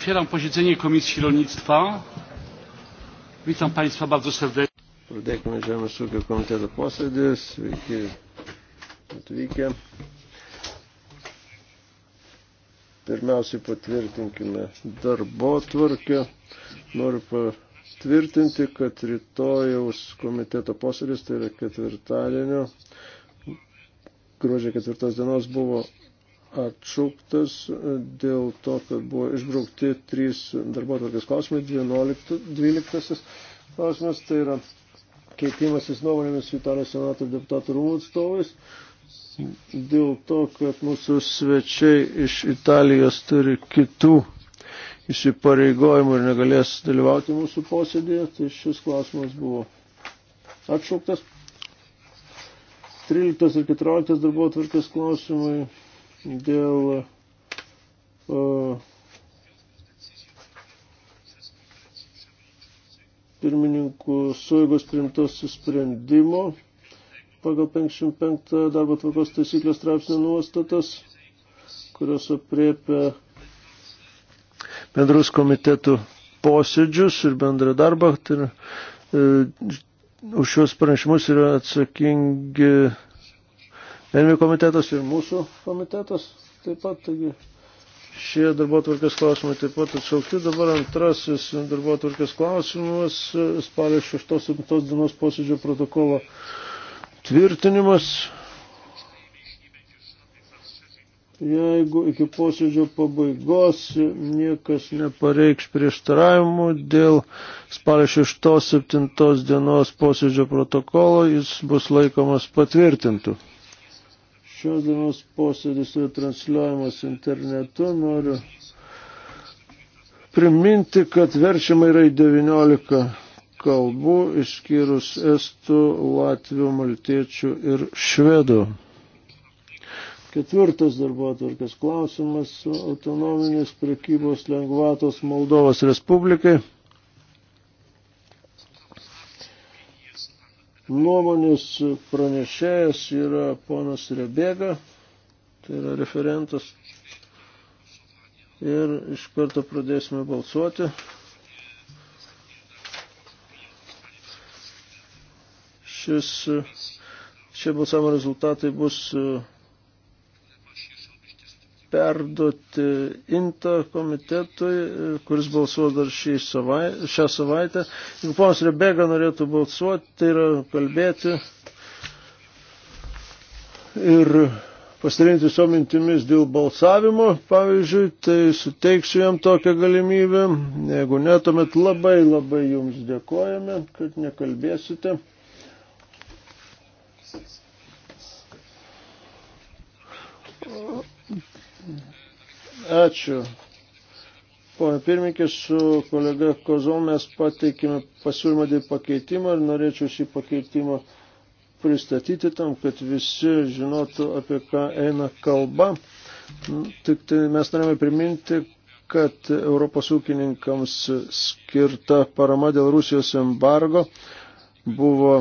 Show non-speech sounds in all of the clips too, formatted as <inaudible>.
Otwieram posiedzenie Komisji Rolnictwa. Witam Państwa bardzo serdecznie. Pradėkime Žemės ūkio komiteto posėdį. Sveiki atvykę. Pirmiausiai patvirtinkime darbo tvarkę. Noriu patvirtinti, kad rytojaus komiteto posėdis, tai yra ketvirtadienio, gruodžio ketvirtos dienos buvo atšauktas dėl to, kad buvo išbraukti trys darbo atvarkės klausimai, 12, 12 klausimas, tai yra keitimasis nuomonėmis su Italijos senato deputatų rūmų atstovais, dėl to, kad mūsų svečiai iš Italijos turi kitų įsipareigojimų ir negalės dalyvauti mūsų posėdėje, tai šis klausimas buvo atšauktas. 13 ir 14 darbo atvarkės klausimai dėl uh, pirmininkų suėgos primtos sprendimo pagal 55 darbo tvarkos taisyklės straipsnio nuostatas, kurios apriepia bendrus komitetų posėdžius ir bendrą darbą. Tai, e, už šios pranešimus yra atsakingi Envi komitetas ir mūsų komitetas taip pat, taigi šie darbo tvarkės klausimai taip pat atšaukti. Dabar antrasis darbo tvarkės klausimas, spalio 6-7 dienos posėdžio protokolo tvirtinimas. Jeigu iki posėdžio pabaigos niekas nepareikš prieštaravimų dėl spalio 6-7 dienos posėdžio protokolo, jis bus laikomas patvirtintų. Šios dienos posėdis yra transliuojamas internetu. Noriu priminti, kad verčiama yra į 19 kalbų, išskyrus estų, latvių, maltiečių ir švedų. Ketvirtas darbo atvarkės klausimas - autonominės prekybos lengvatos Moldovos Respublikai. nuomonės pranešėjas yra ponas Rebega, tai yra referentas. Ir iš karto pradėsime balsuoti. Šis, šie balsavimo rezultatai bus perduoti INTA komitetui, kuris balsuos dar šį savai, šią savaitę. Jeigu ponas Rebega norėtų balsuoti, tai yra kalbėti ir pasirinti savo mintimis dėl balsavimo, pavyzdžiui, tai suteiksiu jam tokią galimybę. Jeigu ne, tuomet labai labai jums dėkojame, kad nekalbėsite. Ačiū. Pone pirmininkė, su kolega Kozom mes pateikėme pasiūlymą dėl pakeitimo ir norėčiau šį pakeitimą pristatyti tam, kad visi žinotų, apie ką eina kalba. Tik tai mes norime priminti, kad Europos ūkininkams skirta parama dėl Rusijos embargo buvo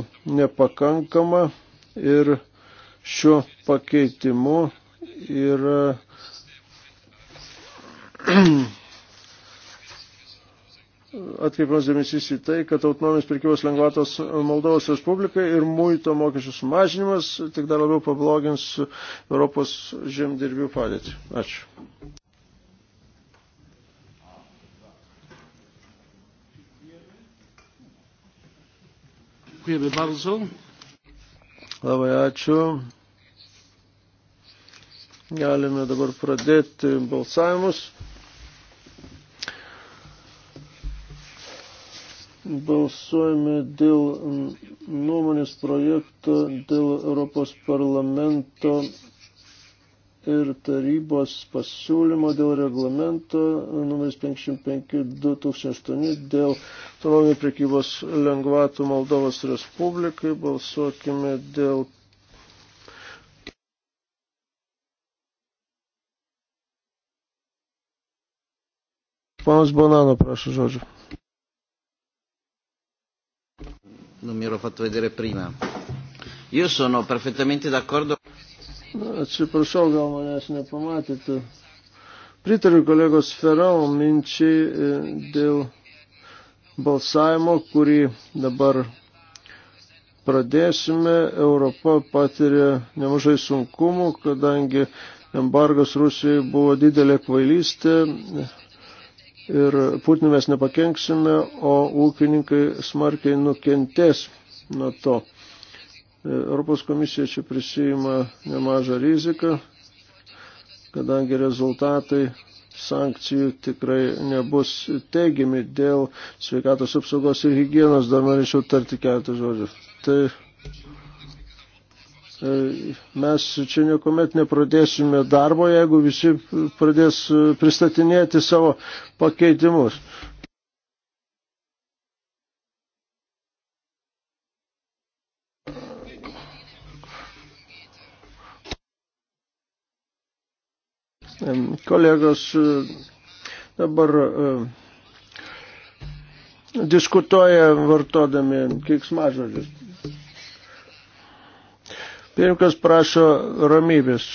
nepakankama ir šiuo pakeitimu yra <clears throat> atkreipiamas dėmesys į tai, kad autonominės prekybos lengvatos Moldovos Respublikai ir muito mokesčių sumažinimas tik dar labiau pablogins Europos žemdirbių padėtį. Ačiū. Dziękujemy bardzo. Labai ačiū. Galime dabar pradėti balsavimus. Balsuojame dėl nuomonės projekto dėl Europos parlamento ir tarybos pasiūlymo dėl reglamento numeris 55-2008 dėl autonominių prekybos lengvatų Moldovos Respublikai. Balsuokime dėl. Panas Bonano, prašau žodžiu non mi ero fatto vedere prima. Io sono perfettamente d'accordo. Atsiprašau, gal manęs nepamatėte. Pritariu kolegos Ferau minčiai eh, dėl balsavimo, kurį dabar pradėsime. Europa patiria nemažai sunkumų, kadangi embargas Rusijai buvo didelė kvailystė, ir Putinui mes nepakenksime, o ūkininkai smarkiai nukentės nuo to. Europos komisija čia prisijima nemažą riziką, kadangi rezultatai sankcijų tikrai nebus teigiami dėl sveikatos apsaugos ir hygienos, dar norėčiau tarti keletą žodžių. Tai E, mes čia niekuomet nepradėsime darbo, jeigu visi pradės e, pristatinėti savo pakeitimus. E, kolegos dabar diskutuoja vartodami keiksmažodžius. Pirmininkas prašo ramybės.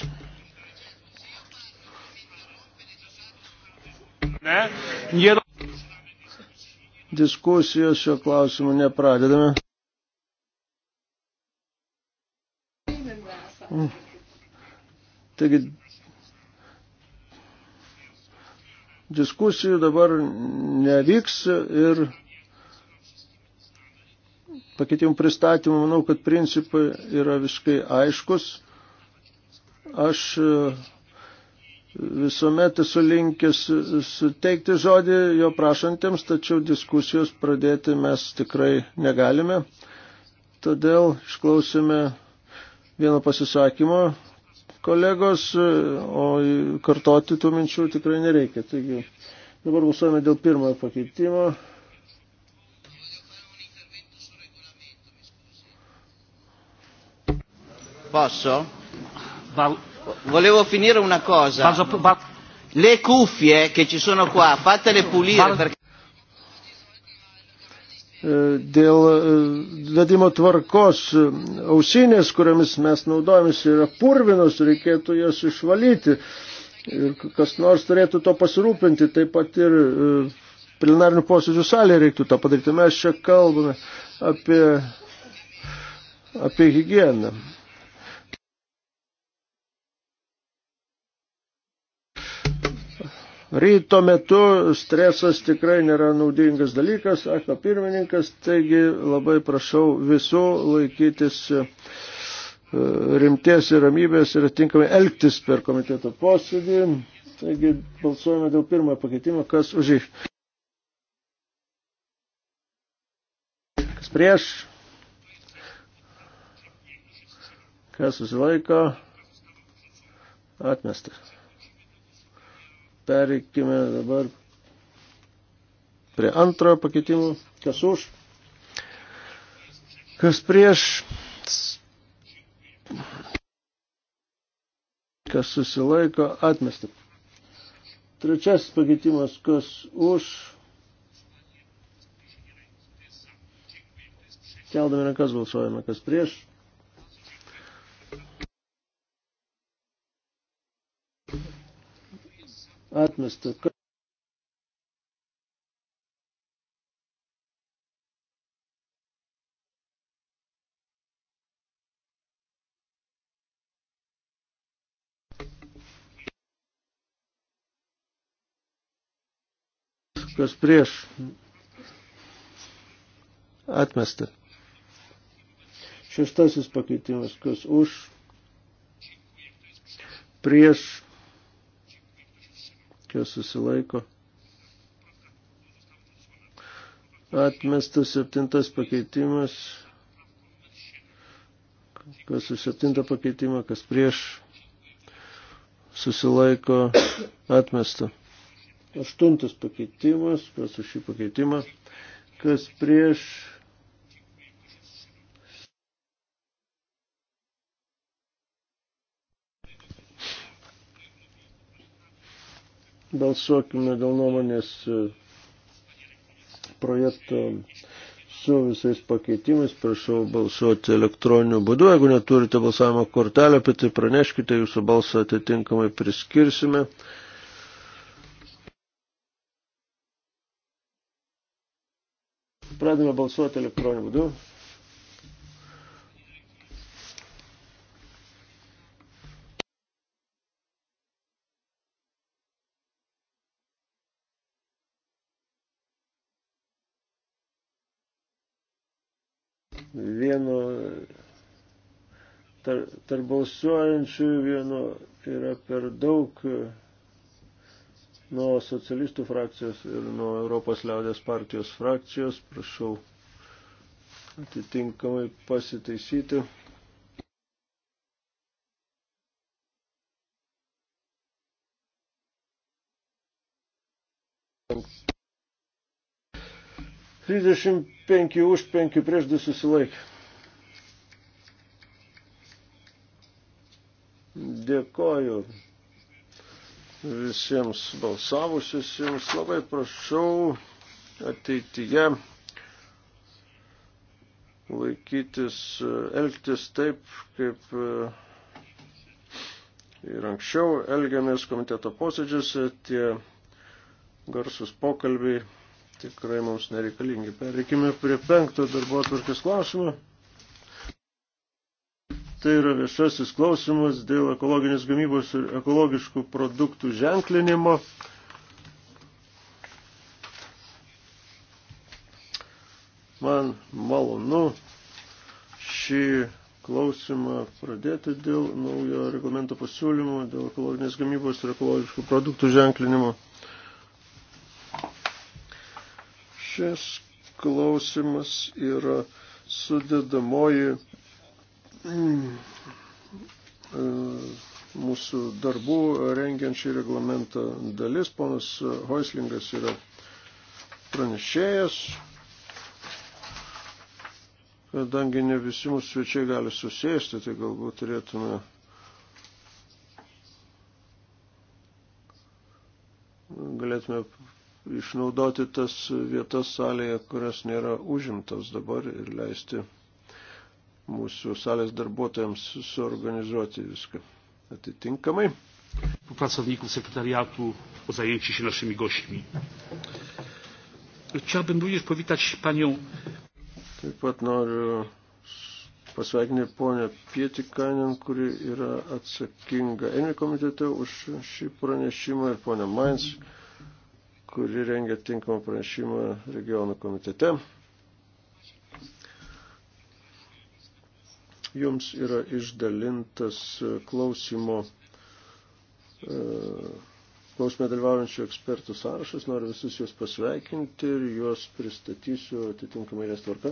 Diskusijos šio klausimu nepradedame. Mm. Taigi, diskusijų dabar nevyks ir pakeitimų pristatymų, manau, kad principai yra visiškai aiškus. Aš e, visuomet esu linkęs suteikti žodį jo prašantiems, tačiau diskusijos pradėti mes tikrai negalime. Todėl išklausėme vieno pasisakymo kolegos, e, o kartoti tų minčių tikrai nereikia. Taigi dabar balsuojame dėl pirmojo pakeitimo. Posso? Volevo finire una cosa. Le cuffie che ci sono qua, fatele pulire perché. E, dėl e, vedimo tvarkos e, ausinės, kuriamis mes naudojamis, yra purvinos, reikėtų jas išvalyti. Ir kas nors turėtų to pasirūpinti, taip pat ir plenarinių posėdžių salėje reiktų tą padaryti. Mes čia kalbame apie, apie higieną. Ryto metu stresas tikrai nėra naudingas dalykas, sako pirmininkas, taigi labai prašau visų laikytis e, rimties ir ramybės ir atinkamai elgtis per komiteto posėdį. Taigi balsuojame dėl pirmojo pakeitimo, kas už jį. Kas prieš? Kas susilaiko? Atmestas. Pereikime dabar prie antrojo pakeitimo. Kas už? Kas prieš? Kas susilaiko? Atmesti. Trečiasis pakeitimas. Kas už? Keldami rankas balsuojame. Kas prieš? atmesta. Kas prieš atmesta. Šeštasis pakeitimas, kas už prieš kas susilaiko. Atmestas septintas pakeitimas, kas už septintą pakeitimą, kas prieš susilaiko atmestą. Aštuntas pakeitimas, kas už šį pakeitimą, kas prieš Balsuokime dėl nuomonės e, projekto su visais pakeitimais. Prašau balsuoti elektroniniu būdu. Jeigu neturite balsavimo kortelę, apie tai praneškite, jūsų balsą atitinkamai priskirsime. Pradame balsuoti elektroniniu būdu. tarp balsuojančių vieno yra per daug e, nuo socialistų frakcijos ir nuo Europos liaudės partijos frakcijos. Prašau atitinkamai pasitaisyti. Trisdešimt penki už penki prieš du susilaikė. Dėkoju visiems balsavusiems. Labai prašau ateityje laikytis, elgtis taip, kaip e, ir anksčiau elgiamės komiteto posėdžiuose, tie garsus pokalbiai tikrai mums nereikalingi. Pereikime prie penkto darbo atvarkės klausimo. Tai yra viešasis klausimas dėl ekologinės gamybos ir ekologiškų produktų ženklinimo. Man malonu šį klausimą pradėti dėl naujo reglamento pasiūlymo, dėl ekologinės gamybos ir ekologiškų produktų ženklinimo. Šis klausimas yra sudėdamoji Mm. E, mūsų darbų rengiančių reglamentą dalis. Ponas Hoislingas yra pranešėjas. Kadangi ne visi mūsų svečiai gali susėsti, tai galbūt turėtume galėtume išnaudoti tas vietas salėje, kurios nėra užimtos dabar ir leisti mūsų salės darbuotojams suorganizuoti viską atitinkamai. Pracowników sekretariatu o zajęcie się naszymi gośćmi. Chciałbym również powitać panią. Taip pat noriu pasveikinti ponę Pietikainen, kuri yra atsakinga Envi komitete už šį pranešimą ir ponę Mainz, kuri rengia tinkamą pranešimą regionų komitete. Jums yra išdalintas klausimo, e, klausime dalyvaujančių ekspertų sąrašas. Noriu visus juos pasveikinti ir juos pristatysiu atitinkamai jas tvarka.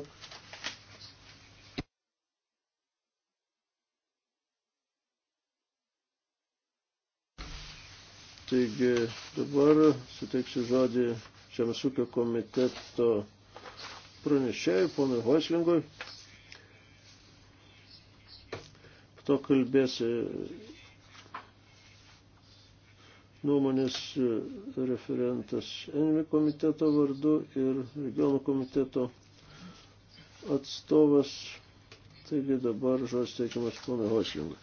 Taigi dabar suteiksiu žodį Žemės ūkio komiteto pranešėjai, ponui Hoislingui. to kalbės e, nuomonės e, referentas Envi komiteto vardu ir regionų komiteto atstovas. Taigi dabar žodis teikiamas ponui Hošlingui.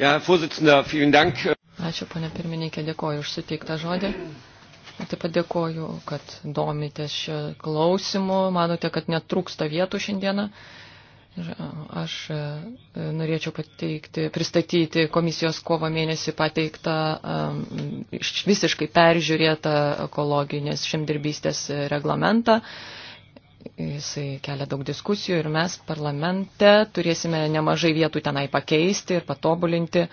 Ja, Ačiū, ponė pirmininkė, dėkoju už suteiktą žodį. Taip pat dėkoju, kad domitės šio klausimu. Manote, kad netrūksta vietų šiandieną. Ir aš e, e, norėčiau pateikti, pristatyti komisijos kovo mėnesį pateiktą e, visiškai peržiūrėtą ekologinės žemdirbystės reglamentą. Jisai kelia daug diskusijų ir mes parlamente turėsime nemažai vietų tenai pakeisti ir patobulinti,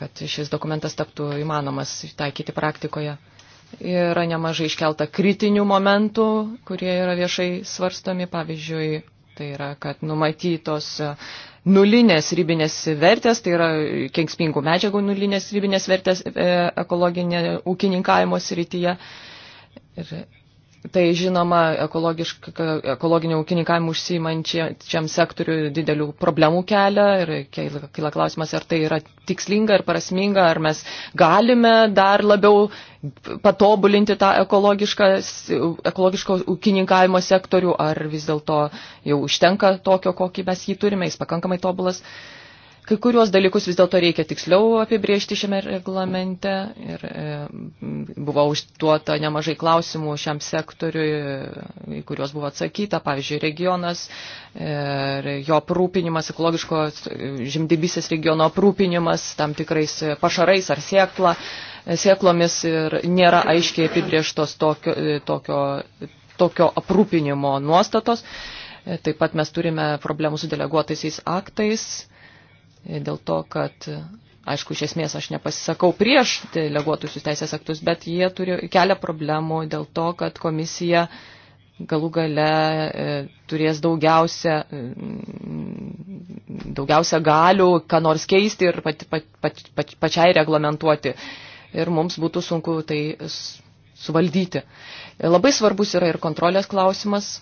kad šis dokumentas taptų įmanomas taikyti praktikoje. Yra nemažai iškelta kritinių momentų, kurie yra viešai svarstomi, pavyzdžiui, Tai yra, kad numatytos e, nulinės rybinės vertės, tai yra kenksmingų medžiagų nulinės rybinės vertės e, ekologinė ūkininkavimo srityje. Ir Tai žinoma, ekologinio ūkininkavimo užsiimančiam sektoriu didelių problemų kelia ir kyla klausimas, ar tai yra tikslinga ir prasminga, ar mes galime dar labiau patobulinti tą ekologiško ūkininkavimo sektorių, ar vis dėlto jau užtenka tokio, kokį mes jį turime, jis pakankamai tobulas. Uh, Kai kuriuos dalykus vis dėlto reikia tiksliau apibriežti šiame reglamente ir e, buvo užduota nemažai klausimų šiam sektoriui, į kuriuos buvo atsakyta, pavyzdžiui, regionas ir e, jo aprūpinimas, ekologiško e, žemdybysės regiono aprūpinimas tam tikrais pašarais ar sėkla, sėklomis ir nėra aiškiai apibrieštos tokio, tokio, tokio aprūpinimo nuostatos. Taip pat mes turime problemų su deleguotaisiais aktais dėl to, kad, aišku, iš esmės aš nepasisakau prieš deleguotusius teisės aktus, bet jie turi, kelia problemų dėl to, kad komisija galų gale e, turės daugiausia, e, daugiausia galių, ką nors keisti ir pat, pat, pat, pat, pačiai reglamentuoti. Ir mums būtų sunku tai suvaldyti. Labai svarbus yra ir kontrolės klausimas,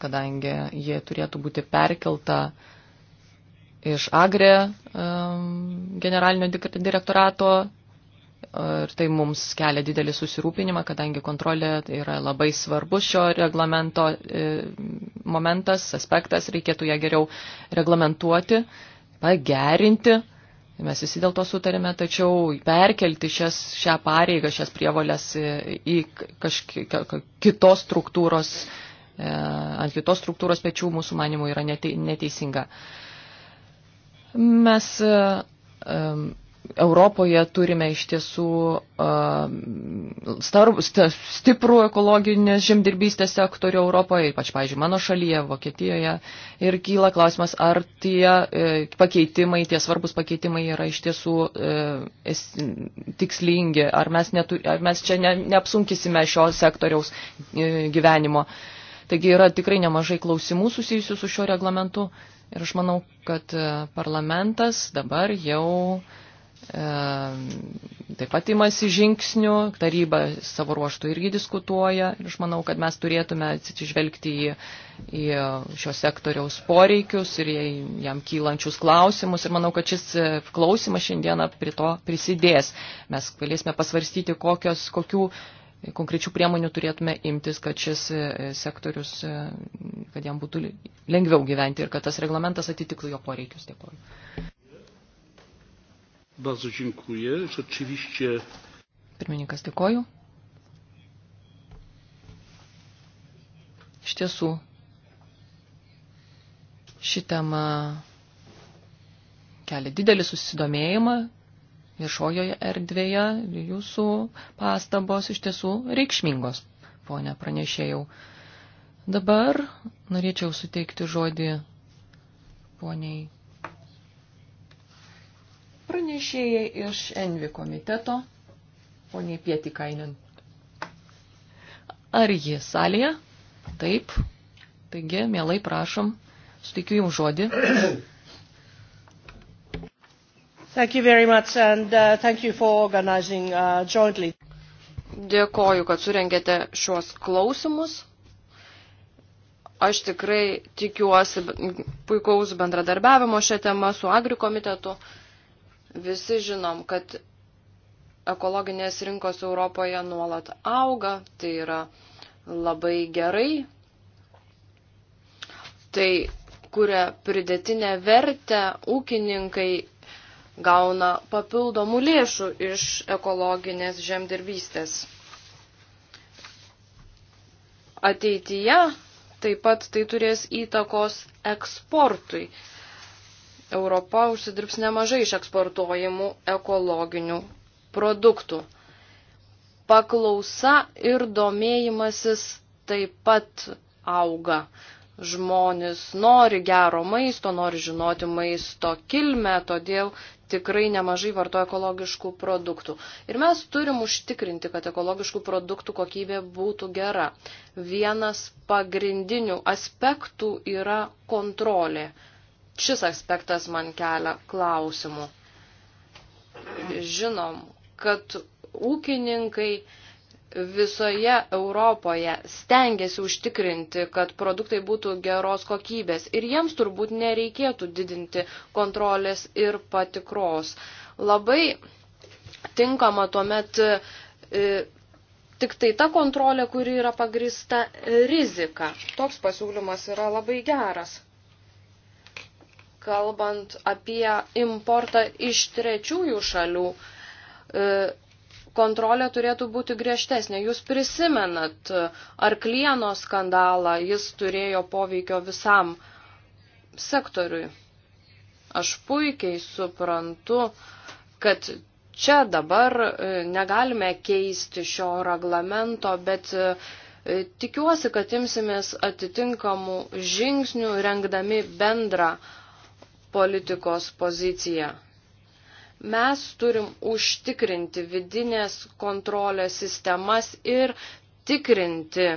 kadangi jie turėtų būti perkelta e, iš Agrė generalinio direktorato ir tai mums kelia didelį susirūpinimą, kadangi kontrolė yra labai svarbus šio reglamento e, momentas, aspektas, reikėtų ją geriau reglamentuoti, pagerinti. Mes visi dėl to sutarėme, tačiau perkelti šias, šią pareigą, šias prievolės e, į kažkokios kitos struktūros, e, ant kitos struktūros pečių mūsų manimų yra neteisinga. Mes um, Europoje turime iš tiesų uh, stiprų ekologinės žemdirbystės sektorių Europoje, ypač, pavyzdžiui, mano šalyje, Vokietijoje. Ir kyla klausimas, ar tie uh, pakeitimai, tie svarbus pakeitimai yra iš tiesų uh, es, tikslingi, ar mes, netu, ar mes čia ne, neapsunkisime šio sektoriaus uh, gyvenimo. Taigi yra tikrai nemažai klausimų susijusių su šiuo reglamentu. Uh, Ir aš manau, kad e, parlamentas dabar jau e, taip pat imasi žingsnių, taryba savo ruoštų irgi diskutuoja. Ir aš manau, kad mes turėtume atsižvelgti į, į šio sektoriaus poreikius ir jam kylančius klausimus. Ir manau, kad šis e, klausimas šiandieną prie to prisidės. Mes galėsime pasvarstyti, kokios, kokių konkrečių priemonių turėtume imtis, kad šis e, sektorius, e, kad jam būtų lengviau gyventi ir kad tas reglamentas atitiktų jo poreikius. Dėkuoju. Bardzo dziękuję. Rzeczywiście. Pirmininkas, dėkoju. Iš tiesų, ši tema kelia didelį susidomėjimą viešojoje erdvėje jūsų pastabos iš tiesų reikšmingos, ponė pranešėjau. Dabar norėčiau suteikti žodį poniai pranešėjai iš Envi komiteto, poniai Pietikainen. Ar ji salėje? Taip. Taigi, mielai prašom, suteikiu jums žodį. <coughs> Thank you very much and uh, thank you for organizing uh, jointly. Dėkoju, kad surengėte šiuos klausimus. Aš tikrai tikiuosi puikaus bendradarbiavimo šią temą su Agri komitetu. Visi žinom, kad ekologinės rinkos Europoje nuolat auga, tai yra labai gerai. Tai kuria pridėtinę vertę ūkininkai gauna papildomų lėšų iš ekologinės žemdirbystės. Ateityje taip pat tai turės įtakos eksportui. Europa užsidirbs nemažai iš eksportuojimų ekologinių produktų. Paklausa ir domėjimasis taip pat auga. Žmonės nori gero maisto, nori žinoti maisto kilmę, todėl tikrai nemažai vartoja ekologiškų produktų. Ir mes turim užtikrinti, kad ekologiškų produktų kokybė būtų gera. Vienas pagrindinių aspektų yra kontrolė. Šis aspektas man kelia klausimų. Žinom, kad ūkininkai visoje Europoje stengiasi užtikrinti, kad produktai būtų geros kokybės ir jiems turbūt nereikėtų didinti kontrolės ir patikros. Labai tinkama tuomet e, tik tai ta kontrolė, kuri yra pagrista rizika. Toks pasiūlymas yra labai geras. Kalbant apie importą iš trečiųjų šalių, e, kontrolė turėtų būti griežtesnė. Jūs prisimenat uh, arklieno skandalą, jis turėjo poveikio visam sektoriui. Aš puikiai suprantu, kad čia dabar uh, negalime keisti šio reglamento, bet uh, tikiuosi, kad imsimės atitinkamų žingsnių rengdami bendrą politikos poziciją. Mes turim užtikrinti vidinės kontrolės sistemas ir tikrinti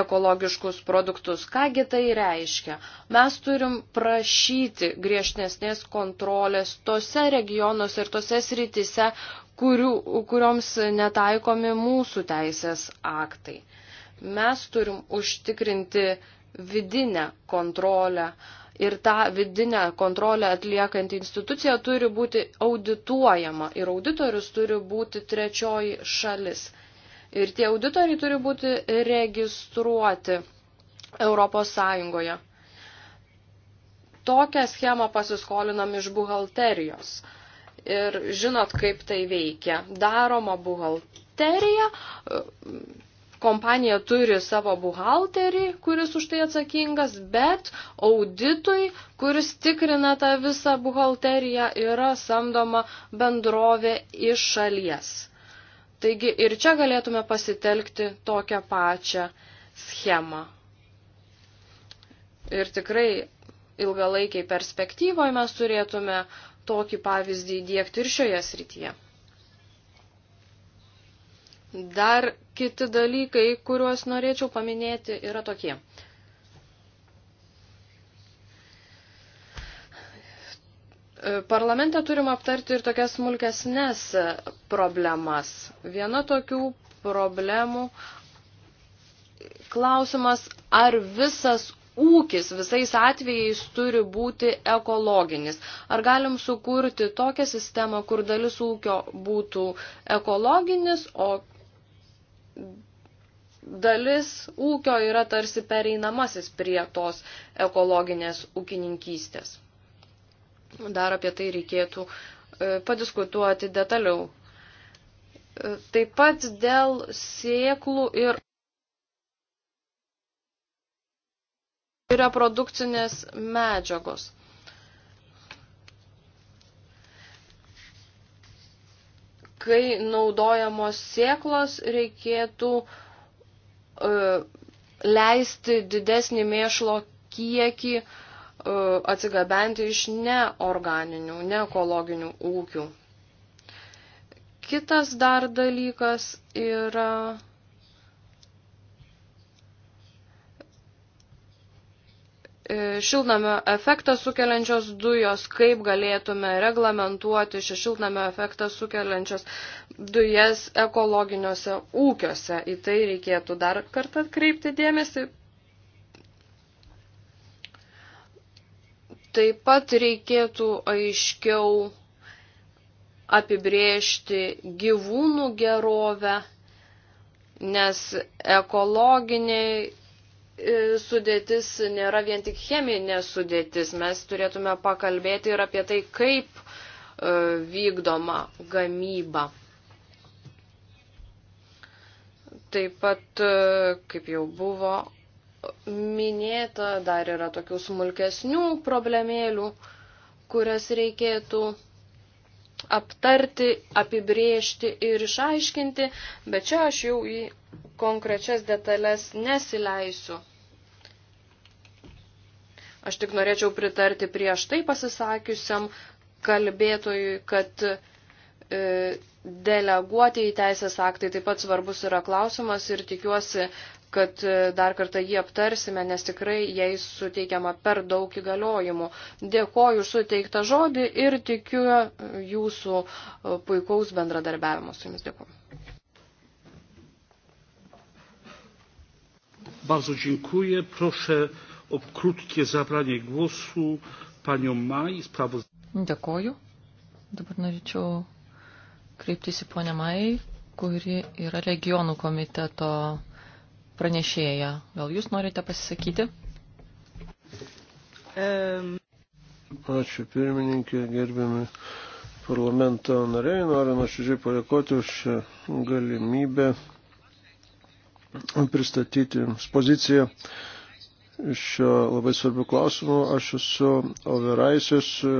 ekologiškus produktus. Kągi tai reiškia? Mes turim prašyti griežtesnės kontrolės tose regionuose ir tose sritise, kurių, kurioms netaikomi mūsų teisės aktai. Mes turim užtikrinti vidinę kontrolę, ir tą vidinę kontrolę atliekant institucija turi būti audituojama ir auditorius turi būti trečioji šalis. Ir tie auditoriai turi būti registruoti Europos Sąjungoje. Tokią schemą pasiskolinam iš buhalterijos. Ir žinot, kaip tai veikia. Daroma buhalterija, kompanija turi savo buhalterį, kuris už tai atsakingas, bet auditui, kuris tikrina tą visą buhalteriją, yra samdoma bendrovė iš šalies. Taigi ir čia galėtume pasitelkti tokią pačią schemą. Ir tikrai ilgalaikiai perspektyvoje mes turėtume tokį pavyzdį įdėkti ir šioje srityje. Dar kiti dalykai, kuriuos norėčiau paminėti, yra tokie. Parlamente turim aptarti ir tokias smulkesnės problemas. Viena tokių problemų klausimas, ar visas ūkis visais atvejais turi būti ekologinis. Ar galim sukurti tokią sistemą, kur dalis ūkio būtų ekologinis, o dalis ūkio yra tarsi pereinamasis prie tos ekologinės ūkininkystės. Dar apie tai reikėtų e, padiskutuoti detaliau. E, taip pat dėl sėklų ir reprodukcinės medžiagos. kai naudojamos sėklos, reikėtų uh, leisti didesnį mėšlo kiekį uh, atsigabenti iš neorganinių, neekologinių ūkių. Kitas dar dalykas yra E, šiltnamio efektą sukeliančios dujos, kaip galėtume reglamentuoti šį šiltnamio efektą sukeliančios dujas ekologiniuose ūkiuose. Į tai reikėtų dar kartą atkreipti dėmesį. Taip pat reikėtų aiškiau apibrėžti gyvūnų gerovę, nes ekologiniai E, sudėtis nėra vien tik cheminė sudėtis. Mes turėtume pakalbėti ir apie tai, kaip e, vykdoma gamyba. Taip pat, e, kaip jau buvo minėta, dar yra tokių smulkesnių problemėlių, kurias reikėtų aptarti, apibriežti ir išaiškinti, bet čia aš jau į konkrečias detalės nesileisiu. Aš tik norėčiau pritarti prieš tai pasisakiusiam kalbėtojui, kad e, deleguoti į teisės aktai taip pat svarbus yra klausimas ir tikiuosi, kad e, dar kartą jį aptarsime, nes tikrai jais suteikiama per daug įgaliojimų. Dėkoju suteiktą žodį ir tikiu e, jūsų e, puikaus bendradarbiavimo su jumis. Dėkoju. Bardzo dziękuję. Proszę o krótkie zabranie głosu panią Mai, sprawozdawcę. Dėkoju. Dabar norėčiau kreiptis į ponę Mai, kuri yra regionų komiteto pranešėja. Gal jūs norite pasisakyti? Um. Ačiū pirmininkė, gerbiami parlamento nariai. Noriu nuoširdžiai padėkoti už galimybę pristatyti poziciją šio labai svarbių klausimų. Aš esu Overaisis e,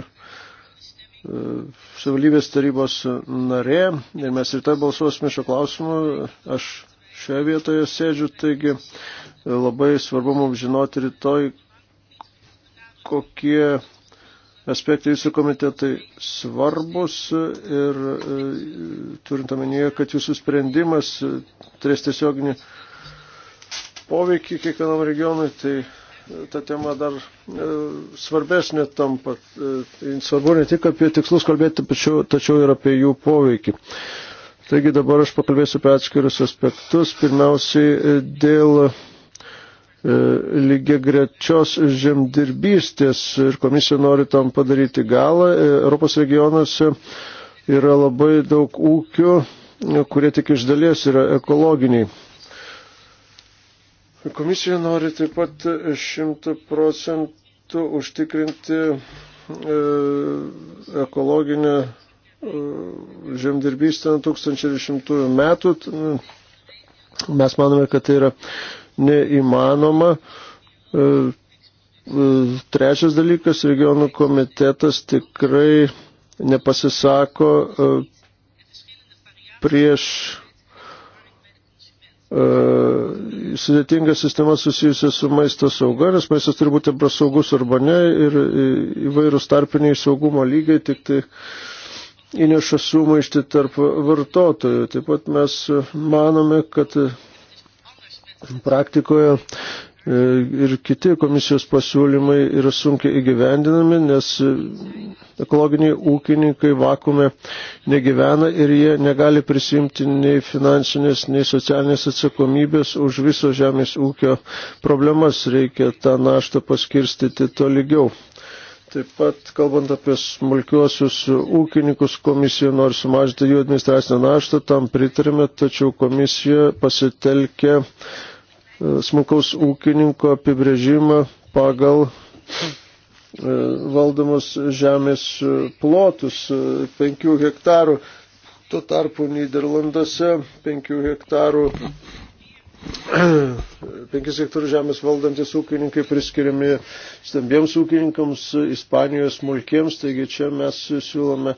savivaldybės tarybos narė ir mes rytoj balsuosime šio klausimu. Aš šioje vietoje sėdžiu, taigi e, labai svarbu mums žinoti rytoj, kokie aspektai jūsų komitetai svarbus ir e, turint omenyje, kad jūsų sprendimas turės tiesioginį poveikį kiekvienam regionui, tai ta tema dar e, svarbesnė tampa. E, tai svarbu ne tik apie tikslus kalbėti, tačiau ir apie jų poveikį. Taigi dabar aš pakalbėsiu apie atskirius aspektus. Pirmiausiai e, dėl lygiai grečios žemdirbystės ir komisija nori tam padaryti galą. Europos regionuose yra labai daug ūkių, kurie tik iš dalies yra ekologiniai. Komisija nori taip pat e, šimtų procentų užtikrinti e, ekologinę e, žemdirbystę nuo 2010 metų. Mes manome, kad tai yra neįmanoma. Trečias dalykas, regionų komitetas tikrai nepasisako prieš E, sudėtinga sistema susijusi su maisto sauga, nes maistas turi būti arba saugus arba ne ir įvairūs tarpiniai saugumo lygiai tik tai įneša sumaišti tarp vartotojų. Taip pat mes manome, kad praktikoje E, ir kiti komisijos pasiūlymai yra sunkiai įgyvendinami, nes e, ekologiniai ūkininkai vakume negyvena ir jie negali prisimti nei finansinės, nei socialinės atsakomybės už viso žemės ūkio problemas. Reikia tą naštą paskirstyti tolygiau. Taip pat, kalbant apie smulkiuosius ūkininkus, komisija nori sumažinti jų administracinę naštą, tam pritarėme, tačiau komisija pasitelkė uh, E, smulkaus ūkininko apibrėžimą pagal e, valdomus žemės e, plotus 5 hektarų. Tuo tarpu Niderlanduose 5 hektarų 5 <clears throat> hektarų žemės valdantis ūkininkai priskiriami stambiems ūkininkams, Ispanijoje smulkiems, taigi čia mes siūlome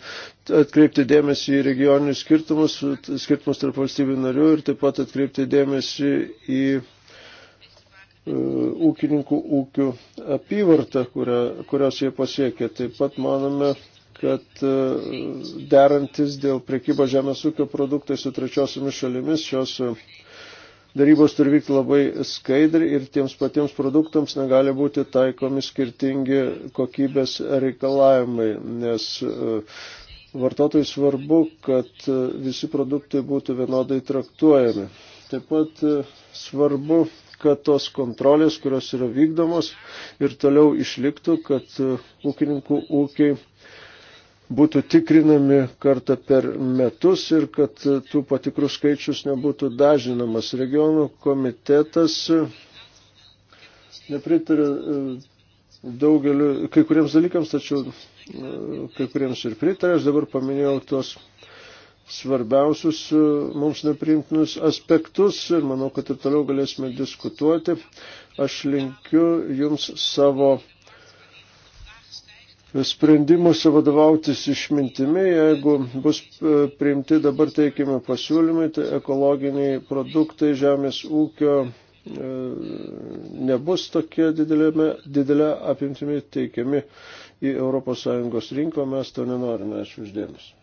atkreipti dėmesį į regioninius skirtumus, skirtumus tarp valstybių narių ir taip pat atkreipti dėmesį į E, ūkininkų ūkių apyvartą, kurio, kurios jie pasiekė. Taip pat manome, kad e, derantis dėl priekybo žemės ūkio produktai su trečiosiomis šalimis šios e, darybos turi vykti labai skaidri ir tiems patiems produktams negali būti taikomi skirtingi kokybės reikalavimai, nes vartotojai svarbu, kad visi produktai būtų vienodai traktuojami. Taip pat svarbu kad tos kontrolės, kurios yra vykdomos ir toliau išliktų, kad e, ūkininkų ūkiai būtų tikrinami kartą per metus ir kad e, tų patikrų skaičius nebūtų dažinamas. Regionų komitetas e, nepritarė daugeliu, kai kuriems dalykams, tačiau kai kuriems ir pritarė. Aš dabar paminėjau tuos svarbiausius e, mums neprimtinus aspektus ir manau, kad ir toliau galėsime diskutuoti. Aš linkiu Jums savo sprendimuose vadovautis išmintimi, jeigu bus e, priimti dabar teikiami pasiūlymai, tai ekologiniai produktai žemės ūkio e, nebus tokie didelėme, didelė apimtimi teikiami į ES rinką, mes to nenorime. Ačiū uždėmesi.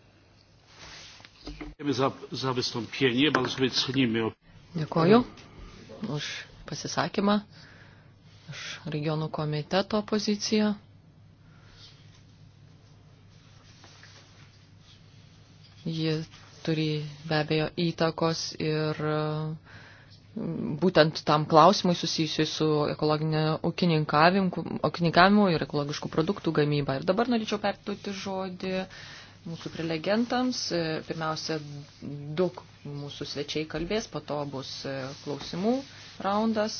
Dėkoju už pasisakymą, už regionų komiteto poziciją. Ji turi be abejo įtakos ir mm, būtent tam klausimui susijusiu su ekologinė ūkininkavimu, ūkininkavimu ir ekologiškų produktų gamyba. Ir dabar norėčiau perduoti žodį uh, mūsų prelegentams. E, pirmiausia, du mūsų svečiai kalbės, po to bus e, klausimų raundas.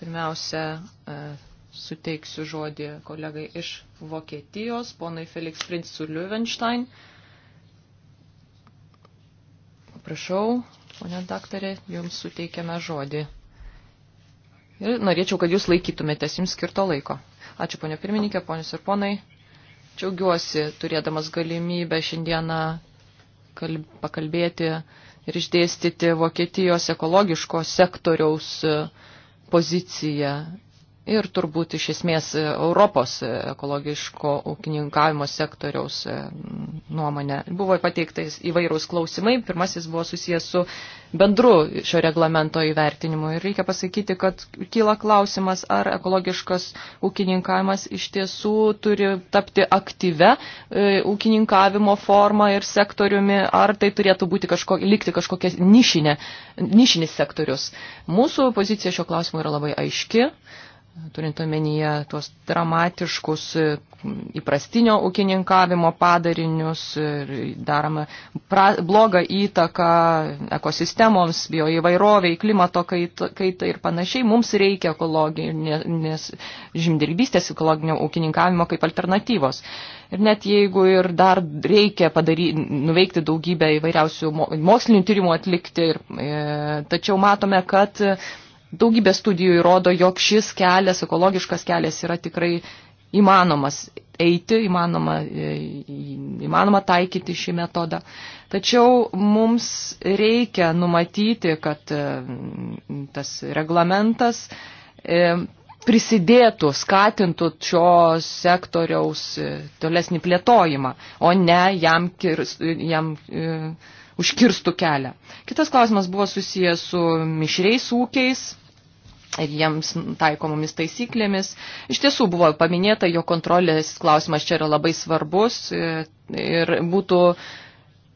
Pirmiausia, e, suteiksiu žodį kolegai iš Vokietijos, ponai Felix Prinz su Löwenstein. Prašau, ponia daktarė, jums suteikiame žodį. Ir norėčiau, kad jūs laikytumėtės jums skirto laiko. Ačiū, ponia pirmininkė, ponius ir ponai. Džiaugiuosi turėdamas galimybę šiandieną kalb, pakalbėti ir išdėstyti Vokietijos ekologiško sektoriaus e, poziciją ir turbūt iš esmės e, Europos e, ekologiško ūkininkavimo sektoriaus e, nuomonė. Buvo pateiktais įvairūs klausimai. Pirmasis buvo susijęs su bendru šio reglamento įvertinimu. Ir reikia pasakyti, kad kyla klausimas, ar ekologiškas ūkininkavimas iš tiesų turi tapti aktyvę ūkininkavimo formą ir sektoriumi, ar tai turėtų būti kažko, likti kažkokia nišinė, nišinis sektorius. Mūsų pozicija šio klausimu yra labai aiški turint omenyje tuos dramatiškus e, įprastinio ūkininkavimo padarinius ir daroma pra, blogą įtaką ekosistemoms, bioįvairoviai, klimato kaitą kaita ir panašiai, mums reikia ekologinės žemdirbystės, ekologinio ūkininkavimo kaip alternatyvos. Ir net jeigu ir dar reikia padary, nuveikti daugybę įvairiausių mokslinių tyrimų atlikti, ir, e, tačiau matome, kad e, Daugybė studijų įrodo, jog šis kelias, ekologiškas kelias yra tikrai įmanomas eiti, įmanoma, e, įmanoma taikyti šį metodą. Tačiau mums reikia numatyti, kad e, tas reglamentas e, prisidėtų, skatintų šio sektoriaus tolesnį plėtojimą, o ne jam, kirs, jam užkirstų kelią. Kitas klausimas buvo susijęs su mišreis ūkiais ir jiems taikomomis taisyklėmis. Iš tiesų buvo paminėta, jo kontrolės klausimas čia yra labai svarbus e, ir būtų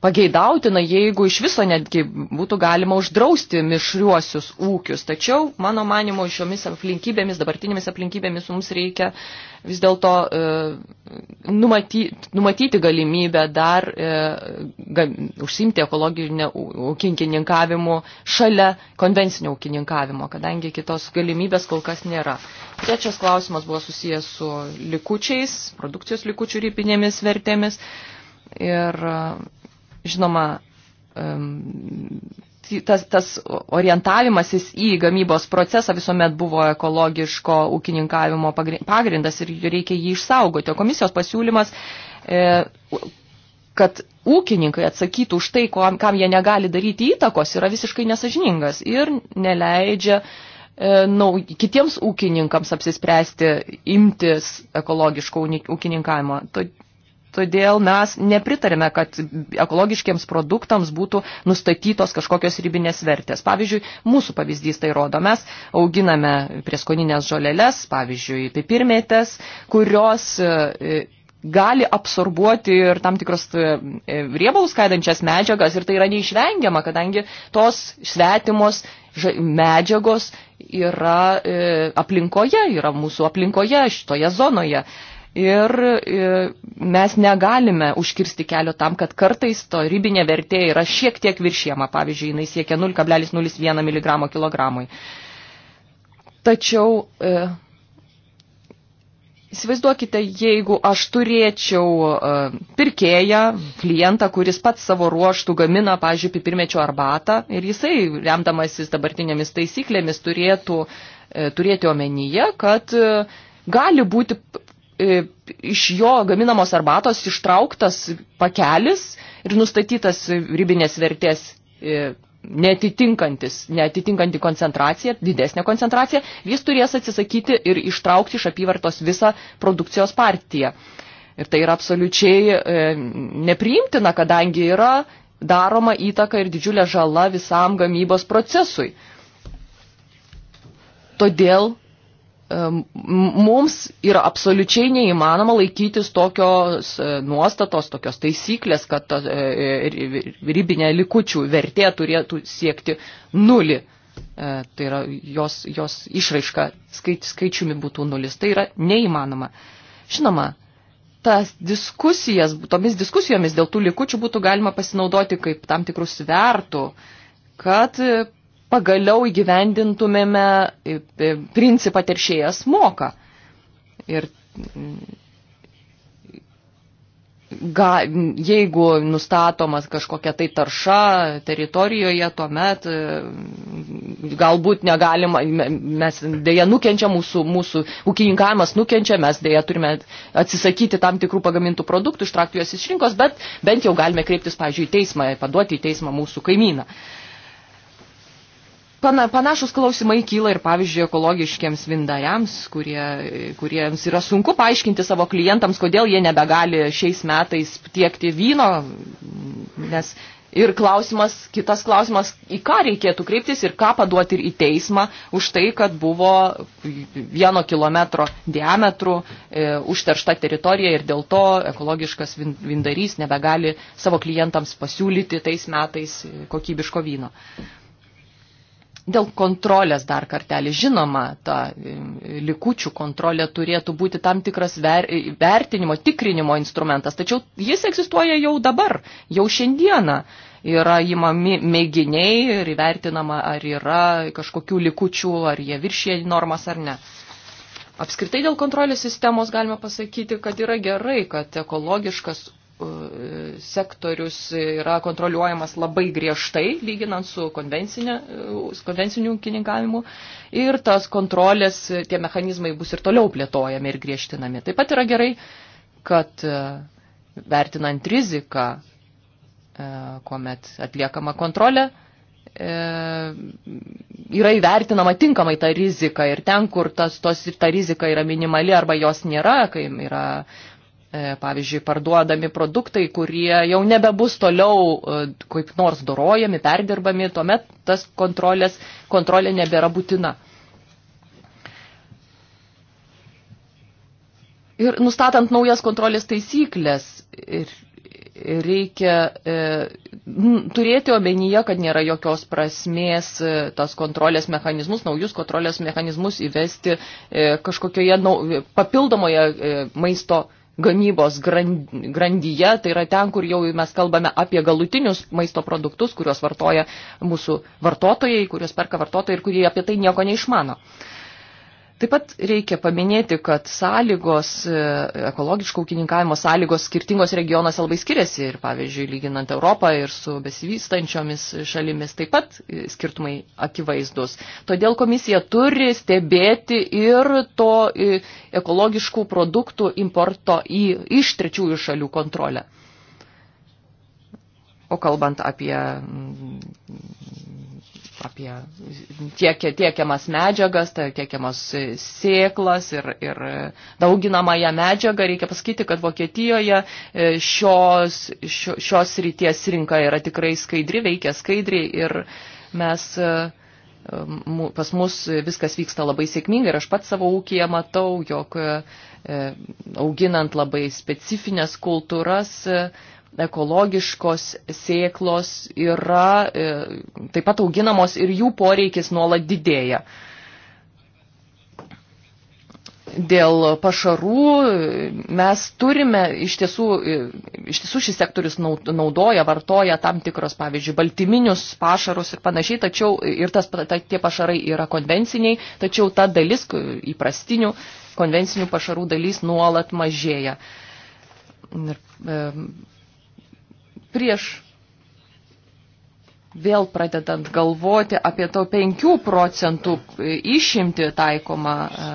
pageidautina, jeigu iš viso netgi būtų galima uždrausti mišriuosius ūkius. Tačiau, mano manimo, šiomis aplinkybėmis, dabartinėmis aplinkybėmis mums reikia vis dėlto e, numatyti, numatyti galimybę dar e, ga, užsimti ekologinę ūkininkavimu šalia konvencinio ūkininkavimo, kadangi kitos galimybės kol kas nėra. Trečias klausimas buvo susijęs su likučiais, produkcijos likučių rypinėmis vertėmis. Ir Žinoma, tas, tas orientavimasis į gamybos procesą visuomet buvo ekologiško ūkininkavimo pagrindas ir reikia jį išsaugoti. O komisijos pasiūlymas, e, kad ūkininkai atsakytų už tai, kam jie negali daryti įtakos, yra visiškai nesažiningas ir neleidžia e, nau, kitiems ūkininkams apsispręsti imtis ekologiško ūkininkavimo. Todėl mes nepritarime, kad ekologiškiams produktams būtų nustatytos kažkokios ribinės vertės. Pavyzdžiui, mūsų pavyzdys tai rodo. Mes auginame prieskoninės žolelės, pavyzdžiui, pipirmėtės, kurios e, gali absorbuoti ir tam tikros e, riebalus skaidančias medžiagas ir tai yra neišvengiama, kadangi tos svetimos medžiagos yra e, aplinkoje, yra mūsų aplinkoje, šitoje zonoje ir e, mes negalime užkirsti kelio tam, kad kartais to ribinė vertė yra šiek tiek viršiema, pavyzdžiui, jinai siekia 0,01 mg kilogramui. Tačiau e, Įsivaizduokite, jeigu aš turėčiau e, pirkėją, klientą, kuris pats savo ruoštų gamina, pavyzdžiui, pipirmečio arbatą ir jisai, remdamasis dabartinėmis taisyklėmis, turėtų turėti omenyje, kad gali būti E, iš jo gaminamos arbatos ištrauktas pakelis ir nustatytas ribinės vertės e, netitinkantis, netitinkanti koncentracija, didesnė koncentracija, jis turės atsisakyti ir ištraukti iš apyvartos visą produkcijos partiją. Ir tai yra absoliučiai e, nepriimtina, kadangi yra daroma įtaka ir didžiulė žala visam gamybos procesui. Todėl mums yra absoliučiai neįmanoma laikytis tokios e, nuostatos, tokios taisyklės, kad e, e, ribinė likučių vertė turėtų siekti nulį. Tai yra jos, jos išraiška skaič, skaičiumi būtų nulis. Tai yra neįmanoma. Žinoma, tas diskusijas, tomis diskusijomis dėl tų likučių būtų galima pasinaudoti kaip tam tikrus svertų, kad pagaliau įgyvendintumėme e, e, principą teršėjas moka. Ir mm, ga, jeigu nustatomas kažkokia tai tarša teritorijoje, tuomet e, galbūt negalima, mes dėja nukenčia mūsų, mūsų ūkininkavimas nukenčia, mes dėja turime atsisakyti tam tikrų pagamintų produktų, ištraukti juos iš rinkos, bet bent jau galime kreiptis, pavyzdžiui, į teismą, paduoti į teismą mūsų kaimyną. Uh, Pana, panašus klausimai kyla ir, pavyzdžiui, ekologiškiams vindariams, kurie, kuriems yra sunku paaiškinti savo klientams, kodėl jie nebegali šiais metais tiekti vyno, nes ir klausimas, kitas klausimas, į ką reikėtų kreiptis ir ką paduoti ir į teismą už tai, kad buvo vieno kilometro diametru e, užteršta teritorija ir dėl to ekologiškas vindarys nebegali savo klientams pasiūlyti tais metais kokybiško vyno. E, Dėl kontrolės dar kartelį, žinoma, ta e, likučių kontrolė turėtų būti tam tikras ver, e, vertinimo, tikrinimo instrumentas, tačiau jis egzistuoja jau dabar, jau šiandieną. Yra įmami mėginiai ir įvertinama, ar yra kažkokių likučių, ar jie viršė normas ar ne. Apskritai dėl kontrolės sistemos galima pasakyti, kad yra gerai, kad ekologiškas E, sektorius yra kontroliuojamas labai griežtai, lyginant su e, konvenciniu ūkininkavimu. Ir tas kontrolės, tie mechanizmai bus ir toliau plėtojami ir griežtinami. Taip pat yra gerai, kad e, vertinant riziką, kuomet atliekama kontrolė, yra įvertinama tinkamai ta rizika ir ten, kur tas, tos, ta rizika yra minimali arba jos nėra, kai yra E, pavyzdžiui, parduodami produktai, kurie jau nebebus toliau e, kaip nors dorojami, perdirbami, tuomet tas kontrolės, kontrolė nebėra būtina. Ir nustatant naujas kontrolės taisyklės, ir reikia e, turėti omenyje, kad nėra jokios prasmės e, tas kontrolės mechanizmus, naujus kontrolės mechanizmus įvesti e, kažkokioje nau, papildomoje e, maisto gamybos grandyje, tai yra ten, kur jau mes kalbame apie galutinius maisto produktus, kuriuos vartoja mūsų vartotojai, kuriuos perka vartotojai ir kurie apie tai nieko neišmano. Uh, Taip pat reikia paminėti, kad sąlygos, e, ekologiško ūkininkavimo sąlygos skirtingos regionuose labai skiriasi ir, pavyzdžiui, lyginant Europą ir su besivystančiomis šalimis, taip pat e, skirtumai akivaizdus. Todėl komisija turi stebėti ir to e, ekologiškų produktų importo į, iš trečiųjų šalių kontrolę. O kalbant apie apie tiek, tiekiamas medžiagas, tai tiekiamas sėklas ir, ir dauginamąją medžiagą. Reikia pasakyti, kad Vokietijoje e, šios, šios ryties rinka yra tikrai skaidri, veikia skaidriai ir mes e, pas mus viskas vyksta labai sėkmingai ir aš pat savo ūkiją matau, jog e, auginant labai specifines kultūras ekologiškos sėklos yra e, taip pat auginamos ir jų poreikis nuolat didėja. Dėl pašarų e, mes turime, iš tiesų, e, iš tiesų šis sektorius naudoja, vartoja tam tikros, pavyzdžiui, baltyminius pašarus ir panašiai, tačiau ir tas, ta, tie pašarai yra konvenciniai, tačiau ta dalis įprastinių konvencinių pašarų dalis nuolat mažėja. Ir, e, prieš vėl pradedant galvoti apie to 5 procentų išimti taikomą e,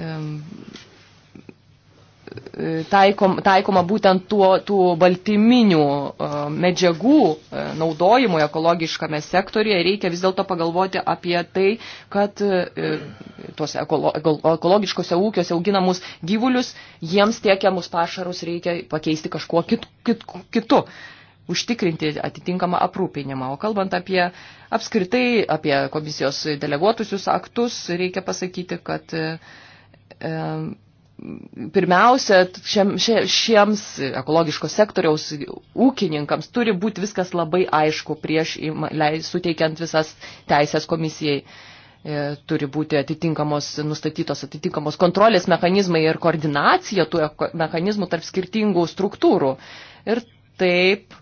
e, taikom, taikoma būtent tuo, tų baltyminių e, medžiagų e, naudojimo ekologiškame sektorėje, reikia vis dėlto pagalvoti apie tai, kad e, tuose ekolo, ekologiškose ūkiuose auginamus gyvulius, jiems tiekiamus pašarus reikia pakeisti kažkuo kit, kit, kitu užtikrinti atitinkamą aprūpinimą. O kalbant apie apskritai, apie komisijos deleguotusius aktus, reikia pasakyti, kad e, pirmiausia, šiem, šie, šiems ekologiškos sektoriaus ūkininkams turi būti viskas labai aišku prieš suteikiant visas teisės komisijai. E, turi būti atitinkamos, nustatytos atitinkamos kontrolės mechanizmai ir koordinacija tų mechanizmų tarp skirtingų struktūrų. Ir taip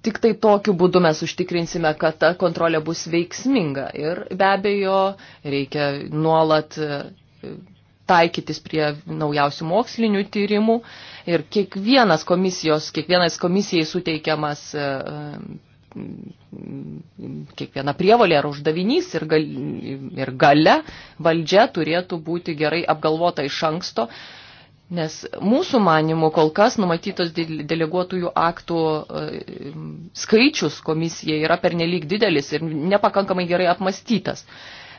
Tik tai tokiu būdu mes užtikrinsime, kad ta kontrolė bus veiksminga ir be abejo reikia nuolat e, taikytis prie naujausių mokslinių tyrimų ir kiekvienas komisijos, kiekvienas komisijai suteikiamas e, e, kiekviena prievalė ar uždavinys ir, gal, ir gale valdžia turėtų būti gerai apgalvota iš anksto, Nes mūsų manimų kol kas numatytos deleguotųjų aktų e, skaičius komisija yra pernelyg didelis ir nepakankamai gerai apmastytas.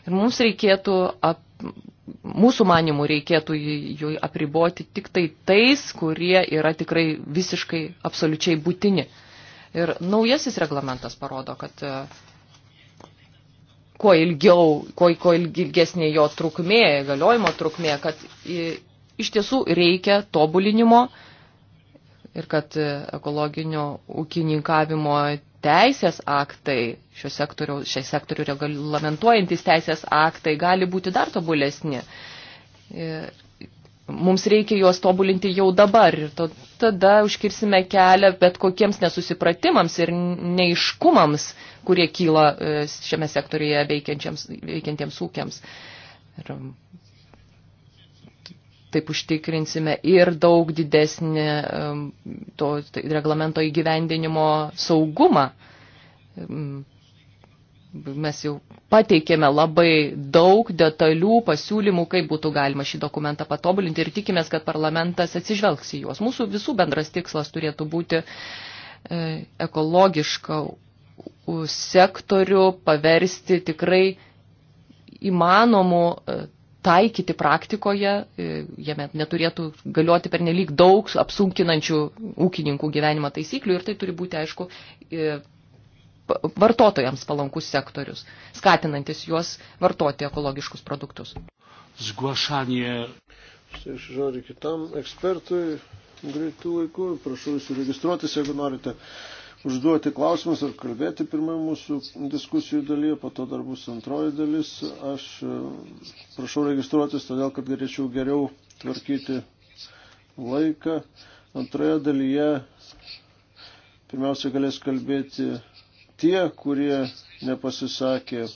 Ir mums reikėtų, ap, mūsų manimų reikėtų jų apriboti tik tai tais, kurie yra tikrai visiškai absoliučiai būtini. Ir naujasis reglamentas parodo, kad e, kuo ilgiau, kuo, kuo ilgesnė jo trukmė, galiojimo trukmė, kad iš tiesų reikia tobulinimo ir kad ekologinio ūkininkavimo teisės aktai, šio sektorių, šią sektorių reglamentuojantis teisės aktai gali būti dar tobulesni. E, mums reikia juos tobulinti jau dabar ir to, tada užkirsime kelią bet kokiems nesusipratimams ir neiškumams, kurie kyla e, šiame sektoriuje veikiantiems ūkiams. Ir taip užtikrinsime ir daug didesnį um, to tai reglamento įgyvendinimo saugumą. Um, mes jau pateikėme labai daug detalių pasiūlymų, kaip būtų galima šį dokumentą patobulinti ir tikimės, kad parlamentas atsižvelgs į juos. Mūsų visų bendras tikslas turėtų būti e, ekologišką sektorių paversti tikrai įmanomų e, taikyti praktikoje, e, jame neturėtų galioti per nelik daug apsunkinančių ūkininkų gyvenimą taisyklių ir tai turi būti, aišku, e, vartotojams palankus sektorius, skatinantis juos vartoti ekologiškus produktus. Zglašanie. Štai aš žodžiu kitam ekspertui greitų laikų, prašau įsiregistruotis, jeigu norite užduoti klausimus ar kalbėti pirmąją mūsų diskusijų dalyje, po to dar bus antroji dalis. Aš e, prašau registruotis, todėl kad galėčiau geriau tvarkyti laiką. Antroje dalyje pirmiausia galės kalbėti tie, kurie nepasisakė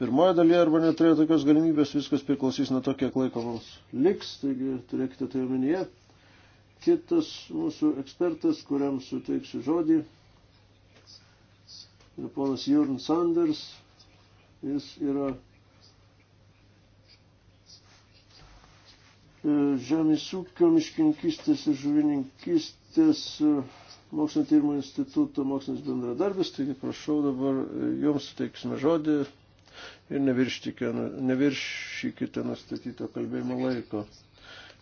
pirmoje dalyje arba neturėjo tokios galimybės, viskas priklausys nuo to, kiek laiko mums liks, taigi turėkite tai omenyje. Kitas mūsų ekspertas, kuriam suteiksiu žodį, yra ponas Jorn Sanders. Jis yra e, Žemės ūkio miškinkistės ir žuvininkistės e, mokslinio tyrimo instituto mokslinis bendradarbis, taigi prašau dabar e, joms suteiksime žodį ir neviršykite nustatyto kalbėjimo laiko.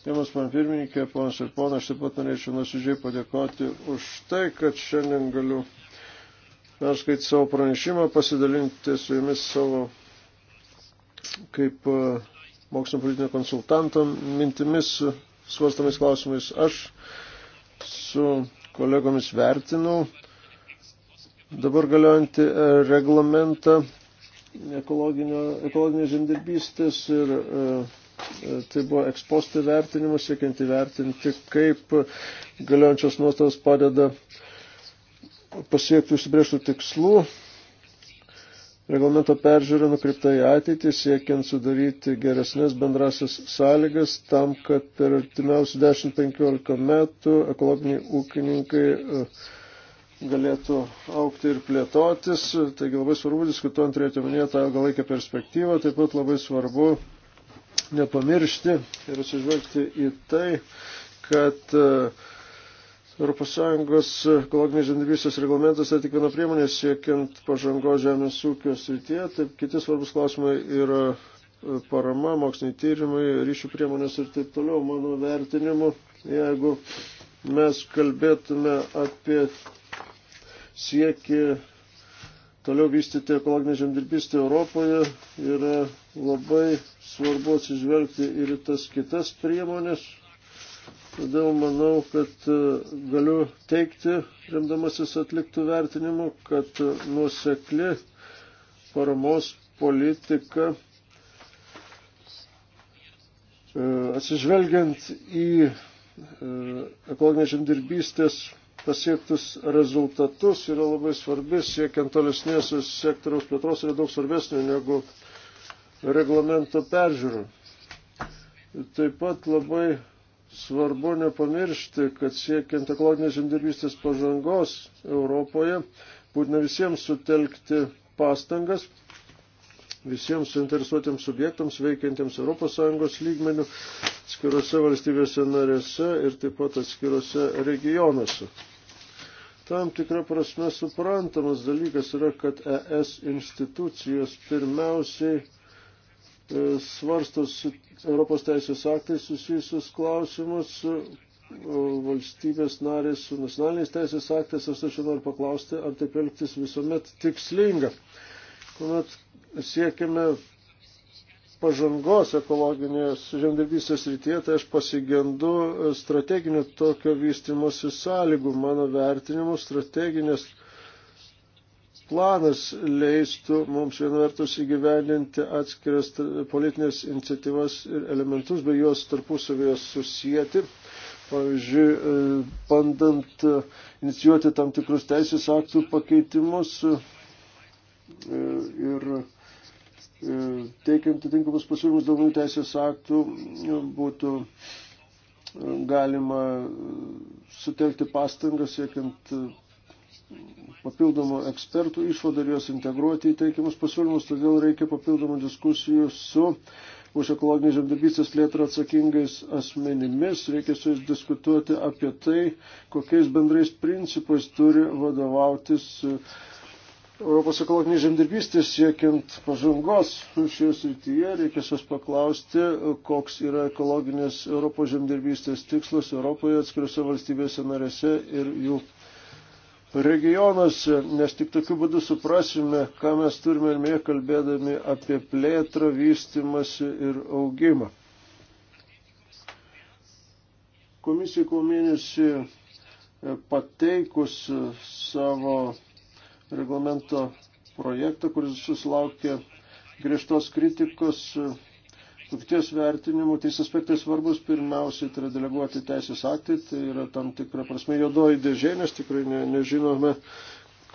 Jums, man pirmininkė, ponas ir ponas, aš taip pat norėčiau nusidžiai padėkoti už tai, kad šiandien galiu perskaityti savo pranešimą, pasidalinti su jumis savo kaip e, mokslinio politinio konsultanto mintimis svarstamais klausimais. Aš su kolegomis vertinau dabar galiojantį e, reglamentą ekologinės žemdirbystės ir e, E, tai buvo ekspostį vertinimas, siekiant įvertinti, kaip galiojančios nuostatos padeda pasiekti užsibrėžtų tikslų. Reglamento peržiūra nukreipta į ateitį, siekiant sudaryti geresnės bendrasias sąlygas tam, kad per artimiausių 10-15 metų ekologiniai ūkininkai e, galėtų aukti ir plėtotis. Taigi labai svarbu diskutuojant turėti minėtą ilgalaikę perspektyvą, taip pat labai svarbu nepamiršti ir atsižvelgti į tai, kad ES ekologinės žemdirbystės reglamentas yra tai tik viena priemonė siekiant pažangos žemės ūkio srityje. Taip, kiti svarbus klausimai yra e, parama, moksliniai tyrimai, ryšių priemonės ir taip toliau. Mano vertinimu, jeigu mes kalbėtume apie siekį toliau vystyti ekologinę žemdirbystę Europoje, yra labai svarbu atsižvelgti ir tas kitas priemonės. Todėl manau, kad e, galiu teikti, remdamasis atliktų vertinimu, kad e, nuosekli paramos politika e, atsižvelgiant į ekologinės žemdirbystės pasiektus rezultatus yra labai svarbi, siekiant tolesnės sektoriaus plėtros yra daug svarbesnė negu reglamento peržiūrą. Taip pat labai svarbu nepamiršti, kad siekiant ekologinės žemdirbystės pažangos Europoje būtina visiems sutelkti pastangas, visiems suinteresuotiems subjektams veikiantiems ES lygmenių atskirose valstybėse narėse ir taip pat atskirose regionuose. Tam tikra prasme suprantamas dalykas yra, kad ES institucijos pirmiausiai E, svarsto su Europos teisės aktais susijusius klausimus, e, valstybės narės su nacionaliniais teisės aktais, aš tačiau noriu paklausti, ar taip elgtis visuomet tikslinga, kuomet siekime pažangos ekologinės žemdirbystės rytyje, tai aš pasigendu strateginių tokio vystimosi sąlygų. Mano vertinimu strateginės planas leistų mums vienu vertus įgyvendinti atskiras politinės iniciatyvas ir elementus, bei juos tarpusavėje susijęti. Pavyzdžiui, e, bandant e, inicijuoti tam tikrus teisės aktų pakeitimus e, ir teikiant atitinkamus pasiūlymus dėl teisės aktų būtų galima sutelkti pastangas siekiant papildomų ekspertų išvadų ir juos integruoti į teikiamus pasiūlymus, todėl reikia papildomų diskusijų su už ekologinį žemdirbystės plėtrą atsakingais asmenimis, reikia su jais diskutuoti apie tai, kokiais bendrais principais turi vadovautis e, Europos ekologinės žemdirbystės siekiant pažangos šioje srityje, reikia šios paklausti, e, koks yra ekologinės Europos žemdirbystės tikslas Europoje atskiriuose valstybėse narėse ir jų regionuose, nes tik tokiu būdu suprasime, ką mes turime ir kalbėdami apie plėtrą, vystimąsi ir augimą. Komisija kovo mėnesį e, pateikus savo reglamento projektą, kuris susilaukė griežtos kritikos, Vokietijos vertinimu tais aspektai svarbus, pirmiausiai tai yra deleguoti teisės aktai, tai yra tam tikra prasme jodoji dėžė, nes tikrai ne, nežinome,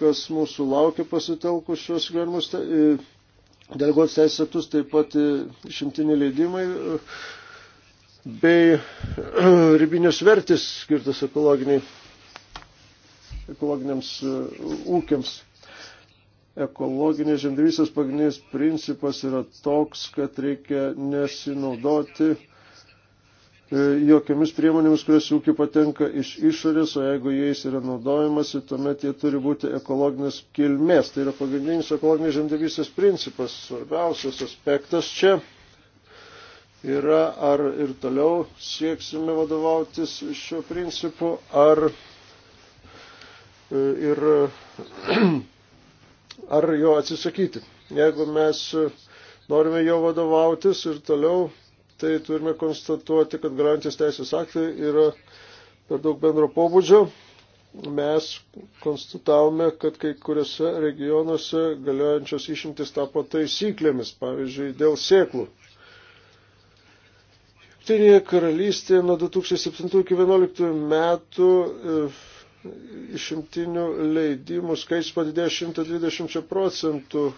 kas mūsų laukia pasitelkus šios galimus te, e, deleguotus teisės aktus, taip pat e, šimtiniai leidimai e, bei ribinės vertis skirtas ekologiniams ūkiams ekologinės žemdirbystės pagrindinis principas yra toks, kad reikia nesinaudoti e, jokiamis priemonėmis, kurias ūkiai patenka iš išorės, o jeigu jais yra naudojamasi, tuomet jie turi būti ekologinės kilmės. Tai yra pagrindinis ekologinės žemdirbystės principas, svarbiausias aspektas čia yra, ar ir toliau sieksime vadovautis šiuo principu, ar e, ir <clears throat> ar jo atsisakyti. Jeigu mes e, norime jo vadovautis ir toliau, tai turime konstatuoti, kad garantijos teisės aktai yra per daug bendro pobūdžio. Mes konstatavome, kad kai kuriuose regionuose galiojančios išimtis tapo taisyklėmis, pavyzdžiui, dėl sėklų. Jungtinėje karalystėje nuo 2007 iki 2011 metų e, išimtinių leidimų skaičius padidėjo 120 procentų e,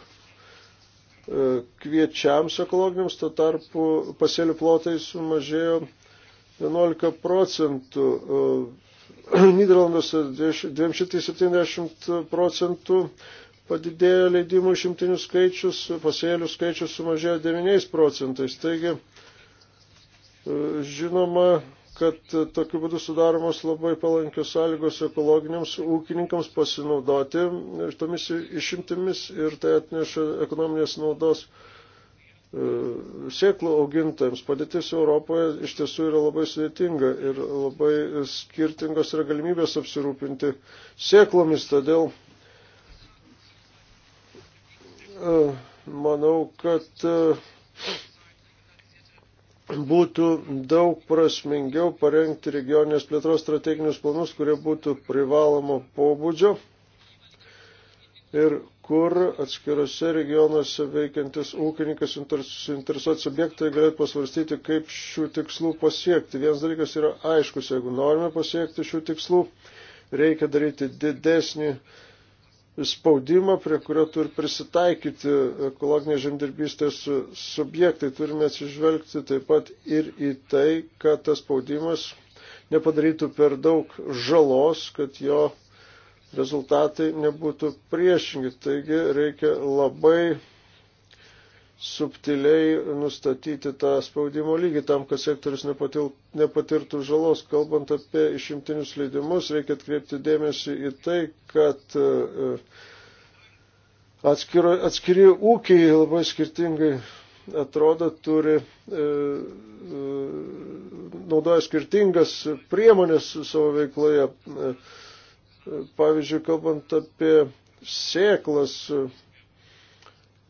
kviečiams ekologiniams, to tarpu pasėlių plotai sumažėjo 11 procentų, <clears throat> Niderlanduose 270 procentų padidėjo leidimų išimtinių skaičius, pasėlių skaičius sumažėjo 9 procentais. Taigi, e, žinoma, kad tokiu būdu sudaromos labai palankios sąlygos ekologiniams ūkininkams pasinaudoti tomis išimtimis ir tai atneša ekonominės naudos e, sėklų augintojams. Padėtis Europoje iš tiesų yra labai sudėtinga ir labai skirtingos yra galimybės apsirūpinti sėklomis, todėl e, manau, kad e, būtų daug prasmingiau parengti regioninės plėtros strateginius planus, kurie būtų privalomo pobūdžio ir kur atskirose regionuose veikiantis ūkininkas suinteresuoti subjektai galėtų pasvarstyti, kaip šių tikslų pasiekti. Vienas dalykas yra aiškus, jeigu norime pasiekti šių tikslų, reikia daryti didesnį spaudimą, prie kurio turi prisitaikyti ekologinės žemdirbystės subjektai. Turime atsižvelgti taip pat ir į tai, kad tas spaudimas nepadarytų per daug žalos, kad jo rezultatai nebūtų priešingi. Taigi reikia labai subtiliai nustatyti tą spaudimo lygį tam, kad sektorius nepatirtų žalos. Kalbant apie išimtinius leidimus, reikia atkreipti dėmesį į tai, kad e, atskiro, atskiri ūkiai labai skirtingai atrodo turi, e, e, naudoja skirtingas priemonės savo veikloje. Pavyzdžiui, kalbant apie sėklas,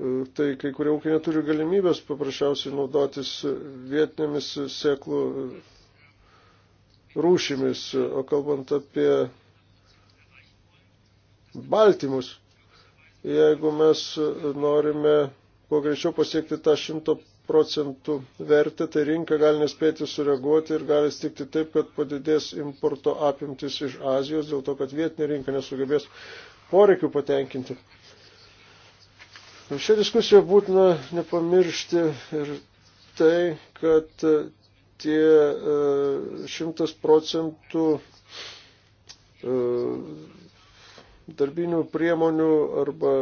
E, tai kai kurie ūkiai neturi galimybės paprasčiausiai naudotis vietinėmis sėklų rūšimis, o kalbant apie baltymus, jeigu mes norime kuo greičiau pasiekti tą šimto procentų vertę, tai rinka gali nespėti sureaguoti ir gali stikti taip, kad padidės importo apimtis iš Azijos, dėl to, kad vietinė rinka nesugebės poreikių patenkinti. Šią diskusiją būtina nepamiršti ir tai, kad e, tie e, šimtas procentų e, darbinių priemonių arba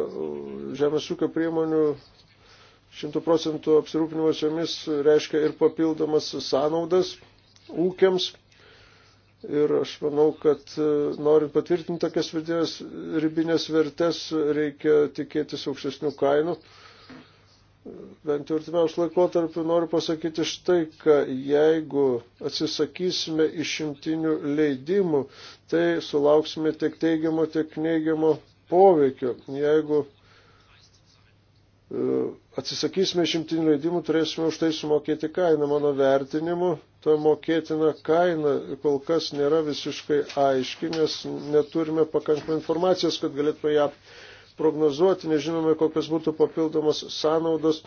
žemės ūkio priemonių šimtų procentų apsirūpinimas jomis reiškia ir papildomas sąnaudas ūkiams. Ir aš manau, kad e, norint patvirtinti tokias vidės ribinės vertės, reikia tikėtis aukštesnių kainų. Bent jau artimiausiu laikotarpiu noriu pasakyti štai, kad jeigu atsisakysime išimtinių leidimų, tai sulauksime tiek teigiamo, tiek neigiamo poveikio. Jeigu e, atsisakysime išimtinių leidimų, turėsime už tai sumokėti kainą mano vertinimu ta mokėtina kaina kol kas nėra visiškai aiški, nes neturime pakankamai informacijos, kad galėtume ją prognozuoti, nežinome, kokios būtų papildomos sąnaudos,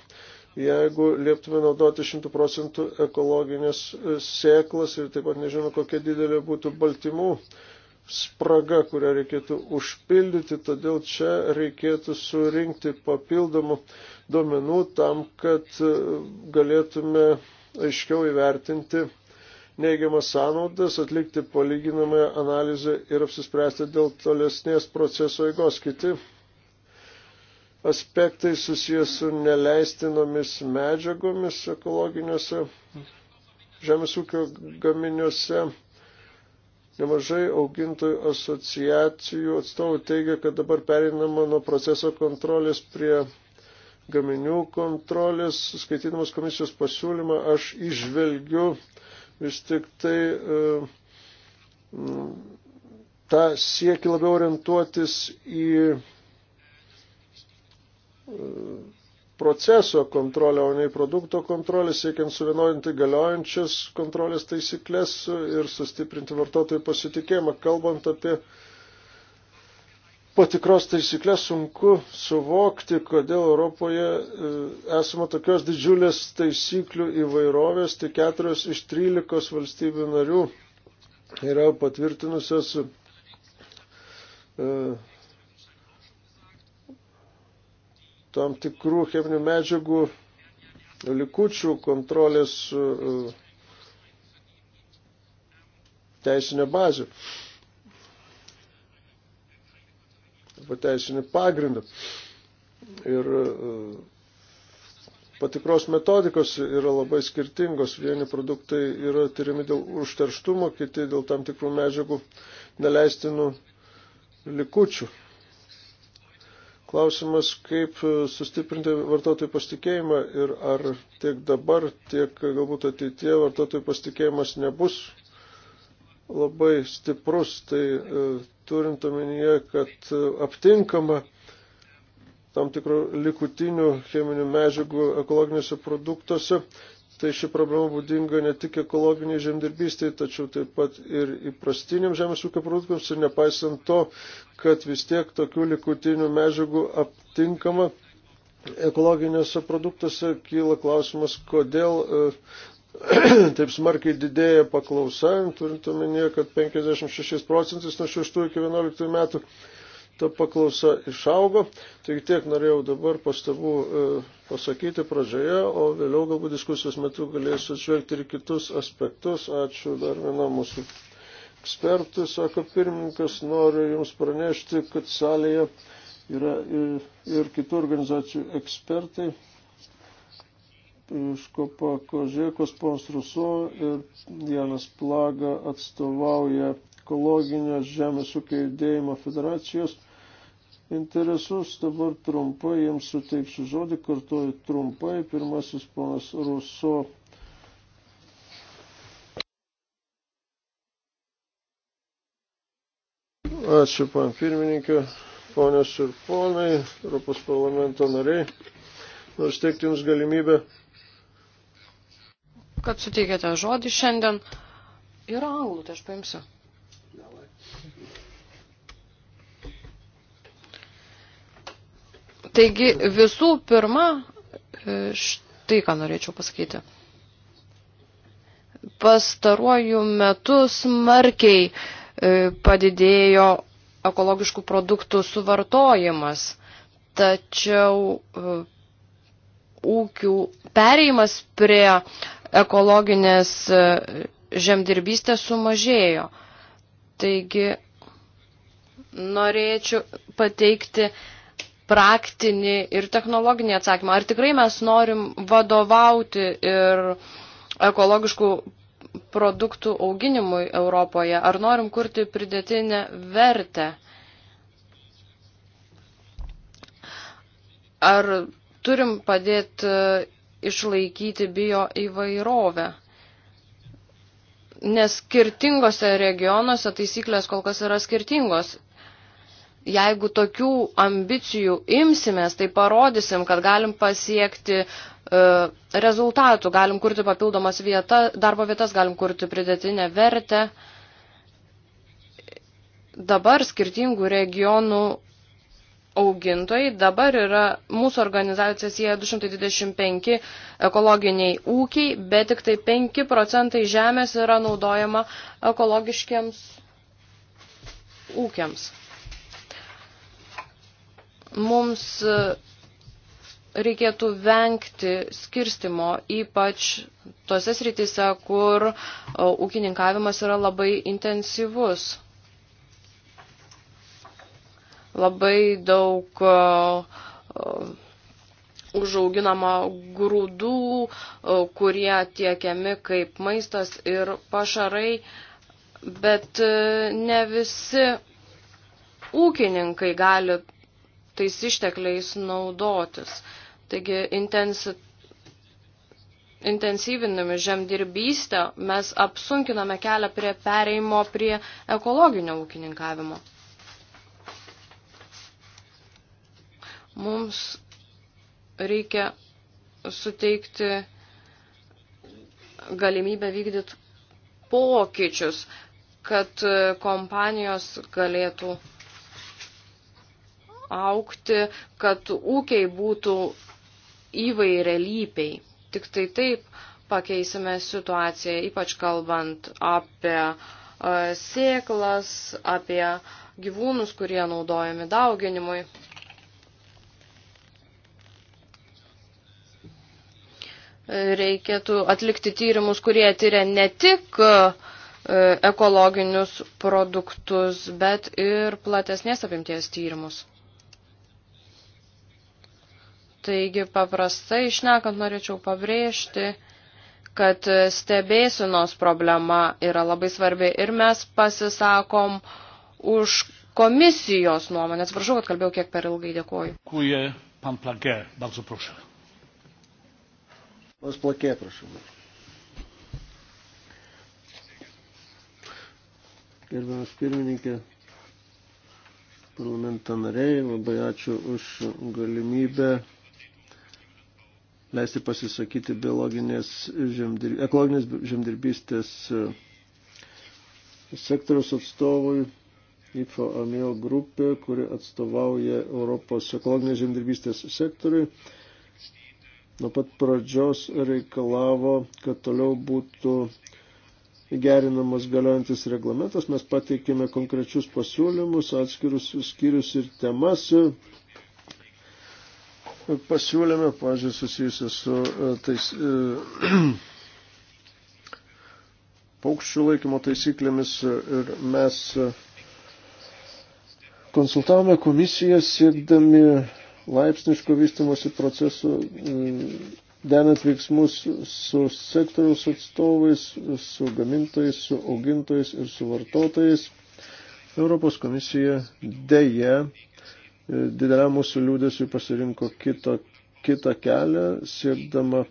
jeigu lieptume naudoti 100 procentų ekologinės sėklas ir taip pat nežinome, kokia didelė būtų baltymų spraga, kurią reikėtų užpildyti, todėl čia reikėtų surinkti papildomų duomenų tam, kad galėtume aiškiau įvertinti neigiamas sąnaudas, atlikti palyginamąją analizę ir apsispręsti dėl tolesnės proceso eigos. Kiti aspektai susijęs su neleistinomis medžiagomis ekologiniuose žemės ūkio gaminiuose. Nemažai augintojų asociacijų atstovų teigia, kad dabar pereinama nuo proceso kontrolės prie gaminių kontrolės, skaitydamas komisijos pasiūlymą, aš išvelgiu vis tik tai e, mm, tą siekį labiau orientuotis į e, proceso kontrolę, o ne į produkto kontrolę, siekiant suvienodinti galiojančias kontrolės taisyklės ir sustiprinti vartotojų pasitikėjimą. Kalbant apie uh, patikros taisyklės sunku suvokti, kodėl Europoje e, esama tokios didžiulės taisyklių įvairovės, tik keturios iš trylikos valstybių narių yra patvirtinusios e, tam tikrų cheminių medžiagų likučių kontrolės e, teisinę bazę. pateisinį pagrindą. Ir e, patikros metodikos yra labai skirtingos. Vieni produktai yra tyriami dėl užterštumo, kiti dėl tam tikrų medžiagų neleistinų likučių. Klausimas, kaip sustiprinti vartotojų pasitikėjimą ir ar tiek dabar, tiek galbūt ateitie vartotojų pasitikėjimas nebus labai stiprus, tai e, turint omenyje, kad e, aptinkama tam tikrų likutinių cheminių medžiagų ekologiniuose produktuose, tai ši problema būdinga ne tik ekologiniai žemdirbystai, tačiau taip pat ir įprastiniam žemės ūkio produktams ir nepaisant to, kad vis tiek tokių likutinių medžiagų aptinkama ekologiniuose produktuose kyla klausimas, kodėl e, <clears throat> taip smarkiai didėja paklausa, turint omenyje, kad 56 procentais nuo 6 iki 11 metų ta paklausa išaugo. Taigi tiek norėjau dabar pastabų e, pasakyti pradžioje, o vėliau galbūt diskusijos metu galėsiu atžvelgti ir kitus aspektus. Ačiū dar vienam mūsų ekspertui, sako pirmininkas, noriu Jums pranešti, kad salėje yra ir, ir kitų organizacijų ekspertai. Škopa Kožėkos, Pons Ruso ir Janas Plaga atstovauja ekologinio žemės ūkio judėjimo federacijos interesus. Dabar trumpai jiems suteiksiu žodį, kartuoju trumpai. Pirmasis ponas Ruso Ačiū, pan pirmininkė, ponios ir ponai, Europos parlamento nariai. Nors teikti jums galimybę kad suteikėte žodį šiandien. Yra anglų, tai aš paimsiu. Taigi visų pirma, e, štai ką norėčiau pasakyti. Pastaruoju metu smarkiai e, padidėjo ekologiškų produktų suvartojimas, tačiau e, ūkių pereimas prie ekologinės e, žemdirbystės sumažėjo. Taigi norėčiau pateikti praktinį ir technologinį atsakymą. Ar tikrai mes norim vadovauti ir ekologiškų produktų auginimui Europoje? Ar norim kurti pridėtinę vertę? Ar turim padėti išlaikyti bio įvairovę. Nes skirtingose regionuose taisyklės kol kas yra skirtingos. Jeigu tokių ambicijų imsimės, tai parodysim, kad galim pasiekti e, rezultatų, galim kurti papildomas vieta, darbo vietas, galim kurti pridėtinę vertę. Dabar skirtingų regionų augintojai. Dabar yra mūsų organizacija sieja 225 ekologiniai ūkiai, bet tik tai 5 procentai žemės yra naudojama ekologiškiams ūkiams. Mums reikėtų vengti skirstimo, ypač tose srityse, kur e, ūkininkavimas yra labai intensyvus labai daug užauginama grūdų, kurie tiekiami kaip maistas ir pašarai, bet e, ne visi ūkininkai gali tais ištekliais naudotis. Taigi intensi... intensyvinami žemdirbystę mes apsunkiname kelią prie pereimo prie ekologinio ūkininkavimo. Mums reikia suteikti galimybę vykdyti pokyčius, kad kompanijos galėtų aukti, kad ūkiai būtų įvairialypiai. Tik tai taip pakeisime situaciją, ypač kalbant apie e, sėklas, apie gyvūnus, kurie naudojami dauginimui. reikėtų atlikti tyrimus, kurie tyria ne tik e, ekologinius produktus, bet ir platesnės apimties tyrimus. Taigi paprastai išnekant norėčiau pabrėžti, kad stebėsinos problema yra labai svarbi ir mes pasisakom už komisijos nuomonę. Atsiprašau, kad kalbėjau kiek per ilgai, dėkuoju. Dziękuję, pan Plage, bardzo proszę. Vas plakė, prašau. Gerbiamas pirmininkė, parlamento nariai, labai ačiū už galimybę leisti pasisakyti biologinės žemdirb... ekologinės žemdirbystės e, sektoriaus atstovui IFO AMIO grupė, kuri atstovauja Europos ekologinės žemdirbystės sektoriui nuo pat pradžios reikalavo, kad toliau būtų gerinamas galiojantis reglamentas. Mes pateikėme konkrečius pasiūlymus, atskirus skyrius ir temas. Pasiūlėme, pažiūrėjau, susijusiu su e, tais e, <clears throat> paukščių laikymo taisyklėmis ir mes e, konsultavome komisiją siekdami laipsniško vystimosi procesu, mm, denant veiksmus su sektoriaus atstovais, su gamintojais, su augintojais ir su vartotojais. Europos komisija dėje dideliam mūsų liūdėsiu pasirinko kito, kitą kelią, siekdama e,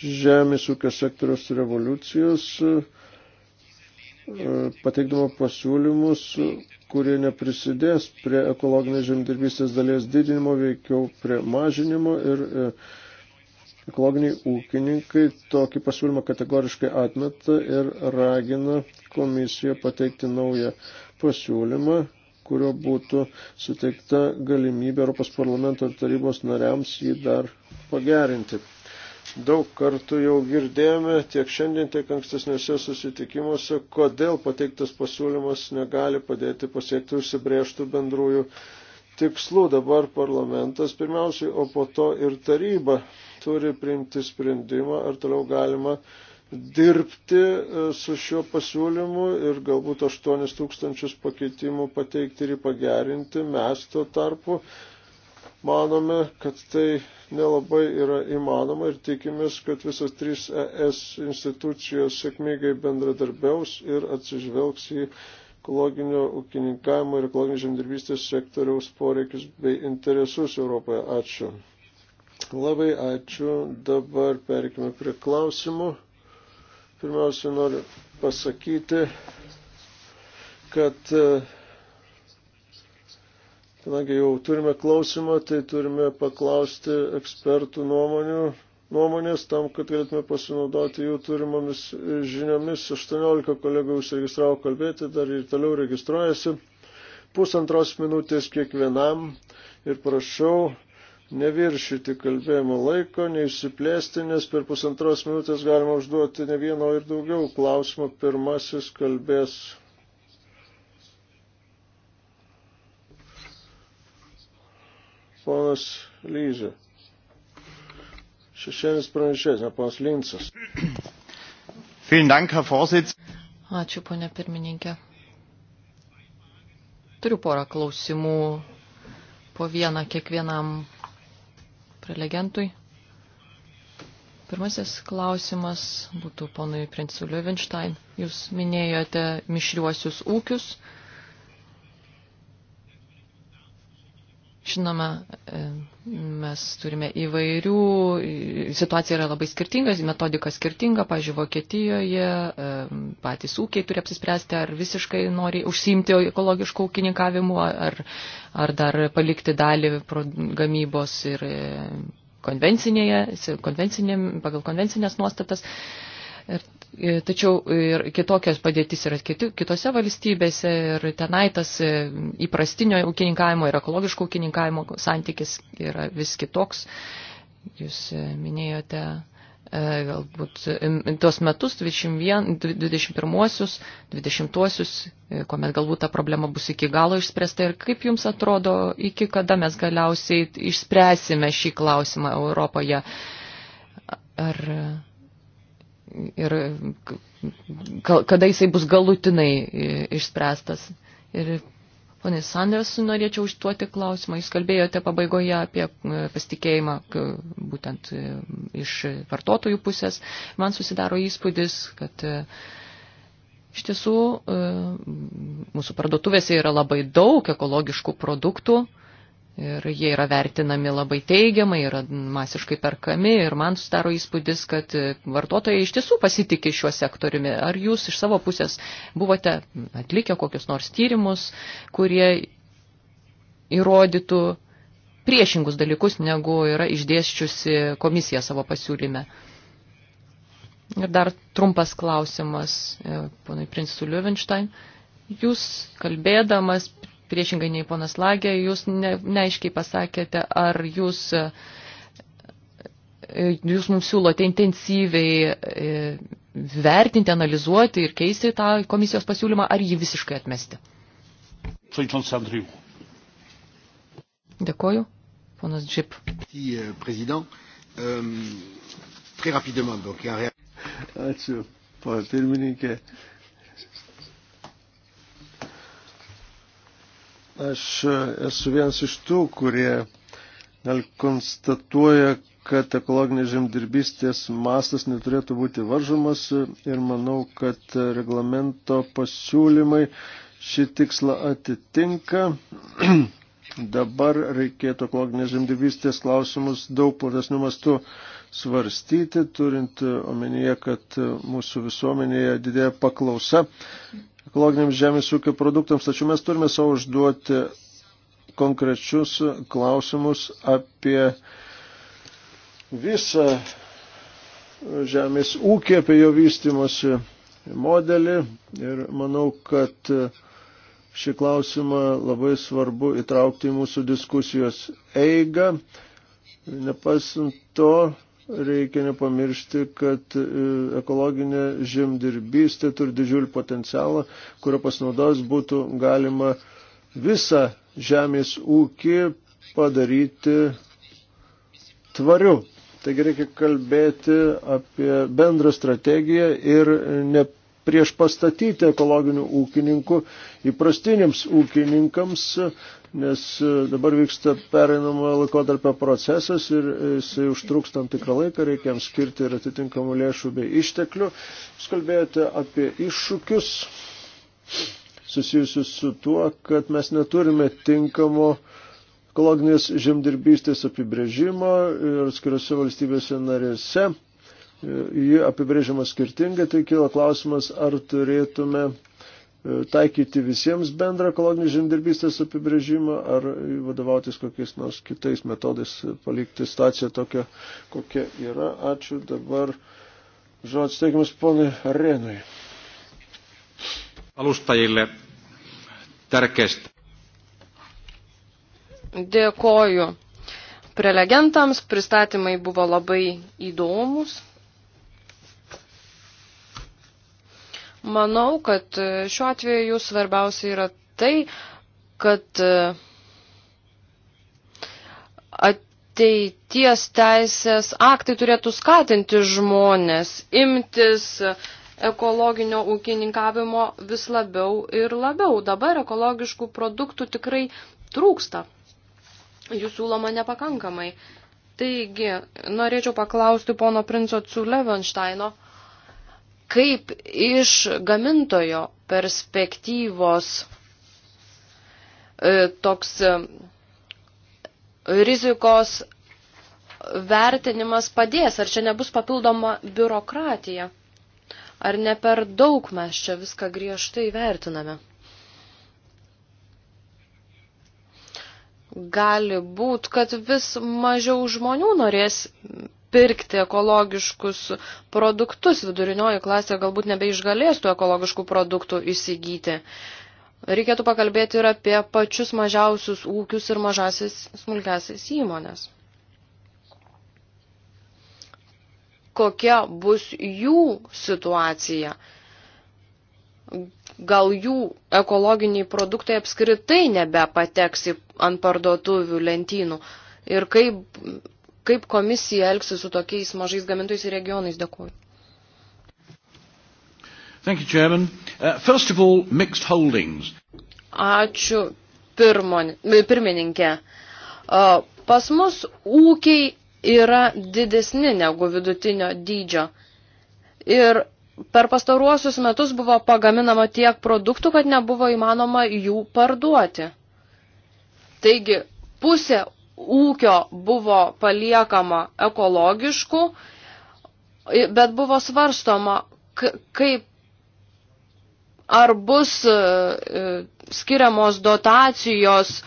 žemės ūkio sektoriaus revoliucijos, e, pateikdama pasiūlymus, kurie neprisidės prie ekologinės žemdirbystės dalies didinimo, veikiau prie mažinimo ir e, ekologiniai ūkininkai tokį pasiūlymą kategoriškai atmeta ir ragina komisiją pateikti naują pasiūlymą, kurio būtų suteikta galimybė Europos parlamento ir tarybos nariams jį dar pagerinti daug kartų jau girdėjome tiek šiandien, tiek ankstesniuose susitikimuose, kodėl pateiktas pasiūlymas negali padėti pasiekti užsibrieštų bendrųjų tikslų. Dabar parlamentas pirmiausiai, o po to ir taryba turi priimti sprendimą, ar toliau galima dirbti e, su šiuo pasiūlymu ir galbūt 8 tūkstančius pakeitimų pateikti ir pagerinti. Mes tuo tarpu Manome, kad tai nelabai yra įmanoma ir tikimės, kad visos trys ES institucijos sėkmingai bendradarbiaus ir atsižvelgs į ekologinio ūkininkavimo ir ekologinio žemdirbystės sektoriaus poreikius bei interesus Europoje. Ačiū. Labai ačiū. Dabar perkime prie klausimų. Pirmiausia, noriu pasakyti, kad uh, Kadangi jau turime klausimą, tai turime paklausti ekspertų nuomonių, nuomonės tam, kad galėtume pasinaudoti jų turimomis žiniomis. 18 kolegų užsiregistravo kalbėti, dar ir toliau registruojasi. Pusantros minutės kiekvienam ir prašau neviršyti kalbėjimo laiko, neišsiplėsti, nes per pusantros minutės galima užduoti ne vieno ir daugiau klausimų. Pirmasis kalbės ponas Lyžė. Šešėlis pranešės, ne ponas Lincas. Ačiū, ponė pirmininkė. Turiu porą klausimų po vieną kiekvienam prelegentui. Pirmasis klausimas būtų ponui Princu Löwenstein. Jūs minėjote mišriuosius ūkius Žinoma, e, mes turime įvairių, situacija yra labai skirtinga, metodika skirtinga, pažiūrėjau, Vokietijoje e, patys ūkiai turi apsispręsti, ar visiškai nori užsiimti ekologiškų ūkininkavimų, ar, ar dar palikti dalį gamybos ir e, konvencinėje, konvencinėm, pagal konvencinės nuostatas. Ir E, tačiau ir kitokios padėtis yra kitose valstybėse ir tenai tas e, įprastinio ūkininkavimo ir ekologiško ūkininkavimo santykis yra vis kitoks. Jūs e, minėjote galbūt tuos metus 21, 21-uosius, 20-uosius, kuomet galbūt ta problema bus iki galo išspręsta ir kaip jums atrodo, iki kada mes galiausiai išspręsime šį klausimą Europoje. Ar ir kada jisai bus galutinai e, išspręstas. Ir ponė Sanders, norėčiau užduoti klausimą. Jūs kalbėjote pabaigoje apie e, pasitikėjimą būtent e, iš vartotojų pusės. Man susidaro įspūdis, kad iš tiesų mūsų parduotuvėse yra labai daug ekologiškų produktų Ir jie yra vertinami labai teigiamai, yra masiškai perkami ir man sudaro įspūdis, kad e, vartotojai iš tiesų pasitikė šiuo sektoriumi. Ar jūs iš savo pusės buvote atlikę kokius nors tyrimus, kurie įrodytų priešingus dalykus, negu yra išdėščiusi komisija savo pasiūlyme? Ir dar trumpas klausimas, e, ponai Prinsu Liuvenštain. Jūs kalbėdamas priešingai nei ponas Lagė, jūs ne, neaiškiai pasakėte, ar jūs, e, jūs mums siūlote intensyviai e, vertinti, analizuoti ir keisti tą komisijos pasiūlymą, ar jį visiškai atmesti. Dėkoju, ponas Džip. Euh, euh, Ačiū, pana pirmininkė. Aš e, esu vienas iš tų, kurie gal konstatuoja, kad ekologinės žemdirbystės mastas neturėtų būti varžomas e, ir manau, kad e, reglamento pasiūlymai šį tikslą atitinka. <clears throat> Dabar reikėtų ekologinės žemdirbystės klausimus daug platesnių mastų svarstyti, turint omenyje, kad mūsų visuomenėje didėja paklausa ekologiniams žemės ūkio produktams, tačiau mes turime savo užduoti konkrečius klausimus apie visą žemės ūkį, apie jo vystimosi modelį ir manau, kad šį klausimą labai svarbu įtraukti į mūsų diskusijos eigą. Nepasant to, reikia nepamiršti, kad e, ekologinė žemdirbystė turi didžiulį potencialą, kurio pasinaudos būtų galima visą žemės ūkį padaryti tvariu. Taigi reikia kalbėti apie bendrą strategiją ir ne prieš pastatyti ekologinių ūkininkų įprastiniams ūkininkams, nes e, dabar vyksta pereinamojo laikotarpio procesas ir e, jisai užtruks tam tikrą laiką, reikia jam skirti ir atitinkamų lėšų bei išteklių. Jūs kalbėjote apie iššūkius susijusius su tuo, kad mes neturime tinkamo ekologinės žemdirbystės apibrėžimo ir skiriuose valstybėse narėse. E, ji apibrėžiama skirtingai, tai kilo klausimas, ar turėtume E, taikyti visiems bendrą ekologinį žemdirbystės apibrėžimą ar vadovautis kokiais nors kitais metodais, e, palikti staciją tokią, kokia yra. Ačiū dabar. Žodis teikiamas ponui Renui. Alustajille tärkeistä. Dėkoju prelegentams, pristatymai buvo labai įdomus. Manau, kad e, šiuo atveju svarbiausia yra tai, kad e, ateities teisės aktai turėtų skatinti žmonės imtis ekologinio ūkininkavimo vis labiau ir labiau. Dabar ekologiškų produktų tikrai trūksta. Jų siūloma nepakankamai. Taigi, norėčiau paklausti pono princo Culevenštaino. Levenštaino kaip iš gamintojo perspektyvos e, toks e, rizikos vertinimas padės, ar čia nebus papildoma biurokratija, ar ne per daug mes čia viską griežtai vertiname. Gali būt, kad vis mažiau žmonių norės pirkti ekologiškus produktus. Vidurinioji klasė galbūt nebeišgalės tų ekologiškų produktų įsigyti. Reikėtų pakalbėti ir apie pačius mažiausius ūkius ir mažasis smulkiasis įmonės. Kokia bus jų situacija? Gal jų ekologiniai produktai apskritai nebepateks ant parduotuvių lentynų? Ir kaip kaip komisija elgsis su tokiais mažais gamintojais ir regionais. Dėkuoju. Thank you, Chairman. Uh, first of all, mixed holdings. Ačiū, pirmon, pirmininkė. Uh, pas mus ūkiai yra didesni negu vidutinio dydžio. Ir per pastaruosius metus buvo pagaminama tiek produktų, kad nebuvo įmanoma jų parduoti. Taigi, pusė ūkio buvo paliekama ekologiškų, bet buvo svarstoma, kaip ar bus e, e, skiriamos dotacijos,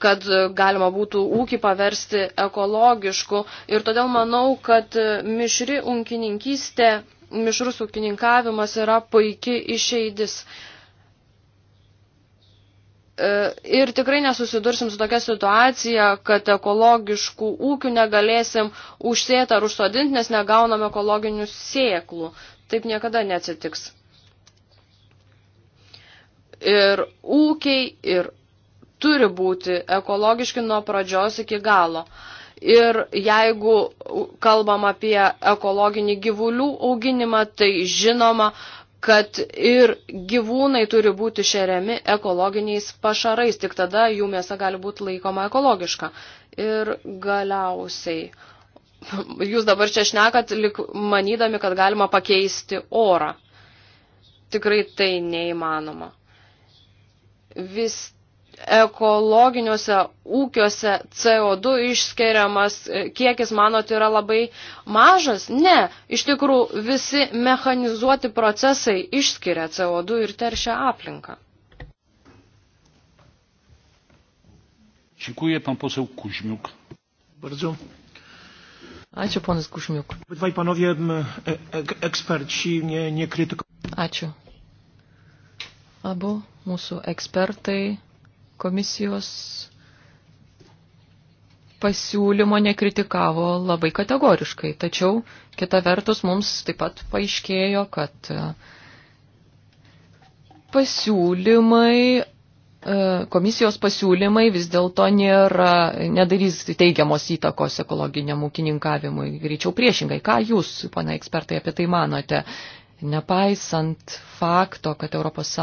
kad galima būtų ūkį paversti ekologišku. Ir todėl manau, kad mišri ūkininkystė, mišrus ūkininkavimas yra puikiai išeidis. E, ir tikrai nesusidursim su tokia situacija, kad ekologiškų ūkių negalėsim užsėti ar užsodinti, nes negaunam ekologinių sėklų. Taip niekada neatsitiks. Ir ūkiai ir turi būti ekologiški nuo pradžios iki galo. Ir jeigu kalbam apie ekologinį gyvulių auginimą, tai žinoma, uh, kad ir gyvūnai turi būti šeriami ekologiniais pašarais, tik tada jų mėsa gali būti laikoma ekologiška. Ir galiausiai, <laughs> jūs dabar čia šnekat, lik, manydami, kad galima pakeisti orą. Tikrai tai neįmanoma. Vis ekologiniuose ūkiuose CO2 išskiriamas kiekis, manot, yra labai mažas? Ne, iš tikrųjų visi mechanizuoti procesai išskiria CO2 ir teršia aplinką. Dziękuję, pan poseł Kuźmiuk. Bardzo. Ačiū, ponas Kušmiuk. Dvaj panowie e, e, eksperci, ne, ne kritiko. Ačiū. Abu mūsų ekspertai komisijos pasiūlymo nekritikavo labai kategoriškai. Tačiau kita vertus mums taip pat paaiškėjo, kad e, pasiūlymai, e, komisijos pasiūlymai vis dėlto nėra, nedarys teigiamos įtakos ekologiniam ūkininkavimui. Greičiau priešingai, ką jūs, pana ekspertai, apie tai manote? Nepaisant fakto, kad ES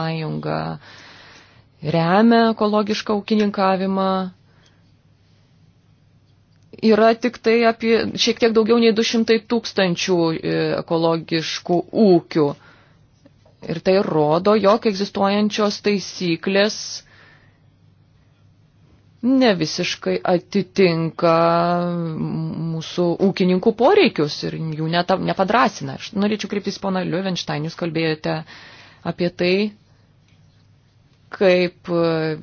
remia ekologišką ūkininkavimą. Yra tik tai apie šiek tiek daugiau nei 200 tūkstančių e, ekologiškų ūkių. Ir tai rodo, jog egzistuojančios taisyklės ne visiškai atitinka mūsų ūkininkų poreikius ir jų neta, nepadrasina. Aš norėčiau kreiptis poną Liuvenštain, jūs kalbėjote apie tai, kaip e,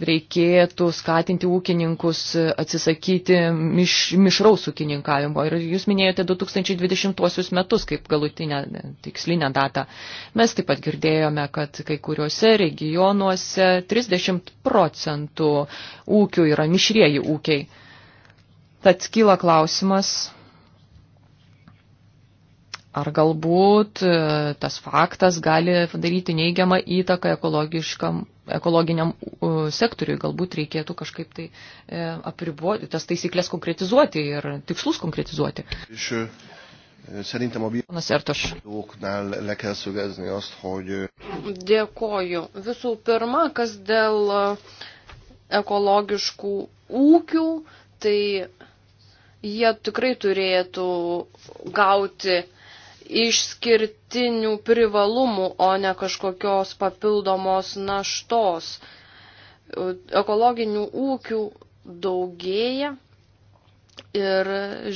reikėtų skatinti ūkininkus atsisakyti miš, mišraus ūkininkavimo. Ir jūs minėjote 2020 metus kaip galutinę tikslinę datą. Mes taip pat girdėjome, kad kai kuriuose regionuose 30 procentų ūkių yra mišrieji ūkiai. Tad kyla klausimas. Ar galbūt e, tas faktas gali daryti neigiamą įtaką ekologiškam ekologiniam sektoriui galbūt reikėtų kažkaip tai e, apriboti, tas taisyklės konkretizuoti ir tikslus konkretizuoti. Iš Szerintem a bíróknál le kell szögezni azt, hogy... Dėkoju. Visų pirma, kas dėl ekologiškų ūkių, tai jie tikrai turėtų gauti uh, išskirtinių privalumų, o ne kažkokios papildomos naštos. Ekologinių ūkių daugėja ir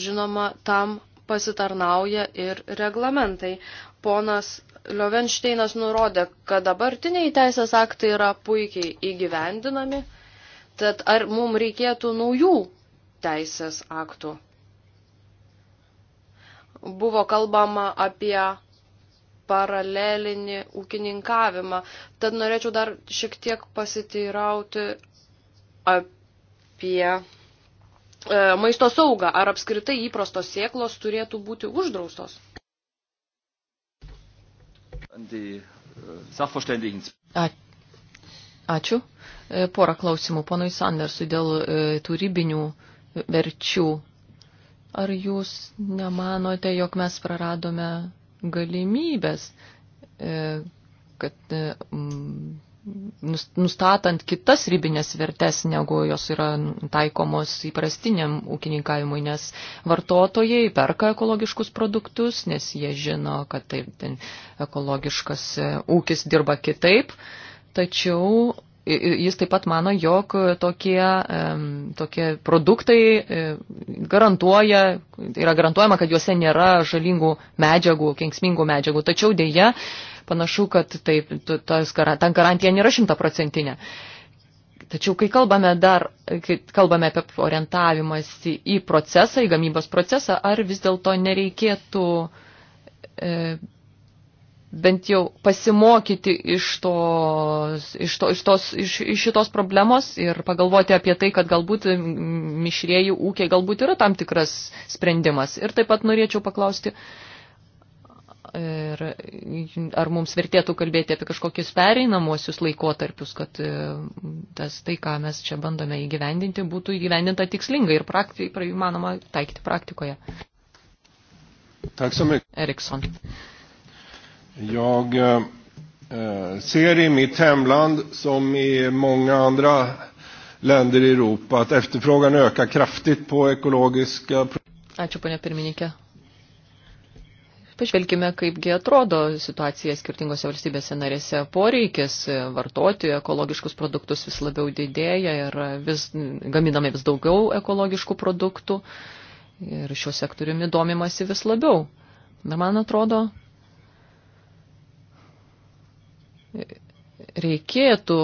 žinoma tam pasitarnauja ir reglamentai. Ponas Liovenšteinas nurodė, kad dabartiniai teisės aktai yra puikiai įgyvendinami, tad ar mums reikėtų naujų teisės aktų? buvo kalbama apie paralelinį ūkininkavimą. Tad norėčiau dar šiek tiek pasiteirauti apie e, maisto saugą. Ar apskritai įprastos sėklos turėtų būti uždraustos? E, ačiū. E, porą klausimų ponui Sandersui dėl e, tų ribinių verčių Ar jūs nemanote, jog mes praradome galimybės, e, kad e, nustatant kitas ribinės vertes, negu jos yra taikomos įprastiniam ūkininkavimui, nes vartotojai perka ekologiškus produktus, nes jie žino, kad taip, ekologiškas e, ūkis dirba kitaip, tačiau Jis taip pat mano, jog tokie, tokie produktai e, garantuoja, yra garantuojama, kad juose nėra žalingų medžiagų, kenksmingų medžiagų. Tačiau dėja, panašu, kad taip, tas, ten garantija nėra šimtaprocentinė. Tačiau, kai kalbame dar, kai kalbame apie orientavimąsi į procesą, į gamybos procesą, ar vis dėlto nereikėtų e, bent jau pasimokyti iš, tos, iš, to, iš, tos, iš, iš šitos problemos ir pagalvoti apie tai, kad galbūt mišrėjų ūkiai galbūt yra tam tikras sprendimas. Ir taip pat norėčiau paklausti, ir, ar mums vertėtų kalbėti apie kažkokius pereinamosius laikotarpius, kad e, tas tai, ką mes čia bandome įgyvendinti, būtų įgyvendinta tikslingai ir prakti, įmanoma taikyti praktikoje. Erikson. Jag eh, eh, ser i mitt hemland, som i många andra länder i Europa, att efterfrågan ökar kraftigt på ekologiska Ačiū, ponia pirmininkė. Pažvelkime, kaipgi atrodo situacija skirtingose valstybėse narėse. Poreikis e, vartoti ekologiškus produktus vis labiau didėja ir vis, gaminame vis daugiau ekologiškų produktų. Ir šiuo sektoriumi domimasi vis labiau. Ir man atrodo, reikėtų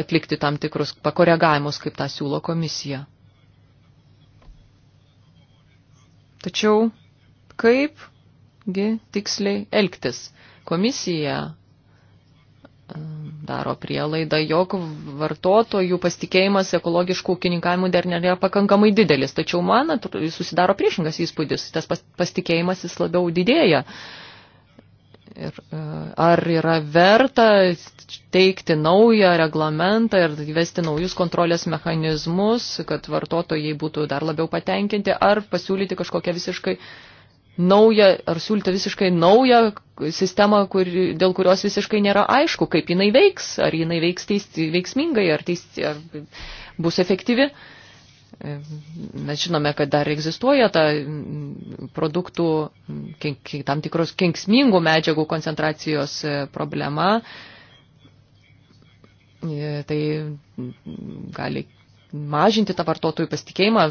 atlikti tam tikrus pakoregavimus, kaip tą siūlo komisija. Tačiau kaipgi tiksliai elgtis? Komisija e, daro prielaidą, jog vartotojų pasitikėjimas ekologiškų ūkininkavimų dar nėra pakankamai didelis. Tačiau man susidaro priešingas įspūdis, tas pasitikėjimas jis labiau didėja. Uh, Ir e, ar yra verta teikti naują reglamentą ir įvesti naujus kontrolės mechanizmus, kad vartotojai būtų dar labiau patenkinti, ar pasiūlyti kažkokią visiškai naują, ar siūlyti visiškai naują sistemą, kur, dėl kurios visiškai nėra aišku, kaip jinai veiks, ar jinai veiks teisti, veiksmingai, ar, teisti, ar bus efektyvi. Uh, Mes žinome, kad dar egzistuoja ta produktų, tam tikros kenksmingų medžiagų koncentracijos e, problema. E, tai gali mažinti tą vartotojų pasitikėjimą,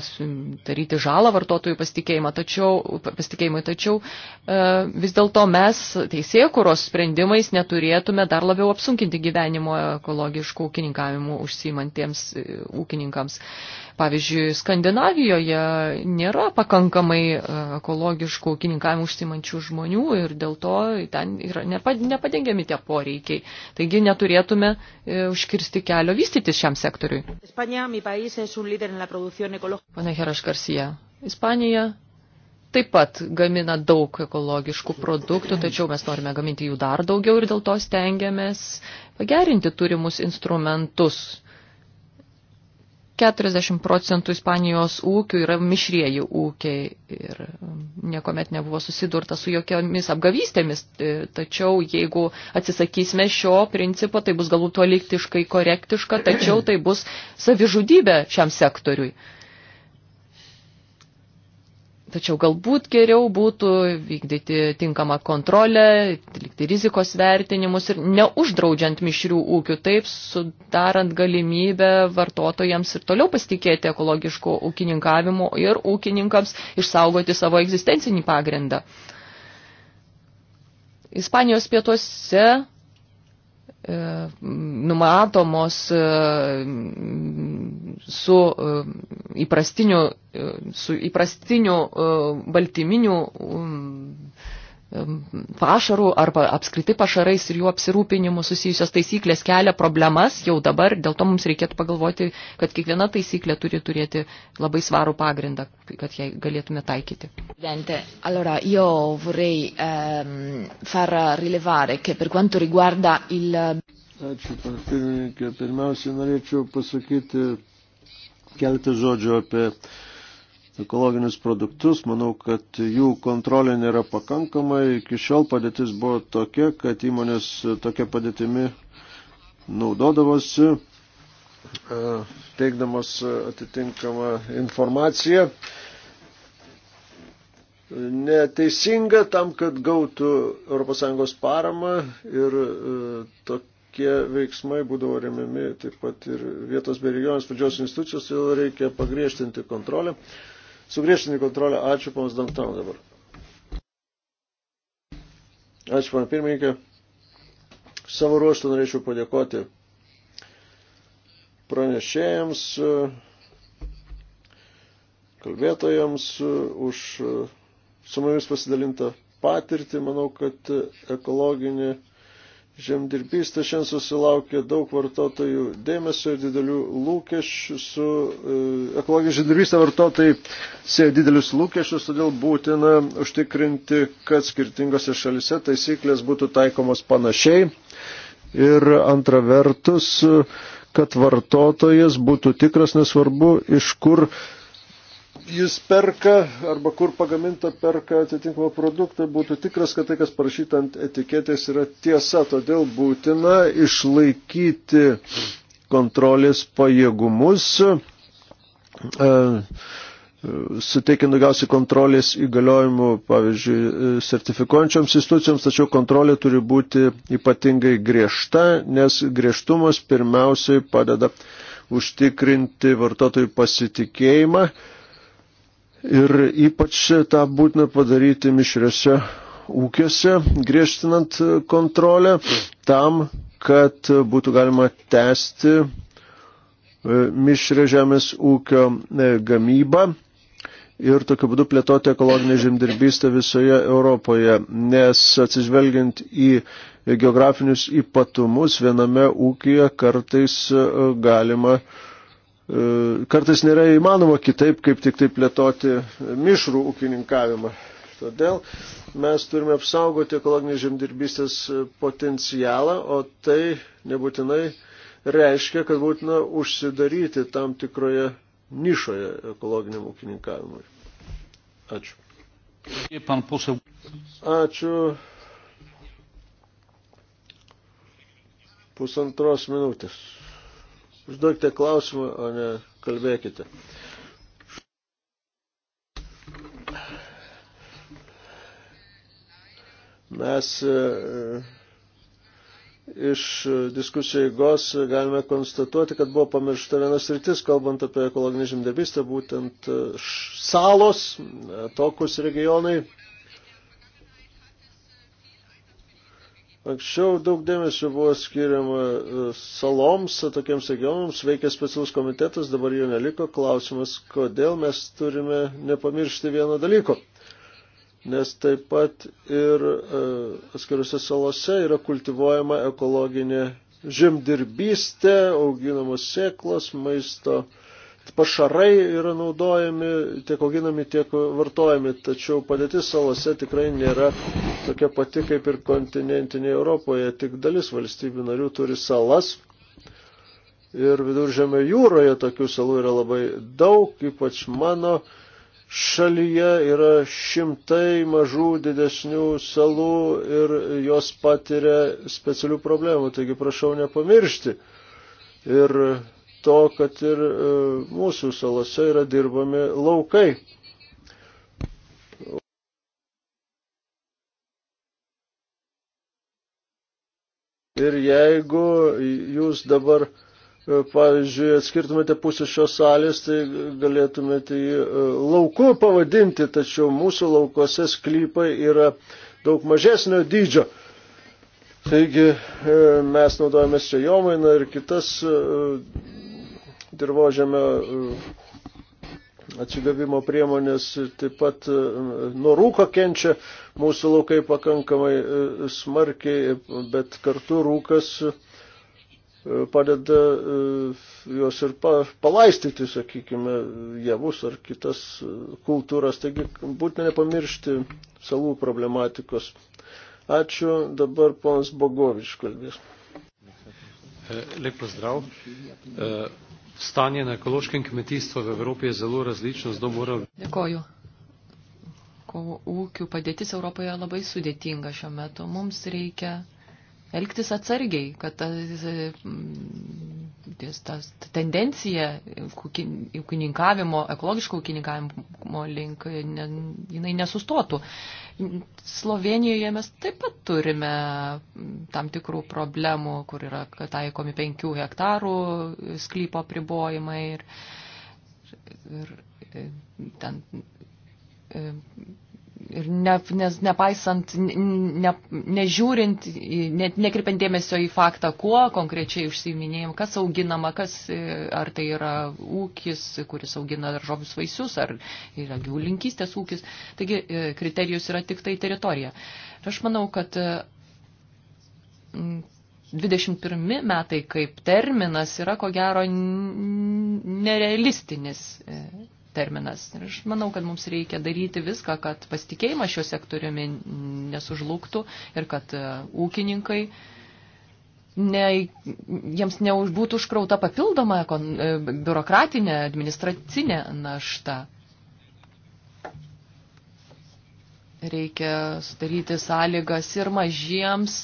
daryti žalą vartotojų pasitikėjimą, tačiau, pasitikėjimai, tačiau e, vis dėlto mes teisėkuros sprendimais neturėtume dar labiau apsunkinti gyvenimo ekologiškų ūkininkavimų užsimantiems ūkininkams. Pavyzdžiui, Skandinavijoje nėra pakankamai e, ekologiškų ūkininkavimų užsimančių žmonių ir dėl to ten yra nepadengiami tie poreikiai. Taigi neturėtume e, užkirsti kelio vystytis šiam sektoriui. Pane Heraš Garsija, Ispanija taip pat gamina daug ekologiškų produktų, tačiau mes norime gaminti jų dar daugiau ir dėl to stengiamės pagerinti turimus instrumentus 40 procentų Ispanijos ūkių yra mišrieji ūkiai ir um, niekuomet nebuvo susidurta su jokiomis apgavystėmis. E, tačiau jeigu atsisakysime šio principo, tai bus galbūt to liktiškai korektiška, tačiau tai bus savižudybė šiam sektoriui. Tačiau galbūt geriau būtų vykdyti tinkamą kontrolę, atlikti rizikos vertinimus ir neuždraudžiant mišrių ūkių, taip sudarant galimybę vartotojams ir toliau pasitikėti ekologiško ūkininkavimu ir ūkininkams išsaugoti savo egzistencinį pagrindą. Ispanijos pietuose E, numatomos e, e, su įprastiniu, su įprastiniu baltyminiu pašarų arba apskritai pašarais ir jų apsirūpinimu susijusios taisyklės kelia problemas jau dabar, dėl to mums reikėtų pagalvoti, kad kiekviena taisyklė turi turėti labai svarų pagrindą, kad jai galėtume taikyti. Presidente, allora io vorrei ehm, far rilevare che per quanto riguarda il... Ačiū, pirmininkė. Pirmiausia, norėčiau pasakyti keletą žodžių apie ekologinius produktus. Manau, kad jų kontrolė nėra pakankama. Iki šiol padėtis buvo tokia, kad įmonės tokia padėtimi naudodavosi, e, teikdamas atitinkamą informaciją neteisinga tam, kad gautų ES paramą ir e, tokie veiksmai būdavo remiami taip pat ir vietos bei regionės valdžios institucijos, todėl reikia pagriežtinti kontrolę sugriežtinti kontrolę. Ačiū, ponas Dantan dabar. Ačiū, pana pirmininkė. Savo ruoštų norėčiau padėkoti pranešėjams, kalbėtojams už su mumis pasidalintą patirtį. Manau, kad ekologinė žemdirbystė tai šiandien susilaukė daug vartotojų dėmesio ir didelių lūkesčių su e, ekologinė žemdirbystė tai vartotojai sieja didelius lūkesčius, todėl būtina užtikrinti, kad skirtingose šalise taisyklės būtų taikomos panašiai. Ir antra vertus, kad vartotojas būtų tikras, nesvarbu, iš kur jis perka arba kur pagaminta perka atitinkamą produktą, būtų tikras, kad tai, kas parašyta ant etiketės, yra tiesa. Todėl būtina išlaikyti kontrolės pajėgumus, e, suteikiant daugiausiai kontrolės įgaliojimų, pavyzdžiui, sertifikuojančioms institucijoms, tačiau kontrolė turi būti ypatingai griežta, nes griežtumas pirmiausiai padeda užtikrinti vartotojų pasitikėjimą Ir ypač tą būtina padaryti mišriose ūkiuose, griežtinant kontrolę, tam, kad būtų galima tęsti e, mišrę žemės ūkio e, gamybą ir tokiu būdu plėtoti ekologinę žemdirbystę visoje Europoje, nes atsižvelgiant į geografinius ypatumus viename ūkija kartais e, galima uh, E, kartais nėra įmanoma kitaip, kaip tik taip plėtoti mišrų ūkininkavimą. Todėl mes turime apsaugoti ekologinės žemdirbystės potencialą, o tai nebūtinai reiškia, kad būtina užsidaryti tam tikroje nišoje ekologiniam ūkininkavimui. Ačiū. Ačiū. Pusantros minutės. Užduokite klausimą, o ne kalbėkite. Mes e, iš diskusijų eigos galime konstatuoti, kad buvo pamiršta vienas rytis, kalbant apie ekologinį žemdirbystę, būtent e, salos, e, tokus regionai, Anksčiau daug dėmesio buvo skiriama e, saloms, tokiems regionams, veikia specialus komitetas, dabar jo neliko. Klausimas, kodėl mes turime nepamiršti vieno dalyko. Nes taip pat ir e, atskiriuose salose yra kultivuojama ekologinė žemdirbystė, auginamos sėklos, maisto pašarai yra naudojami, tiek auginami, tiek vartojami, tačiau padėtis salose tikrai nėra tokia pati kaip ir kontinentinėje Europoje. Tik dalis valstybių narių turi salas. Ir viduržėme jūroje tokių salų yra labai daug, ypač mano šalyje yra šimtai mažų didesnių salų ir jos patiria specialių problemų, taigi prašau nepamiršti. Ir to, kad ir e, mūsų salose yra dirbami laukai. Ir jeigu jūs dabar, e, pavyzdžiui, atskirtumėte pusę šios salės, tai galėtumėte jį e, lauku pavadinti, tačiau mūsų laukose sklypai yra daug mažesnio dydžio. Taigi mes naudojame čia jomainą ir kitas dirbožėme atsigavimo priemonės taip pat e, nuo rūko kenčia mūsų laukai pakankamai e, smarkiai, bet kartu rūkas e, padeda juos ir pa, palaistyti, sakykime, javus ar kitas kultūras. Taigi būtina nepamiršti salų problematikos. Ačiū, dabar ponas Bogovič kalbės. Lep pozdrav stanje na ekološkem kmetijstvu v Evropi je zelo različno, zato moramo. Dėkoju. Ko ūkių padėtis Europoje labai sudėtinga šiuo metu. Mums reikia elgtis atsargiai, kad ta, e, ta, ta tendencija ūkininkavimo, ekologiško ūkininkavimo link, e, ne, jinai nesustotų. Slovenijoje mes taip pat turime tam tikrų problemų, kur yra taikomi penkių hektarų sklypo pribojimai ir, ir ten e, ir ne, nes nepaisant, ne, nežiūrint, ne, nekripiant dėmesio į faktą, kuo konkrečiai užsiminėjom, kas auginama, kas, e, ar tai yra ūkis, kuris augina daržovius vaisius, ar yra gyvulinkystės ūkis. Taigi e, kriterijus yra tik tai teritorija. Ir aš manau, kad 21 e, metai kaip terminas yra ko gero nerealistinis terminas. Ir aš manau, kad mums reikia daryti viską, kad pasitikėjimas šio sektoriumi nesužlugtų ir kad e, ūkininkai ne, jiems neužbūtų užkrauta papildoma e, biurokratinė, administracinė našta. Reikia sudaryti sąlygas ir mažiems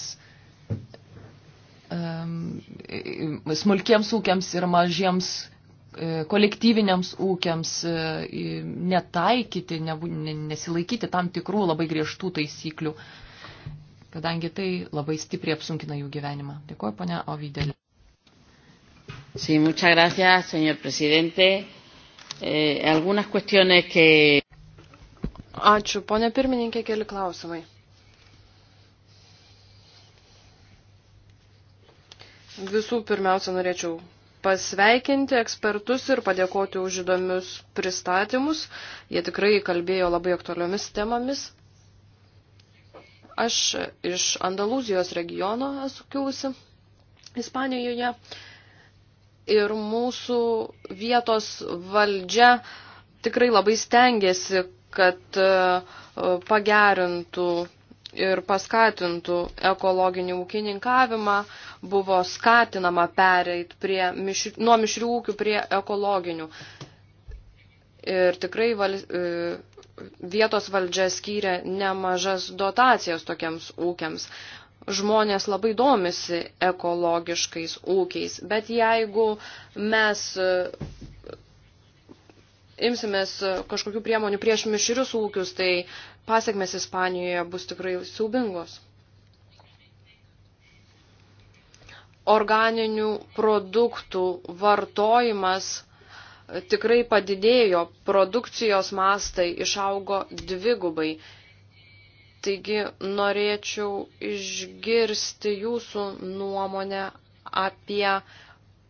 smulkiems ūkiams ir mažiems E, kolektyviniams ūkiams e, netaikyti, ne, nesilaikyti tam tikrų labai griežtų taisyklių, kadangi tai labai stipriai apsunkina jų gyvenimą. Dėkuoju, ponia Ovidelė. Sí, muchas gracias, señor presidente. Eh, algunas cuestiones que. Ačiū, ponia pirmininkė, keli klausimai. Visų pirmiausia, norėčiau pasveikinti ekspertus ir padėkoti už įdomius pristatymus. Jie tikrai kalbėjo labai aktualiomis temomis. Aš iš Andalūzijos regiono esu kilusi, Ispanijoje. Ir mūsų vietos valdžia tikrai labai stengiasi, kad e, pagerintų ir paskatintų ekologinį ūkininkavimą, buvo skatinama pereit prie, mišri, nuo mišrių ūkių prie ekologinių. Ir tikrai val, e, vietos valdžia skyrė nemažas dotacijas tokiems ūkiams. Žmonės labai domisi ekologiškais ūkiais, bet jeigu mes imsimės e, kažkokių priemonių prieš mišrius ūkius, tai pasiekmes Ispanijoje bus tikrai siaubingos. Organinių produktų vartojimas e, tikrai padidėjo, produkcijos mastai išaugo dvigubai. Taigi norėčiau išgirsti jūsų nuomonę apie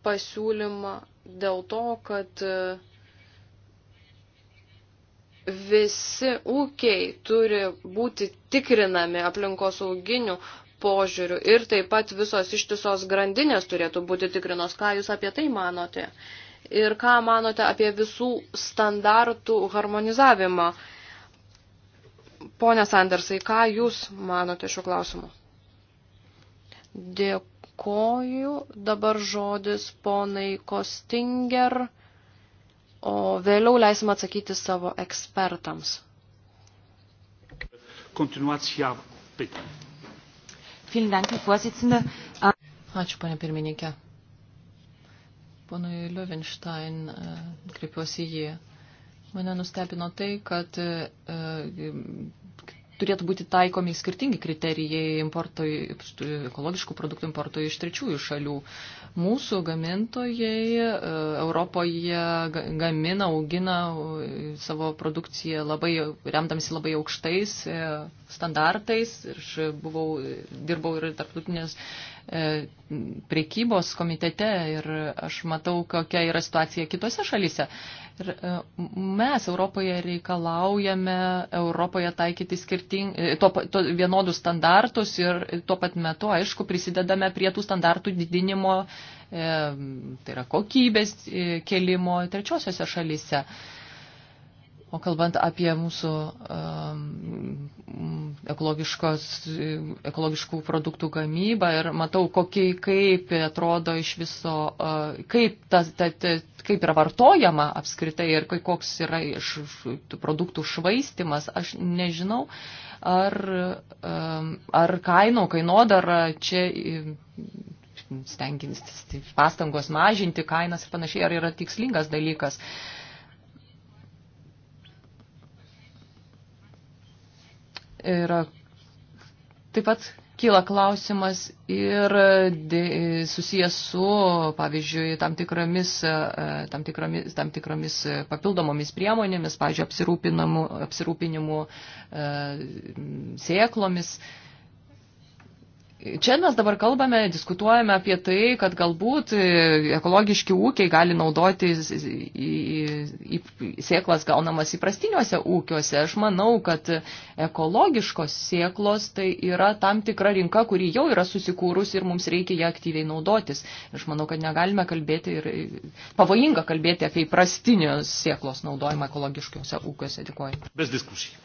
pasiūlymą dėl to, kad uh, visi ūkiai turi būti tikrinami aplinkosauginių požiūrių ir taip pat visos ištisos grandinės turėtų būti tikrinos. Ką Jūs apie tai manote? Ir ką manote apie visų standartų harmonizavimą? Pone Sandersai, ką Jūs manote šiuo klausimu? Dėkuoju. Dabar žodis ponai Kostinger o vėliau leisim atsakyti savo ekspertams. Kontinuacija pytań. Vielen Dank, Herr Vorsitzender. Ah, Ačiū, panė pirmininkė. Ponui Löwenstein, eh, kreipiuosi jį. Mane nustebino tai, kad eh, turėtų būti taikomi skirtingi kriterijai importoj, ekologiškų produktų importoj iš trečiųjų šalių. Mūsų gamintojai e, Europoje gamina, augina e, savo produkciją labai, remdamsi labai aukštais e, standartais. Ir aš buvau, dirbau ir tarptautinės E, priekybos komitete ir aš matau, kokia yra situacija kitose šalyse. Ir e, mes Europoje reikalaujame Europoje taikyti skirting, e, to, to, vienodus standartus ir tuo pat metu, aišku, prisidedame prie tų standartų didinimo, e, tai yra kokybės e, kelimo trečiosiose šalyse. E, O kalbant apie mūsų um, ekologiškų produktų gamybą ir matau, kokiai, kaip atrodo iš viso, uh, kaip, ta, ta, ta, kaip yra vartojama apskritai ir koks yra iš, š, produktų švaistimas, aš nežinau, ar, um, ar kaino, kainodara čia um, stengiantis pastangos mažinti kainas ir panašiai, ar yra tikslingas dalykas. Uh, Yra, taip pat kyla klausimas ir susijęs su, pavyzdžiui, tam tikromis, e, tam tikromis, tam tikromis papildomomis priemonėmis, pavyzdžiui, apsirūpinimu, apsirūpinimu e, sėklomis. E, Čia mes dabar kalbame, diskutuojame apie tai, kad galbūt e, ekologiški ūkiai gali naudoti į, į, sėklas gaunamas įprastiniuose ūkiuose. Aš manau, kad ekologiškos sėklos tai yra tam tikra rinka, kuri jau yra susikūrus ir mums reikia ją aktyviai naudotis. Aš manau, kad negalime kalbėti ir e, pavojinga kalbėti apie įprastinius sėklos naudojimą ekologiškiuose ūkiuose. Dėkuoju. Bez diskusijų.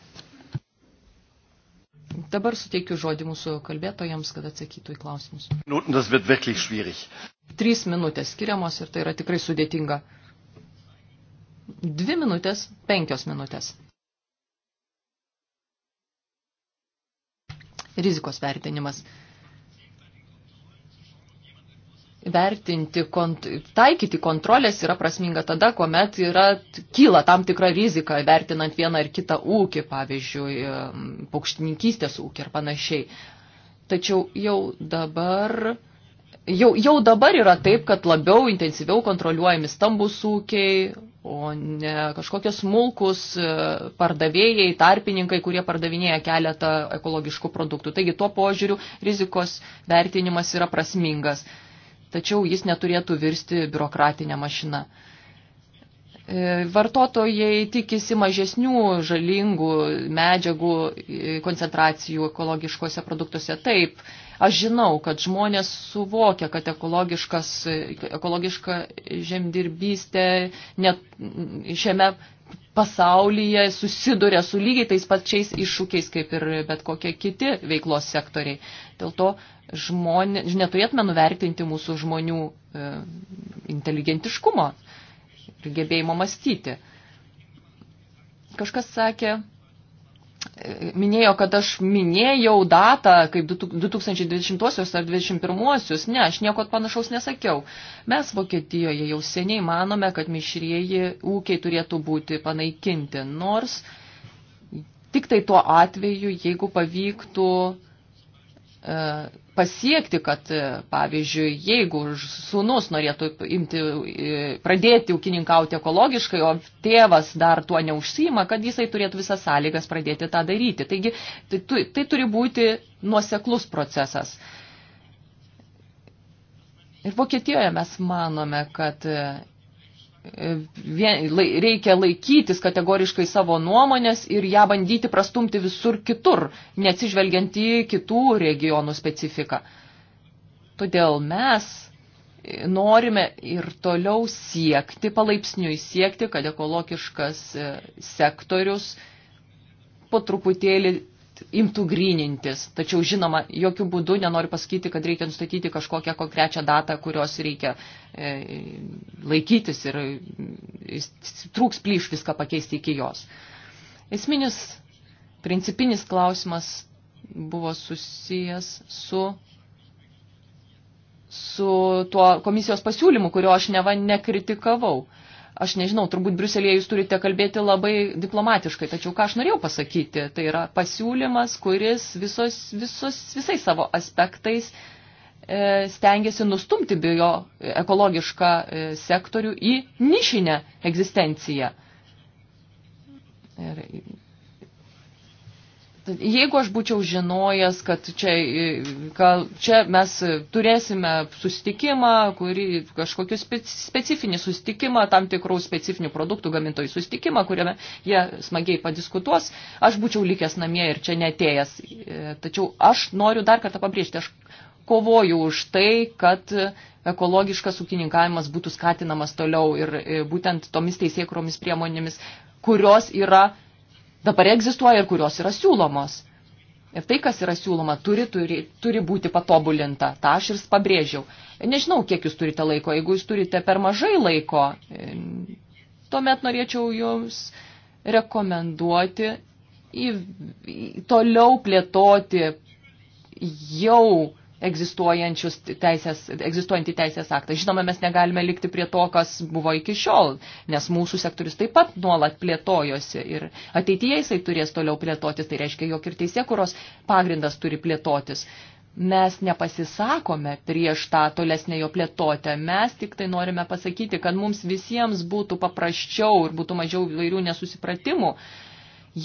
Dabar suteikiu žodį mūsų kalbėtojams, kad atsakytų į klausimus. Trys minutės skiriamos ir tai yra tikrai sudėtinga. Dvi minutės, penkios minutės. Rizikos vertinimas vertinti, kont, taikyti kontrolės yra prasminga tada, kuomet yra, kyla tam tikra rizika, vertinant vieną ar kitą ūkį, pavyzdžiui, paukštininkystės ūkį ir panašiai. Tačiau jau dabar jau, jau dabar yra taip, kad labiau intensyviau kontroliuojami stambus ūkiai, o ne kažkokie smulkus e, pardavėjai, tarpininkai, kurie pardavinėja keletą ekologiškų produktų. Taigi tuo požiūriu rizikos vertinimas yra prasmingas tačiau jis neturėtų virsti biurokratinę mašiną. E, vartotojai tikisi mažesnių žalingų medžiagų e, koncentracijų ekologiškose produktuose. Taip, aš žinau, kad žmonės suvokia, kad ekologiška žemdirbystė net šiame pasaulyje susiduria su lygiai tais pačiais iššūkiais kaip ir bet kokie kiti veiklos sektoriai. Dėl to žmonės, neturėtume nuvertinti mūsų žmonių e, inteligentiškumo ir gebėjimo mąstyti. Kažkas sakė, e, minėjo, kad aš minėjau datą kaip 2020 ar 2021. Ne, aš nieko panašaus nesakiau. Mes Vokietijoje jau seniai manome, kad mišrieji ūkiai turėtų būti panaikinti, nors tik tai tuo atveju, jeigu pavyktų E, pasiekti, kad, e, pavyzdžiui, jeigu sūnus norėtų imti, e, pradėti ūkininkauti ekologiškai, o tėvas dar tuo neužsima, kad jisai turėtų visas sąlygas pradėti tą daryti. Taigi, tai, tai turi būti nuoseklus procesas. Ir Vokietijoje mes manome, kad reikia laikytis kategoriškai savo nuomonės ir ją bandyti prastumti visur kitur, neatsižvelgiant į kitų regionų specifiką. Todėl mes norime ir toliau siekti, palaipsniui siekti, kad ekologiškas e, sektorius po truputėlį imtų grynintis. Tačiau, žinoma, jokių būdų nenoriu pasakyti, kad reikia nustatyti kažkokią konkrečią datą, kurios reikia e, laikytis ir e, trūks plyš viską pakeisti iki jos. Esminis principinis klausimas buvo susijęs su su tuo komisijos pasiūlymu, kurio aš neva nekritikavau. E, Aš nežinau, turbūt Briuselėje jūs turite kalbėti labai diplomatiškai, tačiau ką aš norėjau pasakyti, tai yra pasiūlymas, kuris visos, visos, visais savo aspektais e, stengiasi nustumti bio e, ekologišką e, sektorių į nišinę egzistenciją. Ir Jeigu aš būčiau žinojęs, kad čia, kad čia mes turėsime susitikimą, kurį, kažkokį specifinį susitikimą, tam tikrų specifinių produktų gamintojų susitikimą, kuriame jie smagiai padiskutuos, aš būčiau likęs namie ir čia netėjęs. Tačiau aš noriu dar kartą pabrėžti, aš kovoju už tai, kad ekologiškas ūkininkavimas būtų skatinamas toliau ir e, būtent tomis teisėkromis priemonėmis, kurios yra dabar egzistuoja ir kurios yra siūlomos. Ir tai, kas yra siūloma, turi, turi, turi būti patobulinta. Ta aš ir pabrėžiau. Nežinau, kiek jūs turite laiko. Jeigu jūs turite per mažai laiko, tuomet norėčiau jums rekomenduoti į, į, toliau plėtoti jau egzistuojančius teisės, egzistuojantį teisės aktą. Žinoma, mes negalime likti prie to, kas buvo iki šiol, nes mūsų sektorius taip pat nuolat plėtojosi ir ateityje jisai turės toliau plėtotis, tai reiškia, jog ir teisėkuros pagrindas turi plėtotis. Mes nepasisakome prieš tą tolesnę jo plėtotę, mes tik tai norime pasakyti, kad mums visiems būtų paprasčiau ir būtų mažiau vairių nesusipratimų,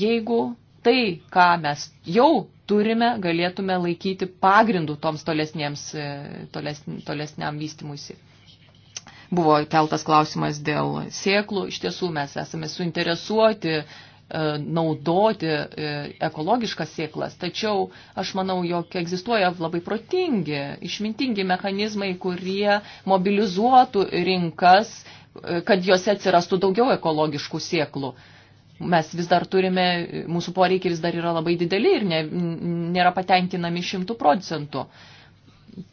jeigu tai, ką mes jau turime, galėtume laikyti pagrindų toms tolesniems, e, tolesn, tolesniam vystimusi. Buvo keltas klausimas dėl sėklų. Iš tiesų mes esame suinteresuoti e, naudoti e, ekologiškas sėklas. Tačiau aš manau, jog egzistuoja labai protingi, išmintingi mechanizmai, kurie mobilizuotų rinkas, kad juose atsirastų daugiau ekologiškų sėklų mes vis dar turime, mūsų poreikiai vis dar yra labai dideli ir ne, nėra patenkinami šimtų procentų.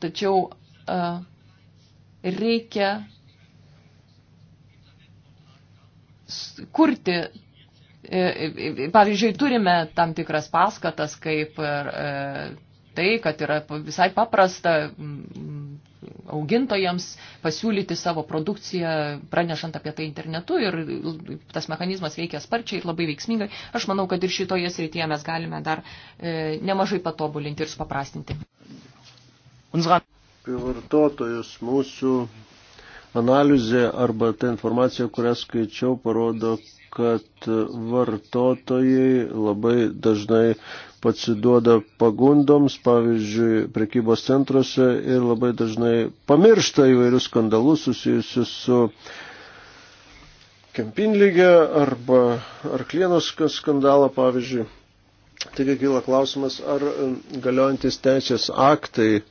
Tačiau uh, reikia kurti, e, e, e, pavyzdžiui, turime tam tikras paskatas, kaip ir uh, tai, kad yra visai paprasta. Um, augintojams pasiūlyti savo produkciją, pranešant apie tai internetu ir tas mechanizmas veikia sparčiai ir labai veiksmingai. Aš manau, kad ir šitoje srityje mes galime dar e, nemažai patobulinti ir supaprastinti. Apie vartotojus mūsų analizė arba ta informacija, kurią skaičiau, parodo, kad vartotojai labai dažnai pasiduoda pagundoms, pavyzdžiui, prekybos centruose ir labai dažnai pamiršta įvairius skandalus susijusius su kempinlygė arba arklienos skandalą, pavyzdžiui. Taigi kyla klausimas, ar e, galiojantis teisės aktai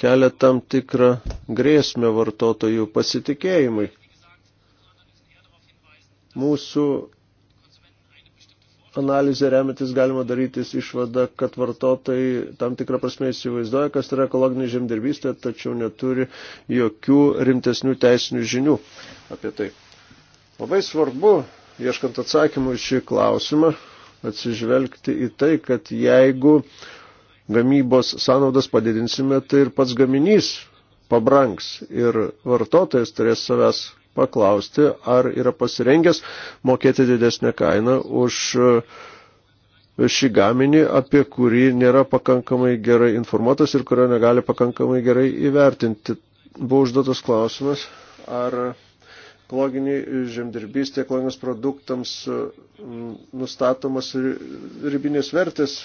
kelia tam tikrą grėsmę vartotojų pasitikėjimui. Mūsų analizė remiantis galima darytis išvada, kad vartotojai tam tikrą prasme įsivaizduoja, kas yra ekologinė žemdirbystė, tačiau neturi jokių rimtesnių teisinių žinių apie tai. Labai svarbu, ieškant atsakymų į šį klausimą, atsižvelgti į tai, kad jeigu gamybos sąnaudas padidinsime, tai ir pats gaminys pabranks ir vartotojas turės savęs paklausti, ar yra pasirengęs mokėti didesnę kainą už e, šį gaminį, apie kurį nėra pakankamai gerai informuotas ir kurio negali pakankamai gerai įvertinti. Buvo užduotas klausimas, ar ekologinį žemdirbystę, ekologinius produktams e, nustatomas ribinės vertės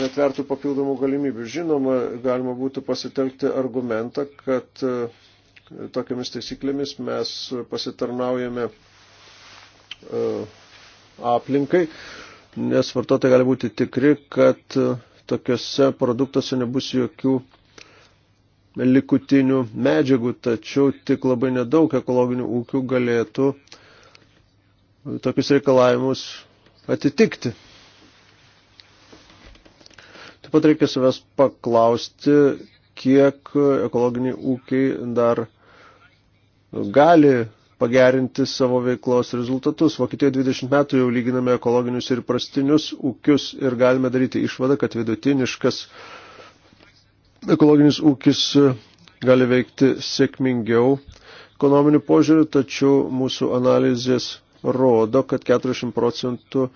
netvertų papildomų galimybių. Žinoma, galima būtų pasitelkti argumentą, kad e, tokiamis taisyklėmis mes pasitarnaujame e, aplinkai, nes vartotojai gali būti tikri, kad e, tokiuose produktuose nebus jokių likutinių medžiagų, tačiau tik labai nedaug ekologinių ūkių galėtų tokius reikalavimus atitikti. Taip pat reikia savęs paklausti, kiek ekologiniai ūkiai dar gali pagerinti savo veiklos rezultatus. Vokietijoje 20 metų jau lyginame ekologinius ir prastinius ūkius ir galime daryti išvadą, kad vidutiniškas ekologinis ūkis gali veikti sėkmingiau ekonominių požiūrių, tačiau mūsų analizės rodo, kad 40 procentų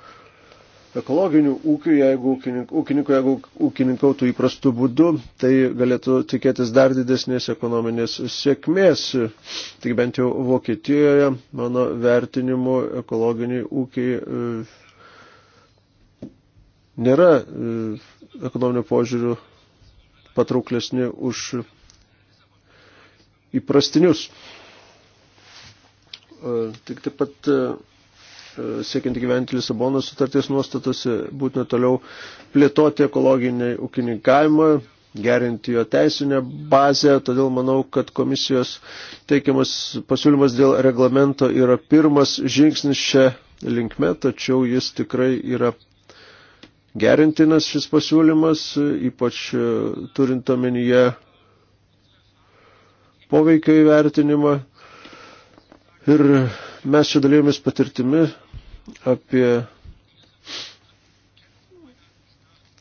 ekologinių ūkių, jeigu ūkininkų, jeigu ūkininkautų įprastų būdų, tai galėtų tikėtis dar didesnės ekonominės sėkmės. Tik bent jau Vokietijoje, mano vertinimu, ekologiniai ūkiai e, nėra e, ekonominio požiūrių patrauklesni už įprastinius. E, tik taip pat siekiant gyventi Lisabonos sutarties nuostatose, būtina toliau plėtoti ekologinį ūkininkavimą, gerinti jo teisinę bazę, todėl manau, kad komisijos teikiamas pasiūlymas dėl reglamento yra pirmas žingsnis čia linkme, tačiau jis tikrai yra gerintinas šis pasiūlymas, ypač e, turint omenyje poveikio įvertinimą. Ir mes čia dalėjomės patirtimi apie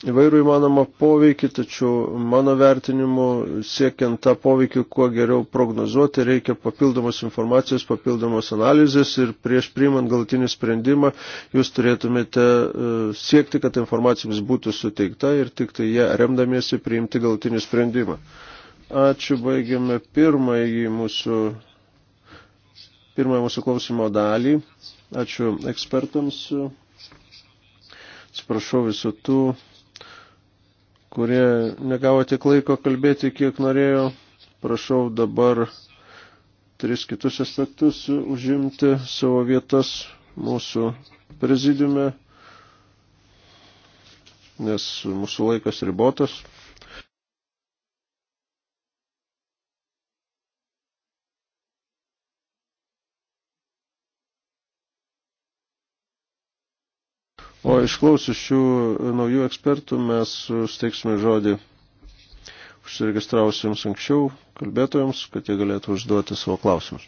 įvairių įmanomą poveikį, tačiau mano vertinimu, siekiant tą poveikį kuo geriau prognozuoti, reikia papildomos informacijos, papildomos analizės ir prieš priimant galtinį sprendimą jūs turėtumėte e, siekti, kad informacija jums būtų suteikta ir tik tai ją remdamiesi priimti galtinį sprendimą. Ačiū, baigiame pirmąjį mūsų, pirmąjį mūsų klausimo dalį. Ačiū ekspertams. Atsiprašau visų tų, kurie negavo tiek laiko kalbėti, kiek norėjo. Prašau dabar tris kitus aspektus užimti savo vietas mūsų prezidiume, nes mūsų laikas ribotas. O išklausus šių naujų ekspertų mes steiksime žodį užsiregistravusiems anksčiau kalbėtojams, kad jie galėtų užduoti savo klausimus.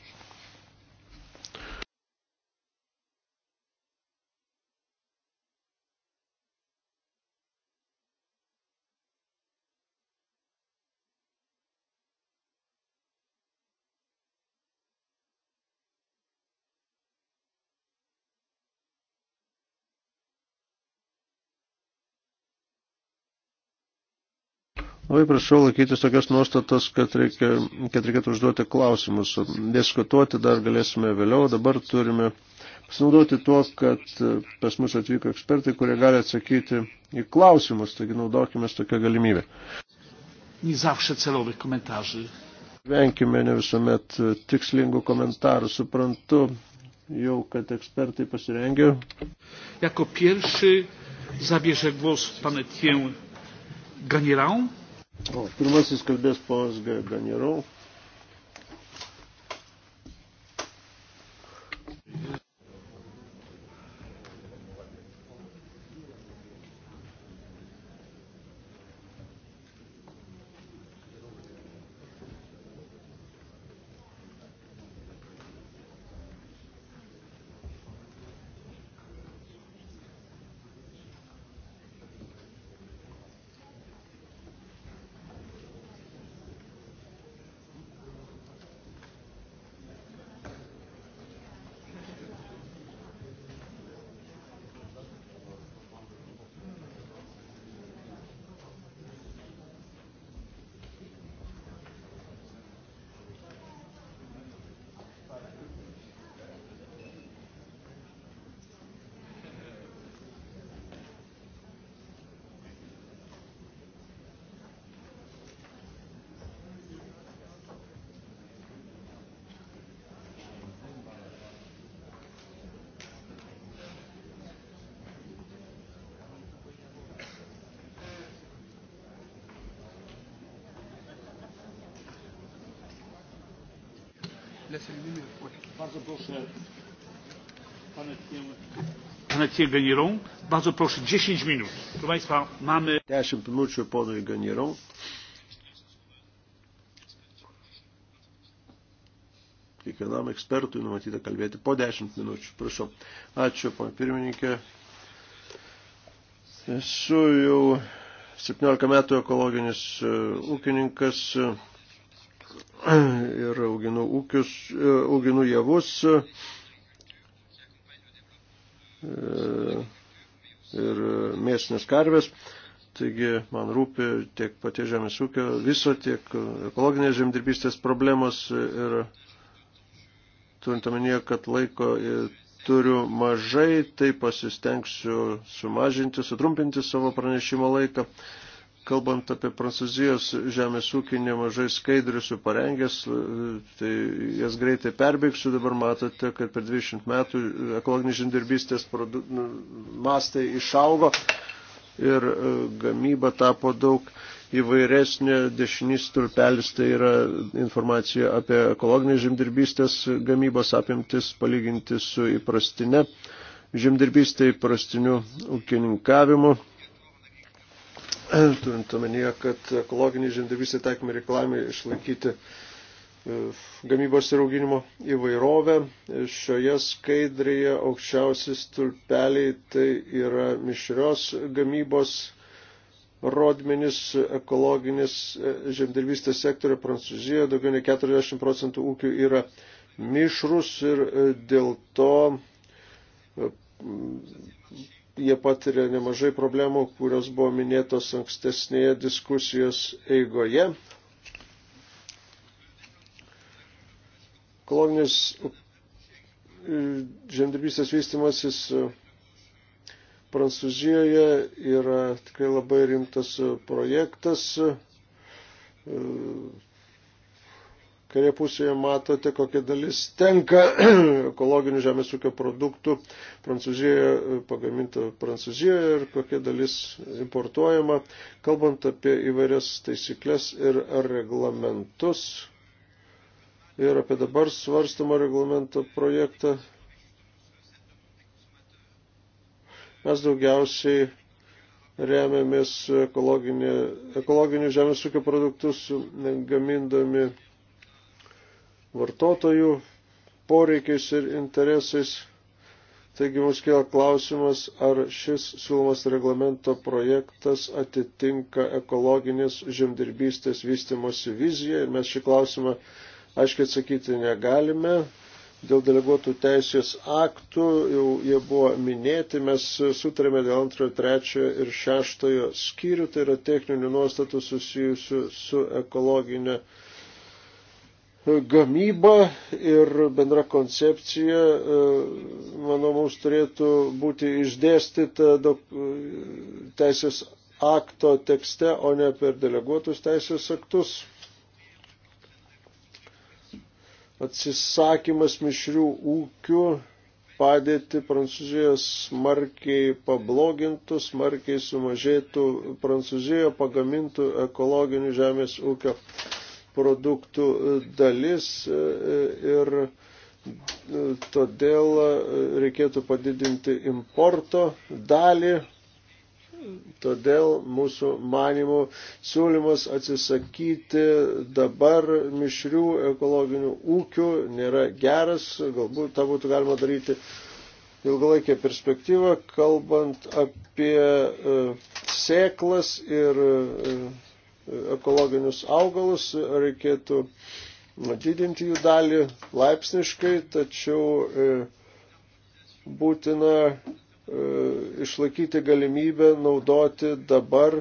Labai prašau laikytis tokios nuostatos, kad, reikia, kad reikėtų užduoti klausimus. Diskutuoti dar galėsime vėliau. Dabar turime pasinaudoti tuo, kad pas mus atvyko ekspertai, kurie gali atsakyti į klausimus. Taigi naudokime tokią galimybę. Venkime ne visuomet tikslingų komentarų. Suprantu jau, kad ekspertai pasirengė. Jako pierwszy zabierze głos pan Etienne Ganirau. O pirmasis kalbės ponas Ganjerov. Bardzo proszę panetier Genierą. Bardzo proszę, 10 minut. Proszę Państwa, mamy... 10 minučių ponui Genierą. Kiekvienam ekspertui numatyta kalbėti po 10 minučių. Prašau. Ačiū, pan pirmininkė. Esu jau 17 metų ekologinis e, ūkininkas auginu ūkius, e, auginu javus e, ir mėsinės karvės. Taigi man rūpi tiek pati žemės ūkio viso, tiek ekologinės žemdirbystės problemos ir turint omenyje, kad laiko turiu mažai, tai pasistengsiu sumažinti, sutrumpinti savo pranešimo laiką. Kalbant apie Prancūzijos žemės ūkį, nemažai skaidrių su parengęs, tai jas greitai perbėgsiu. Dabar matote, kad per 20 metų ekologinės žemdirbystės produ... Nu, mastai išaugo ir e, gamyba tapo daug įvairesnė. Dešinys stulpelis tai yra informacija apie ekologinės žemdirbystės gamybos apimtis palyginti su įprastinė žemdirbystė, įprastiniu ūkininkavimu <clears throat> turint omenyje, kad ekologiniai žemdirbystė taikomi reikalavimai išlaikyti e, gamybos ir auginimo įvairovę. Šioje skaidrėje aukščiausi stulpeliai tai yra mišrios gamybos rodmenis ekologinis e, žemdirbystės sektorio Prancūzijoje. Daugiau nei 40 procentų ūkių yra mišrus ir e, dėl to jie patiria nemažai problemų, kurios buvo minėtos ankstesnėje diskusijos eigoje. Koloninis e, žemdirbystės vystimasis e, Prancūzijoje yra tikrai labai rimtas e, projektas Kairėje pusėje matote, kokia dalis tenka <clears throat> ekologinių žemės ūkio produktų Prancūzijoje, pagaminta Prancūzijoje ir kokia dalis importuojama. Kalbant apie įvairias taisyklės ir reglamentus ir apie dabar svarstamą reglamento projektą, mes daugiausiai remiamės ekologinių žemės ūkio produktus gamindami vartotojų poreikiais ir interesais. Taigi mums kėlė klausimas, ar šis siūlomas reglamento projektas atitinka ekologinės žemdirbystės vystimosi viziją ir mes šį klausimą aiškiai atsakyti negalime. Dėl deleguotų teisės aktų jau jie buvo minėti, mes sutarėme dėl antrojo, trečiojo ir šeštojo skyrių, tai yra techninių nuostatų susijusių su ekologinė žemdirbystė gamyba ir bendra koncepcija, e, manau, mums turėtų būti išdėstyta daug teisės akto tekste, o ne per deleguotus teisės aktus. Atsisakymas mišrių ūkių padėti Prancūzijos smarkiai pablogintų, smarkiai sumažėtų Prancūzijoje pagamintų ekologinių žemės ūkio produktų e, dalis e, e, ir todėl reikėtų padidinti importo dalį. Todėl mūsų manimų siūlymas atsisakyti dabar mišrių ekologinių ūkių nėra geras, galbūt tą būtų galima daryti ilgalaikę perspektyvą, kalbant apie sėklas ir ekologinius augalus, reikėtų didinti jų dalį laipsniškai, tačiau e, būtina e, išlaikyti galimybę naudoti dabar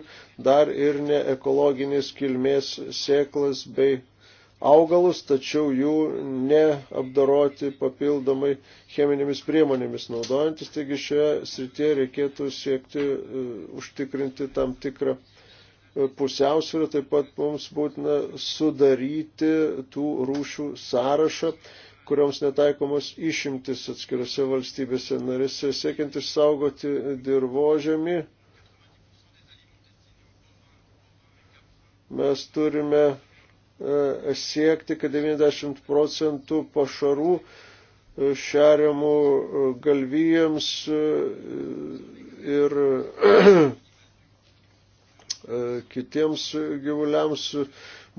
dar ir ne ekologinės kilmės sėklas bei augalus, tačiau jų neapdaroti papildomai cheminėmis priemonėmis naudojantis. Taigi šioje srityje reikėtų siekti uh, užtikrinti tam tikrą uh, pusiausvyrą, taip pat mums būtina sudaryti tų rūšių sąrašą, kurioms netaikomos išimtis atskirose valstybėse narėse, siekiant išsaugoti dirbožėmį. Mes turime e, siekti, kad 90 procentų pašarų e, šeriamų e, galvijams ir E, kitiems gyvuliams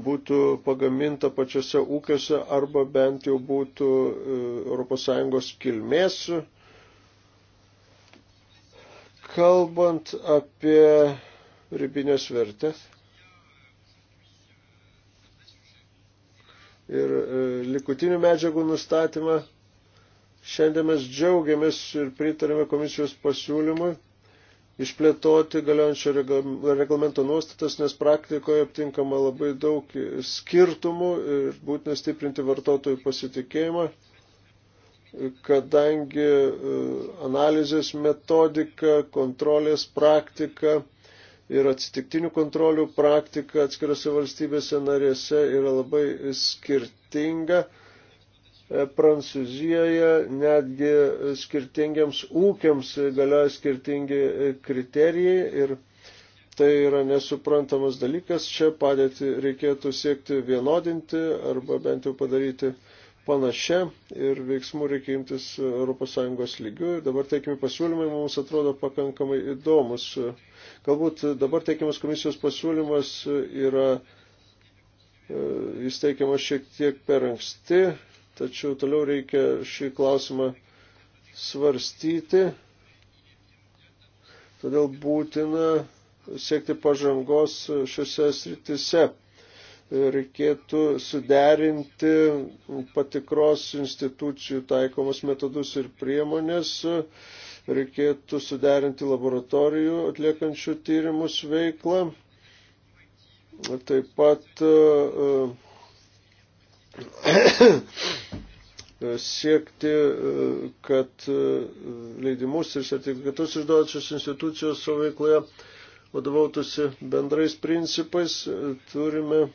būtų pagaminta pačiose ūkiuose arba bent jau būtų ES kilmės. Kalbant apie ribinės vertės ir e, likutinių medžiagų nustatymą, šiandien mes džiaugiamės ir pritarėme komisijos pasiūlymui išplėtoti galiojančio reglamento nuostatas, nes praktikoje aptinkama labai daug skirtumų ir būtina stiprinti vartotojų pasitikėjimą, kadangi e, analizės metodika, kontrolės praktika ir atsitiktinių kontrolių praktika atskirose valstybėse narėse yra labai skirtinga E, Prancūzijoje netgi skirtingiams ūkiams galioja skirtingi e, kriterijai ir tai yra nesuprantamas dalykas. Čia padėti reikėtų siekti vienodinti arba bent jau padaryti panašia ir veiksmų reikia imtis ES lygių. Ir dabar teikiami pasiūlymai mums atrodo pakankamai įdomus. Galbūt dabar teikiamas komisijos pasiūlymas yra e, jis teikiamas šiek tiek per anksti, tačiau toliau reikia šį klausimą svarstyti. Todėl būtina siekti pažangos šiuose sritise. Reikėtų suderinti patikros institucijų taikomus metodus ir priemonės, reikėtų suderinti laboratorijų atliekančių tyrimus veiklą, taip pat uh, siekti, kad e, leidimus ir sertifikatus išduodančios institucijos savo veikloje vadovautųsi bendrais principais, turime e,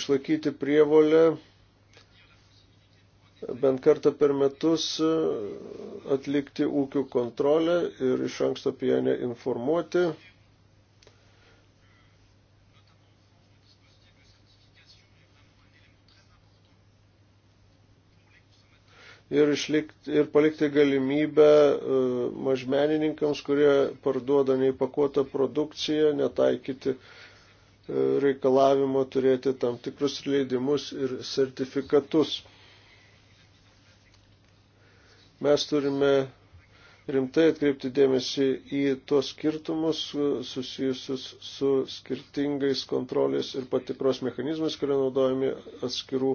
išlaikyti prievolę bent kartą per metus e, atlikti ūkių kontrolę ir iš anksto apie ją neinformuoti ir, išlikti, ir palikti galimybę e, mažmenininkams, kurie parduoda neįpakuotą produkciją, netaikyti e, reikalavimo turėti tam tikrus leidimus ir sertifikatus. Mes turime rimtai atkreipti dėmesį į tuos skirtumus e, susijusius su skirtingais kontrolės ir patikros mechanizmais, kurie naudojami atskirų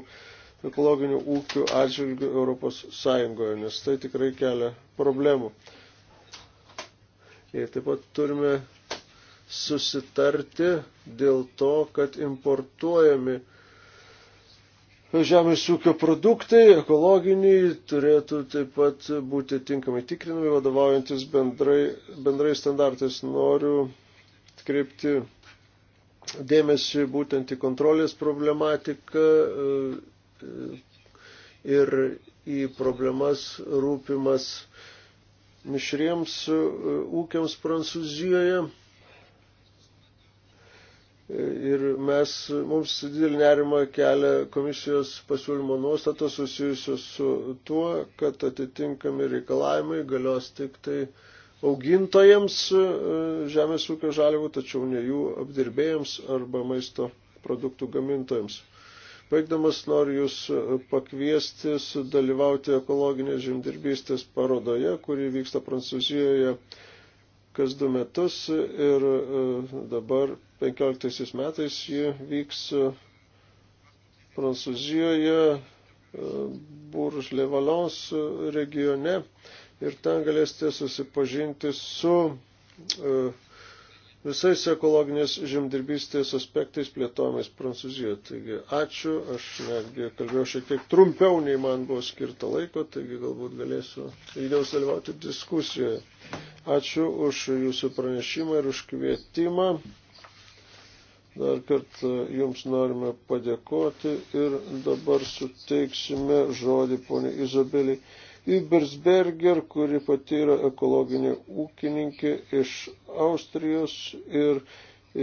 ekologinių ūkių atžvilgių Europos Sąjungoje, nes tai tikrai kelia problemų. Ir taip pat turime susitarti dėl to, kad importuojami žemės ūkio produktai, ekologiniai, turėtų taip pat būti tinkamai tikrinami, vadovaujantis bendrai, bendrai standartais. Noriu kreipti dėmesį būtent į kontrolės problematiką ir į problemas rūpimas mišriems e, ūkiams Prancūzijoje. E, ir mes, mums didelį nerimą kelia komisijos pasiūlymo nuostatos susijusios su tuo, kad atitinkami reikalavimai galios tik tai augintojams e, žemės ūkio žaliavų, tačiau ne jų apdirbėjams arba maisto produktų gamintojams. Baigdamas noriu Jūs pakviesti sudalyvauti ekologinės žemdirbystės parodoje, kuri vyksta Prancūzijoje kas du metus ir e, dabar 15 metais ji vyks Prancūzijoje, e, Bourges Le Valence regione ir ten galėsite susipažinti su e, visais ekologinės žemdirbystės aspektais plėtojamais Prancūzijoje. Taigi ačiū, aš netgi kalbėjau šiek tiek trumpiau, nei man buvo skirta laiko, taigi galbūt galėsiu ilgiau dalyvauti diskusijoje. Ačiū už jūsų pranešimą ir už kvietimą. Dar kartą jums norime padėkoti ir dabar suteiksime žodį ponė Izabeliai. Ibersberger, kuri pati yra ekologinė ūkininkė iš Austrijos ir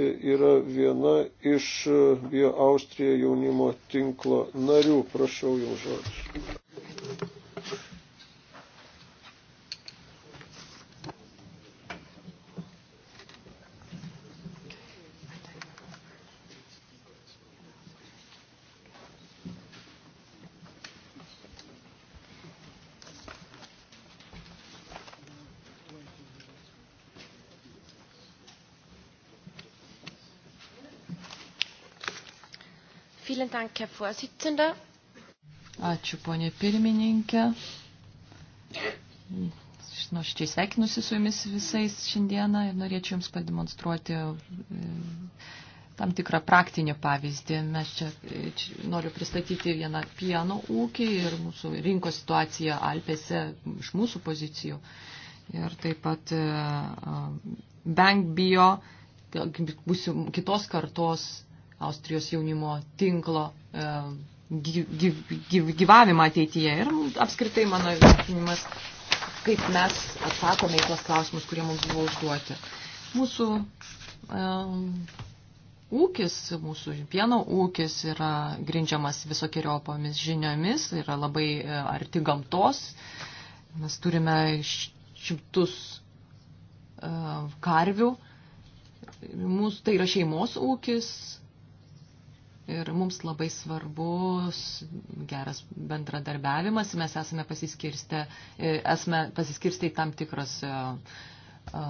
e, yra viena iš e, Bio Austrija jaunimo tinklo narių. Prašau jums žodžius. Ačiū, ponė pirmininkė. Nuoširdžiai sveikinusi su jumis visais šiandieną ir norėčiau jums pademonstruoti e, tam tikrą praktinį pavyzdį. Mes čia, čia e, noriu pristatyti vieną pieno ūkį ir mūsų rinkos situaciją Alpėse iš mūsų pozicijų. Ir taip pat e, Bank Bio, būsim kitos kartos Austrijos jaunimo tinklo gyv, e, gyv, gyv, gyvavimą ateityje. Ir apskritai mano vertinimas, kaip mes atsakome į tuos klausimus, kurie mums buvo užduoti. Mūsų um, ūkis, mūsų pieno ūkis yra grindžiamas visokiriopomis žiniomis, yra labai e, arti gamtos. Mes turime šimtus karvių. Mūsų tai yra šeimos ūkis, Ir mums labai svarbus geras bendradarbiavimas. Mes esame pasiskirstę, e, esame pasiskirstę į tam tikras e, e,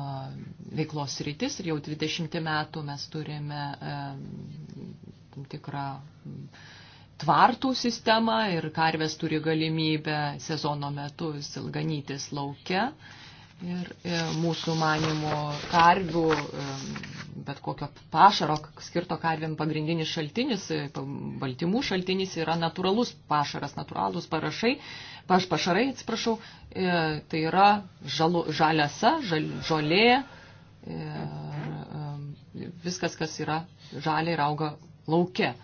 veiklos rytis ir jau 20 metų mes turime tam tikrą tvartų sistemą ir karvės turi galimybę sezono metu ganytis laukia. Ir e, mūsų manimų karvių, e, bet kokio pašaro skirto karvėm pagrindinis šaltinis, e, baltymų šaltinis yra natūralus pašaras, natūralūs parašai, paš, pašarai, atsiprašau, tai yra žalu, žaliasa, žal, žolė ir viskas, kas yra žalia ir auga lauke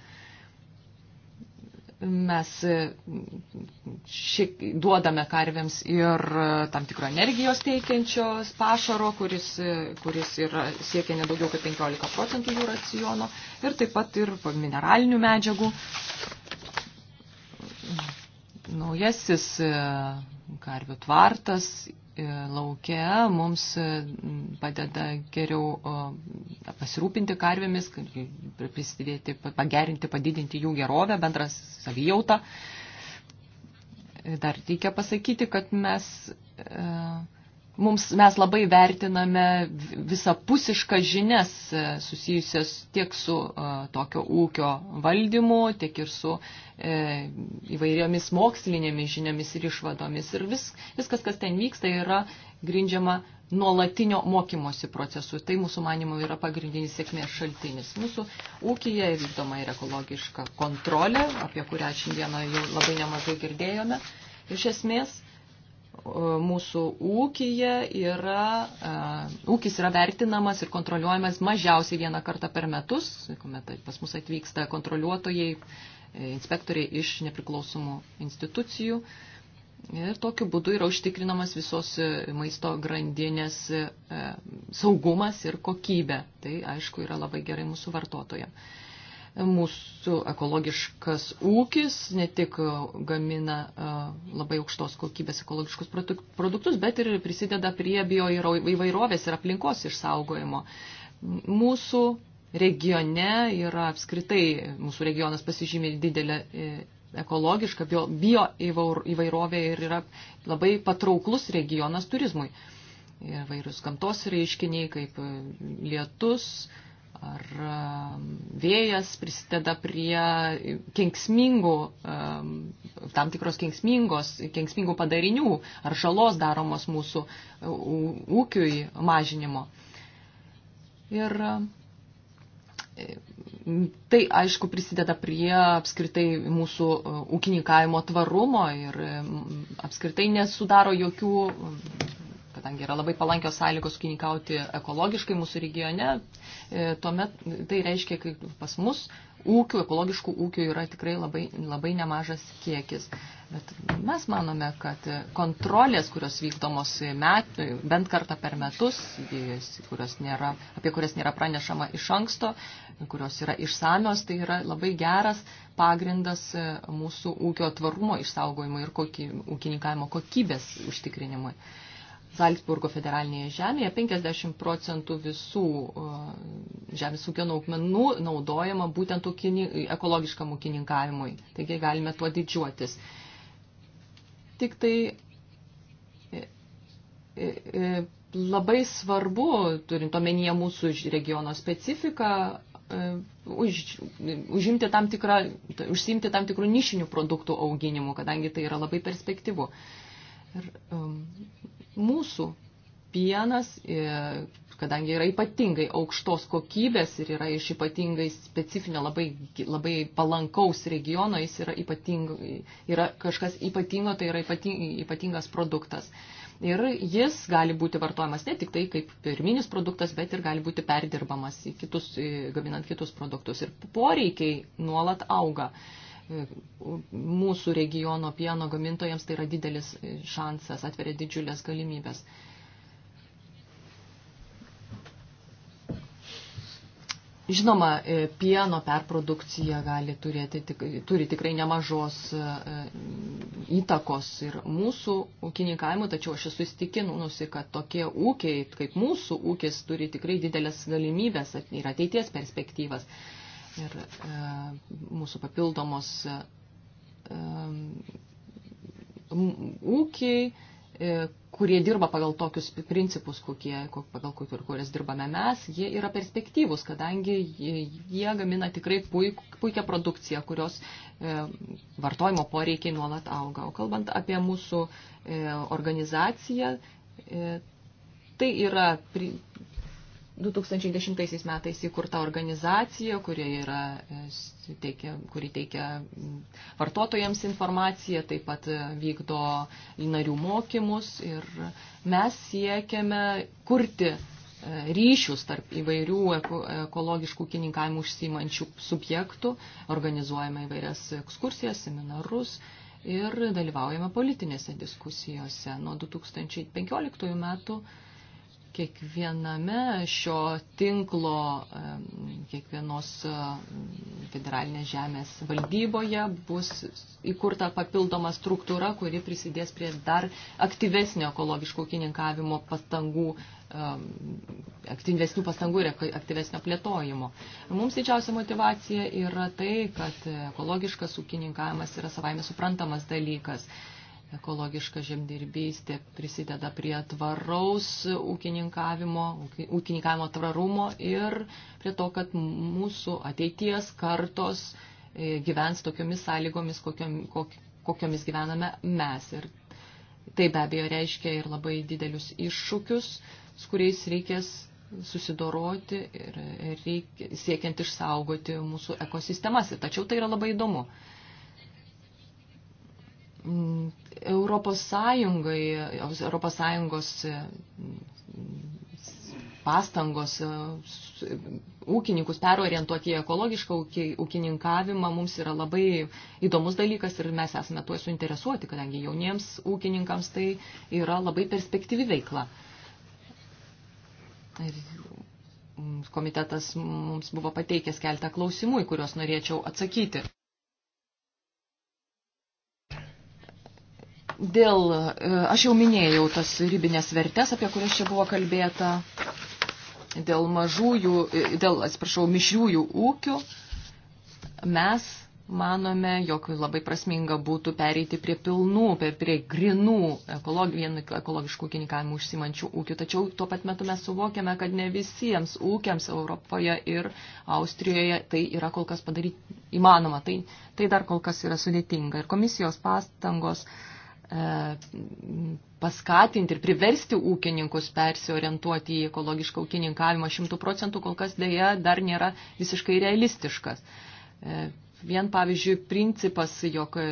mes e, šiek, duodame karvėms ir e, tam tikro energijos teikiančios pašaro, kuris, e, kuris yra, siekia nedaugiau kaip 15 procentų jų raciono ir taip pat ir mineralinių medžiagų. Naujasis karvių tvartas E, laukia mums e, padeda geriau pasirūpinti karvėmis, prisidėti, pagerinti, padidinti jų gerovę, bendras savijautą. E, dar reikia pasakyti, kad mes uh, mums, mes labai vertiname visapusišką žinias e, susijusias tiek su uh, tokio ūkio valdymu, tiek ir su e, įvairiomis mokslinėmis žiniomis ir išvadomis. Ir vis, viskas, kas ten vyksta, yra grindžiama nuolatinio mokymosi procesu. Tai mūsų manimo yra pagrindinis sėkmės šaltinis. Mūsų ūkija vykdoma ir ekologiška kontrolė, apie kurią šiandieną jau labai nemažai girdėjome. Iš esmės, E, mūsų ūkija yra, e, ūkis yra vertinamas ir kontroliuojamas mažiausiai vieną kartą per metus, kuomet pas mus atvyksta kontroliuotojai, e, inspektoriai iš nepriklausomų institucijų. Ir tokiu būdu yra užtikrinamas visos maisto grandinės saugumas ir kokybė. Tai, aišku, yra labai gerai mūsų vartotojams mūsų ekologiškas ūkis ne tik gamina e, labai aukštos kokybės ekologiškus produktus, bet ir prisideda prie bio įvairovės ir aplinkos išsaugojimo. Mūsų regione yra apskritai, mūsų regionas pasižymė didelę e, ekologišką bio, bio įvairovę ir yra labai patrauklus regionas turizmui. Vairūs gamtos reiškiniai kaip e, lietus, ar um, vėjas prisideda prie kenksmingų, um, tam tikros kenksmingos, kenksmingų padarinių ar žalos daromos mūsų uh, ūkiui mažinimo. Ir um, tai, aišku, prisideda prie apskritai mūsų uh, ūkininkavimo tvarumo ir apskritai nesudaro jokių kadangi yra labai palankios sąlygos ūkininkauti ekologiškai mūsų regione, e, tuomet tai reiškia, kad pas mus ūkių, ekologiškų ūkių yra tikrai labai, labai nemažas kiekis. Bet mes manome, kad kontrolės, kurios vykdomos met, bent kartą per metus, kurios nėra, apie kurias nėra pranešama iš anksto, kurios yra išsamios, tai yra labai geras pagrindas e, mūsų ūkio tvarumo išsaugojimui ir kokį, ūkininkavimo kokybės užtikrinimui. Zalcburgo federalinėje žemėje 50 procentų visų žemės ūkio naukmenų naudojama būtent ukini, ekologiškam ūkininkavimui. Taigi galime tuo didžiuotis. Tik tai e, e, e, labai svarbu, turint omenyje mūsų regiono specifiką, už, užimti tam tikrą, užsimti tam tikrų nišinių produktų auginimu, kadangi tai yra labai perspektyvu. Ir, um, Mūsų pienas, e, kadangi yra ypatingai aukštos kokybės ir yra iš ypatingai specifinio labai, labai palankaus regiono, jis yra, ypating, yra kažkas ypatingo, tai yra ypating, ypatingas produktas. Ir jis gali būti vartojamas ne tik tai kaip pirminis produktas, bet ir gali būti perdirbamas į kitus, gaminant kitus produktus. Ir poreikiai nuolat auga. Uh, mūsų regiono pieno gamintojams tai yra didelis šansas, atveria didžiulės galimybės. Žinoma, e, pieno perprodukcija gali turėti, turi tikrai nemažos e, įtakos ir mūsų ūkininkavimui, tačiau aš esu įstikinusi, kad tokie ūkiai, kaip mūsų ūkis, turi tikrai didelės galimybės ir ateities perspektyvas ir e, mūsų papildomos e, ūkiai, e, kurie dirba pagal tokius principus, kokie, pagal kurias dirbame mes, jie yra perspektyvus, kadangi jie gamina tikrai puik, puikią produkciją, kurios e, vartojimo poreikiai nuolat auga. O kalbant apie mūsų e, organizaciją, e, tai yra pri, 2010 metais įkurta organizacija, kuri, yra, e, teikia, kuri teikia vartotojams informaciją, taip pat e, vykdo narių mokymus ir mes siekiame kurti e, ryšius tarp įvairių ekologiškų kininkavimų užsimančių subjektų, organizuojame įvairias ekskursijas, seminarus ir dalyvaujame politinėse diskusijose. Nuo 2015 metų kiekviename šio tinklo, kiekvienos federalinės žemės valdyboje bus įkurta papildoma struktūra, kuri prisidės prie dar aktyvesnio ekologiško ūkininkavimo pastangų, aktyvesnių pastangų ir aktyvesnio plėtojimo. Mums didžiausia motivacija yra tai, kad ekologiškas ūkininkavimas yra savaime suprantamas dalykas ekologiška žemdirbystė prisideda prie tvaraus ūkininkavimo, ūkininkavimo tvarumo ir prie to, kad mūsų ateities kartos e, gyvens tokiomis sąlygomis, kokiomis gyvename mes. Ir tai be abejo reiškia ir labai didelius iššūkius, su kuriais reikės susidoroti ir reikia, siekiant išsaugoti mūsų ekosistemas. Tačiau tai yra labai įdomu. Europos Sąjungai, Europos Sąjungos e, pastangos e, ūkininkus perorientuoti į ekologišką ūkininkavimą mums yra labai įdomus dalykas ir mes esame tuo suinteresuoti, kadangi jauniems ūkininkams tai yra labai perspektyvi veikla. Ir komitetas mums buvo pateikęs keltą klausimų, į kuriuos norėčiau atsakyti. Dėl, e, aš jau minėjau tas ribinės vertės, apie kurias čia buvo kalbėta, dėl mažųjų, e, dėl, atsiprašau, mišriųjų ūkių, mes manome, jog labai prasminga būtų pereiti prie pilnų, prie, prie grinų ekolog, ekologiškų ūkininkavimų užsimančių ūkių. Tačiau tuo pat metu mes suvokiame, kad ne visiems ūkiams Europoje ir Austrijoje tai yra kol kas padaryti įmanoma. Tai, tai dar kol kas yra sudėtinga. Ir komisijos pastangos uh, E, paskatinti ir priversti ūkininkus persiorientuoti į ekologišką ūkininkavimą šimtų procentų kol kas dėja dar nėra visiškai realistiškas. E, vien, pavyzdžiui, principas, jog e,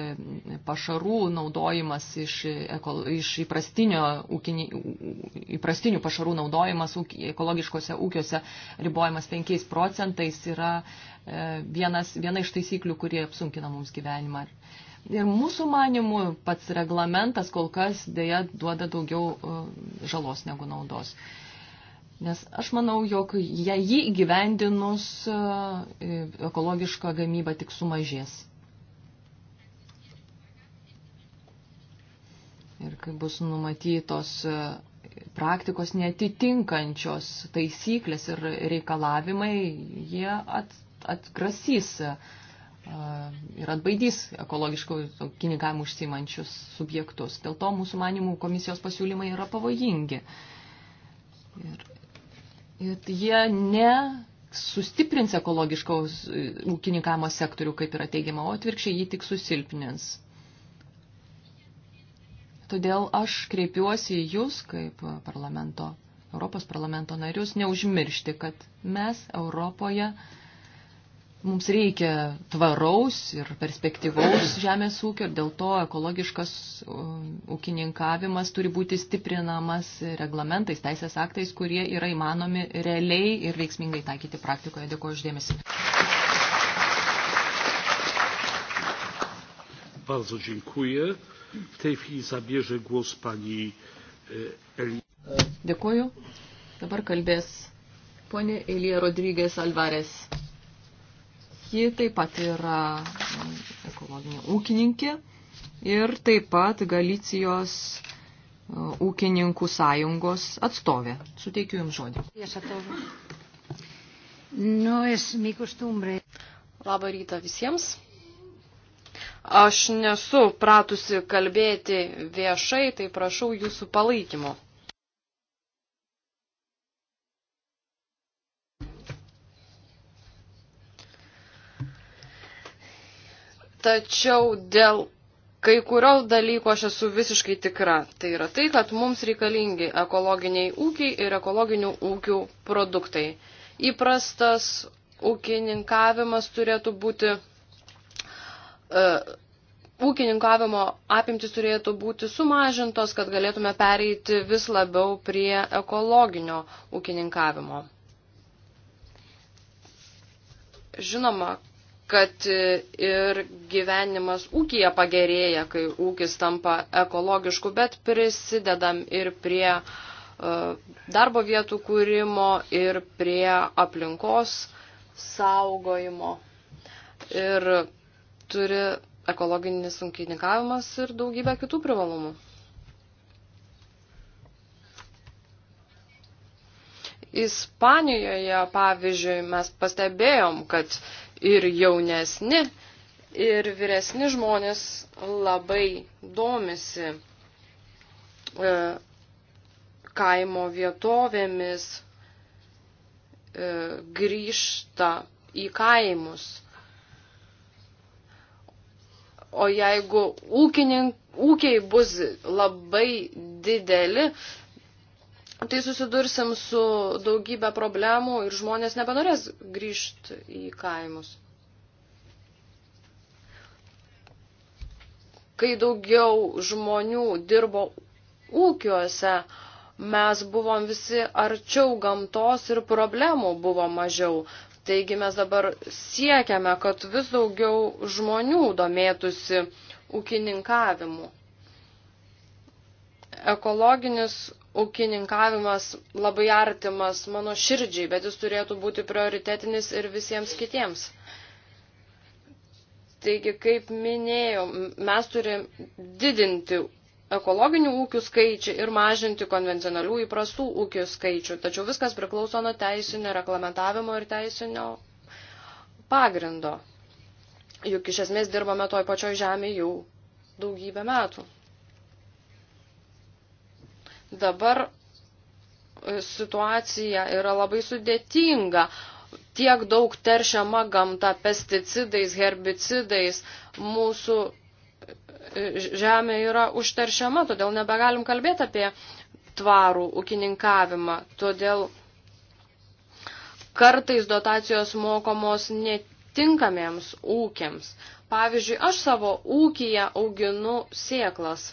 pašarų naudojimas iš, ekolo, iš įprastinio, ūkinį, įprastinių pašarų naudojimas ekologiškose ūkiuose ribojamas 5 procentais yra vienas, viena iš taisyklių, kurie apsunkina mums gyvenimą. Ir mūsų manimų pats reglamentas kol kas dėja duoda daugiau e, žalos negu naudos. Nes aš manau, jog jį įgyvendinus e, ekologiška gamyba tik sumažės. Ir kai bus numatytos e, praktikos netitinkančios taisyklės ir reikalavimai, jie at, atgrasys E, ir atbaidys ekologiškų kininkavimų užsimančius subjektus. Dėl to mūsų manimų komisijos pasiūlymai yra pavojingi. Ir, ir jie ne sustiprins ekologiškaus e, ūkininkavimo sektorių, kaip yra teigiama, o atvirkščiai jį tik susilpnins. Todėl aš kreipiuosi į Jūs kaip parlamento, Europos parlamento narius neužmiršti, kad mes Europoje uh, Mums reikia tvaraus ir perspektyvaus <clears throat> žemės ūkio ir dėl to ekologiškas ūkininkavimas turi būti stiprinamas reglamentais, teisės aktais, kurie yra įmanomi realiai ir veiksmingai taikyti praktikoje. Dėkuoju uždėmesi. Bardzo dziękuję. W tej chwili zabierze głos pani e, Eli. Dėkuoju. Dabar kalbės ponė Elija Rodrygės Alvarės. Ji taip pat yra ekologinė ūkininkė ir taip pat Galicijos e, ūkininkų sąjungos atstovė. Suteikiu Jums žodį. Nu, es mi costumbre. Labą rytą visiems. Aš nesu pratusi kalbėti viešai, tai prašau jūsų palaikymo. Tačiau dėl kai kurio dalyko aš esu visiškai tikra. Tai yra tai, kad mums reikalingi ekologiniai ūkiai ir ekologinių ūkių produktai. Įprastas ūkininkavimas turėtų būti. Uh, Ūkininkavimo apimtis turėtų būti sumažintos, kad galėtume pereiti vis labiau prie ekologinio ūkininkavimo. Žinoma, kad ir gyvenimas ūkija pagerėja, kai ūkis tampa ekologišku, bet prisidedam ir prie e, darbo vietų kūrimo ir prie aplinkos saugojimo. Ir turi ekologinis sunkininkavimas ir daugybę kitų privalumų. Ispanijoje, pavyzdžiui, mes pastebėjom, kad ir jaunesni, ir vyresni žmonės labai domisi e, kaimo vietovėmis, e, grįžta į kaimus. O jeigu ūkininkų ūkiai bus labai dideli, tai susidursim su daugybė problemų ir žmonės nebenorės grįžti į kaimus. Kai daugiau žmonių dirbo ūkiuose, mes buvom visi arčiau gamtos ir problemų buvo mažiau. Taigi mes dabar siekiame, kad vis daugiau žmonių domėtųsi ūkininkavimu. Ekologinis ūkininkavimas labai artimas mano širdžiai, bet jis turėtų būti prioritetinis ir visiems kitiems. Taigi, kaip minėjau, mes turim didinti ekologinių ūkių skaičių ir mažinti konvencionalių įprastų ūkių skaičių. Tačiau viskas priklauso nuo teisinio reglamentavimo ir teisinio pagrindo. Juk iš esmės dirbame toj pačioj žemėje jau daugybę metų. Dabar e, situacija yra labai sudėtinga. Tiek daug teršiama gamta pesticidais, herbicidais, mūsų e, žemė yra užteršiama, todėl nebegalim kalbėti apie tvarų ūkininkavimą. Todėl kartais dotacijos mokomos netinkamiems ūkiams. Pavyzdžiui, aš savo ūkiją auginu sėklas.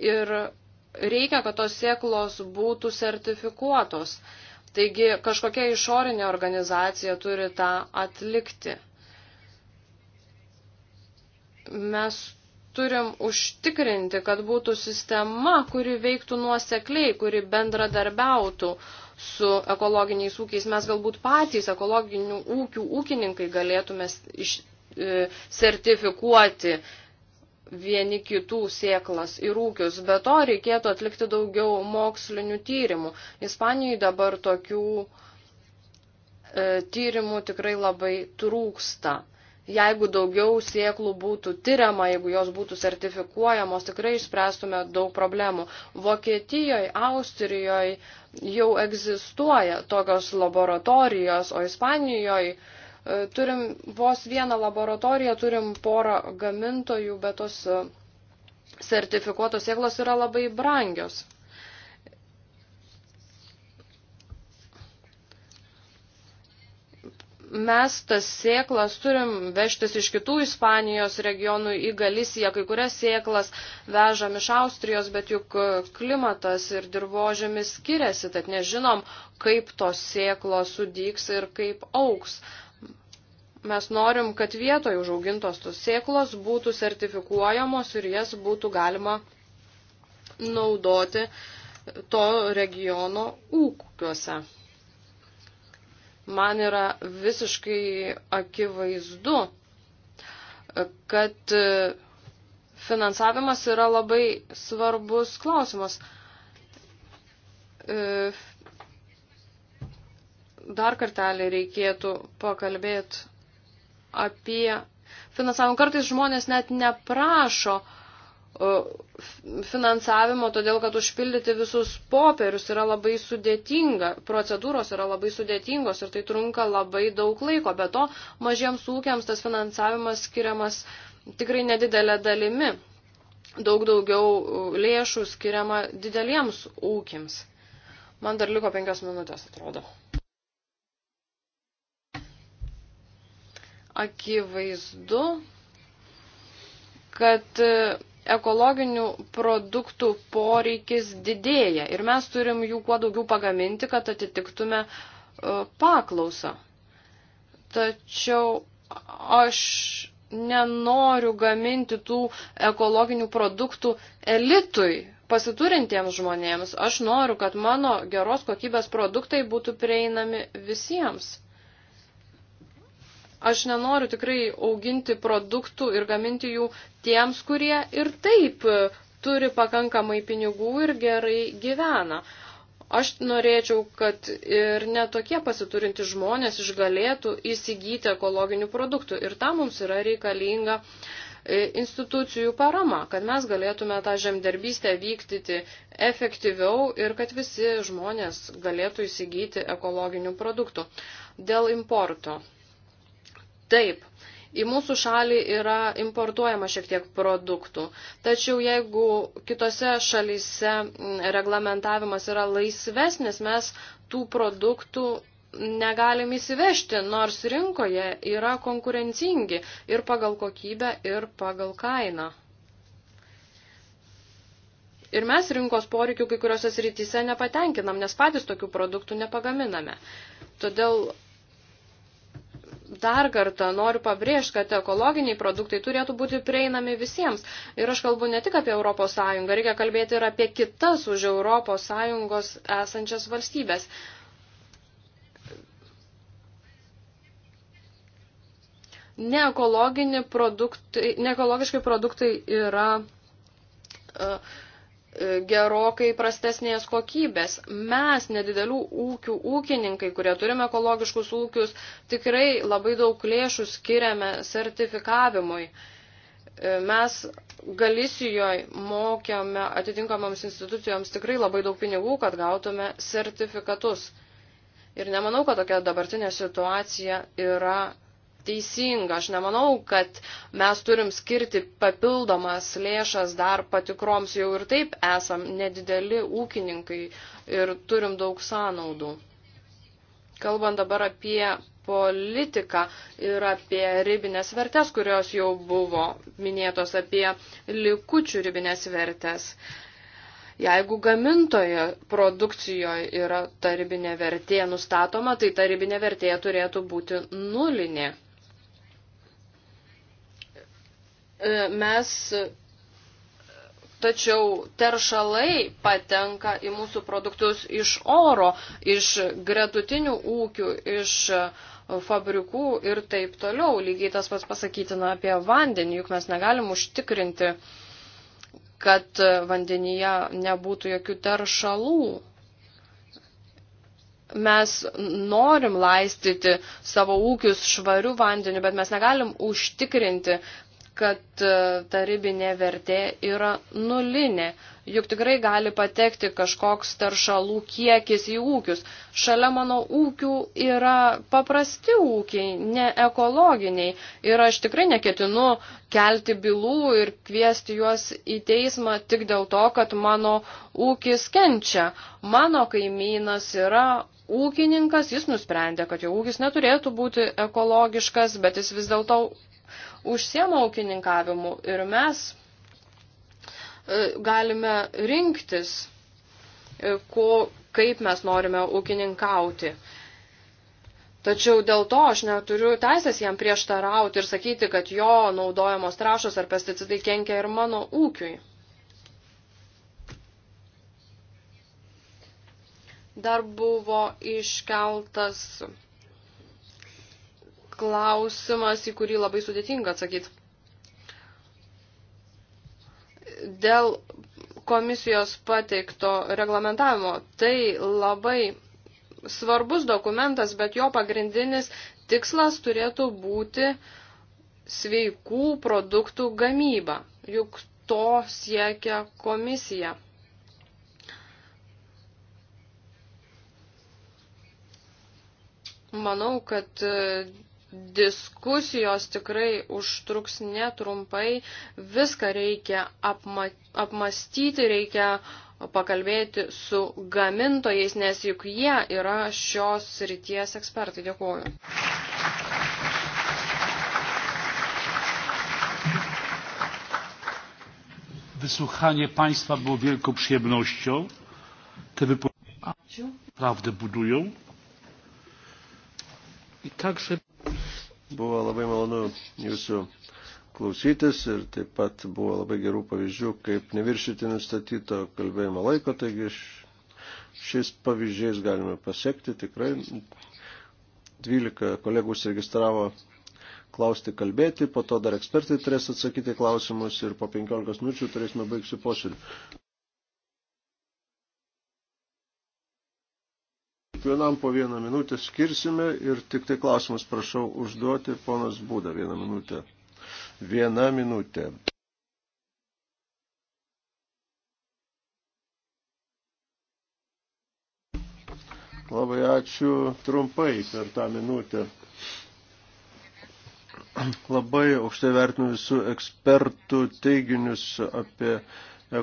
ir reikia, kad tos sėklos būtų sertifikuotos. Taigi kažkokia išorinė organizacija turi tą atlikti. Mes turim užtikrinti, kad būtų sistema, kuri veiktų nuosekliai, kuri bendradarbiautų su ekologiniais ūkiais. Mes galbūt patys ekologinių ūkių ūkininkai galėtume iš, e, sertifikuoti vieni kitų sėklas į rūkius. Be to reikėtų atlikti daugiau mokslinių tyrimų. Ispanijai dabar tokių e, tyrimų tikrai labai trūksta. Jeigu daugiau sėklų būtų tyriama, jeigu jos būtų sertifikuojamos, tikrai išspręstume daug problemų. Vokietijoje, Austrijoje jau egzistuoja tokios laboratorijos, o Ispanijoje Turim vos vieną laboratoriją, turim porą gamintojų, bet tos e, sertifikuotos sėklos yra labai brangios. mes tas sėklas turim vežtis iš kitų Ispanijos regionų į Galisiją, kai kurias sėklas vežam iš Austrijos, bet juk e, klimatas ir dirbožėmis skiriasi, tad nežinom, kaip tos sėklos sudyks ir kaip auks. Mes norim, kad vietoje užaugintos tos sėklos būtų sertifikuojamos ir jas būtų galima naudoti to regiono ūkiuose. Man yra visiškai akivaizdu, kad finansavimas yra labai svarbus klausimas. E, dar kartelį reikėtų pakalbėti apie finansavimą. Kartais žmonės net neprašo e, finansavimo, todėl kad užpildyti visus popierius yra labai sudėtinga, procedūros yra labai sudėtingos ir tai trunka labai daug laiko. Be to, mažiems ūkiams tas finansavimas skiriamas tikrai nedidelė dalimi. Daug daugiau e, lėšų skiriama dideliems ūkiams. Man dar liko penkios minutės, atrodo. akivaizdu, kad e, ekologinių produktų poreikis didėja ir mes turim jų kuo daugiau pagaminti, kad atitiktume e, paklausą. Tačiau aš nenoriu gaminti tų ekologinių produktų elitui, pasiturintiems žmonėms. Aš noriu, kad mano geros kokybės produktai būtų prieinami visiems. Aš nenoriu tikrai auginti produktų ir gaminti jų tiems, kurie ir taip e, turi pakankamai pinigų ir gerai gyvena. Aš norėčiau, kad ir netokie pasiturinti žmonės išgalėtų įsigyti ekologinių produktų. Ir tam mums yra reikalinga e, institucijų parama, kad mes galėtume tą žemdirbystę vykdyti efektyviau ir kad visi žmonės galėtų įsigyti ekologinių produktų. Dėl importo. Taip, į mūsų šalį yra importuojama šiek tiek produktų. Tačiau jeigu kitose šalyse reglamentavimas yra laisvesnis, mes tų produktų negalim įsivežti, nors rinkoje yra konkurencingi ir pagal kokybę, ir pagal kainą. Ir mes rinkos poreikių kai kuriuose srityse nepatenkinam, nes patys tokių produktų nepagaminame. Todėl dar kartą noriu pabrėžti, kad ekologiniai produktai turėtų būti prieinami visiems. Ir aš kalbu ne tik apie ES, reikia kalbėti ir apie kitas už ES esančias valstybės. Neekologiškai produktai, ne produktai yra uh, gerokai prastesnės kokybės. Mes, nedidelių ūkių ūkininkai, kurie turime ekologiškus ūkius, tikrai labai daug lėšų skiriame sertifikavimui. E, mes Galisijoje mokėme atitinkamoms institucijoms tikrai labai daug pinigų, kad gautume sertifikatus. Ir nemanau, kad tokia dabartinė situacija yra teisinga. Aš nemanau, kad mes turim skirti papildomas lėšas dar patikroms, jau ir taip esam nedideli ūkininkai ir turim daug sąnaudų. Kalbant dabar apie politiką ir apie ribinės vertės, kurios jau buvo minėtos, apie likučių ribinės vertės. Jeigu gamintojo produkcijoje yra tarybinė vertė nustatoma, tai tarybinė vertė turėtų būti nulinė. E, mes e, Tačiau teršalai patenka į mūsų produktus iš oro, iš gretutinių ūkių, iš e, fabrikų ir taip toliau. Lygiai tas pats pasakytina apie vandenį, juk mes negalim užtikrinti, kad vandenyje nebūtų jokių teršalų. Mes norim laistyti savo ūkius švarių vandeniu, bet mes negalim užtikrinti, kad e, ta ribinė vertė yra nulinė. Juk tikrai gali patekti kažkoks taršalų kiekis į ūkius. Šalia mano ūkių yra paprasti ūkiai, ne ekologiniai. Ir aš tikrai neketinu kelti bylų ir kviesti juos į teismą tik dėl to, kad mano ūkis kenčia. Mano kaimynas yra ūkininkas, jis nusprendė, kad jo ūkis neturėtų būti ekologiškas, bet jis vis dėlto užsiema ūkininkavimu ir mes e, galime rinktis, e, ko, kaip mes norime ūkininkauti. Tačiau dėl to aš neturiu teisės jam prieštarauti ir sakyti, kad jo naudojamos trašos ar pesticidai kenkia ir mano ūkiui. Dar buvo iškeltas klausimas, į kurį labai sudėtinga atsakyti. Dėl komisijos pateikto reglamentavimo tai labai svarbus dokumentas, bet jo pagrindinis tikslas turėtų būti sveikų produktų gamyba. Juk to siekia komisija. Manau, kad diskusijos tikrai užtruks netrumpai, viską reikia apma apmastyti, reikia pakalbėti su gamintojais, nes juk jie yra šios ryties ekspertai. Dėkuoju. Wysłuchanie Państwa było wielką przyjemnością. Te wypowiedzi naprawdę budują. I także Buvo labai malonu jūsų klausytis ir taip pat buvo labai gerų pavyzdžių, kaip neviršyti nustatyto kalbėjimo laiko, taigi šiais pavyzdžiais galime pasiekti tikrai. 12 kolegų užsiregistravo klausti kalbėti, po to dar ekspertai turės atsakyti klausimus ir po 15 minučių turėsime baigsiu posėdį. kiekvienam po vieną minutę skirsime ir tik tai klausimus prašau užduoti ponas Būda vieną minutę. Viena minutė. Labai ačiū trumpai per tą minutę. Labai aukštai vertinu visų ekspertų teiginius apie